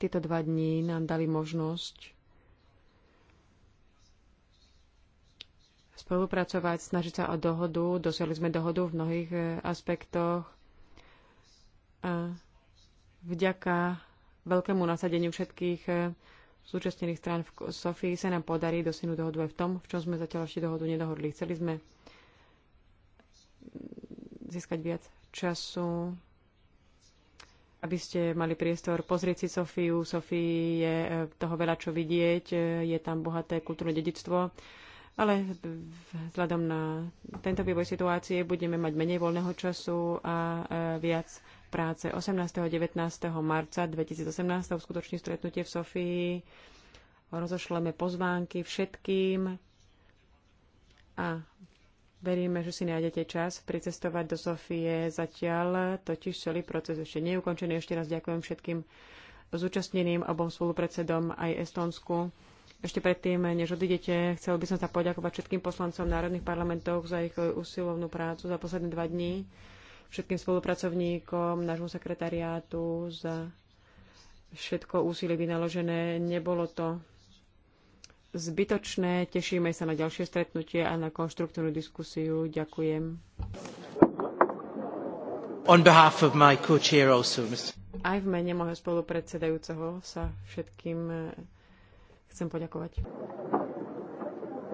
Tieto dva dní nám dali možnosť spolupracovať, snažiť sa o dohodu. Dosiali sme dohodu v mnohých e, aspektoch. A vďaka veľkému nasadeniu všetkých e, zúčastnených strán v Sofii sa nám podarí dosiahnuť dohodu aj v tom, v čom sme zatiaľ ešte dohodu nedohodli. Chceli sme získať viac času, aby ste mali priestor pozrieť si Sofiu. Sofii je e, toho veľa čo vidieť, e, je tam bohaté kultúrne dedictvo, ale vzhľadom na tento vývoj situácie budeme mať menej voľného času a e, viac práce. 18. a 19. marca 2018 skutočne stretnutie v Sofii. Rozošleme pozvánky všetkým a Veríme, že si nájdete čas pricestovať do Sofie. Zatiaľ totiž celý proces ešte neukončený. Ešte raz ďakujem všetkým zúčastneným, obom spolupredsedom aj Estonsku. Ešte predtým, než odídete, chcel by som sa poďakovať všetkým poslancom národných parlamentov za ich usilovnú prácu za posledné dva dní, všetkým spolupracovníkom, nášmu sekretariátu za všetko úsilie vynaložené. Nebolo to zbytočné. Tešíme sa na ďalšie stretnutie a na konštruktívnu diskusiu. Ďakujem. On behalf of my co-chair also, Mr. Aj v mene môjho spolupredsedajúceho sa všetkým eh, chcem poďakovať.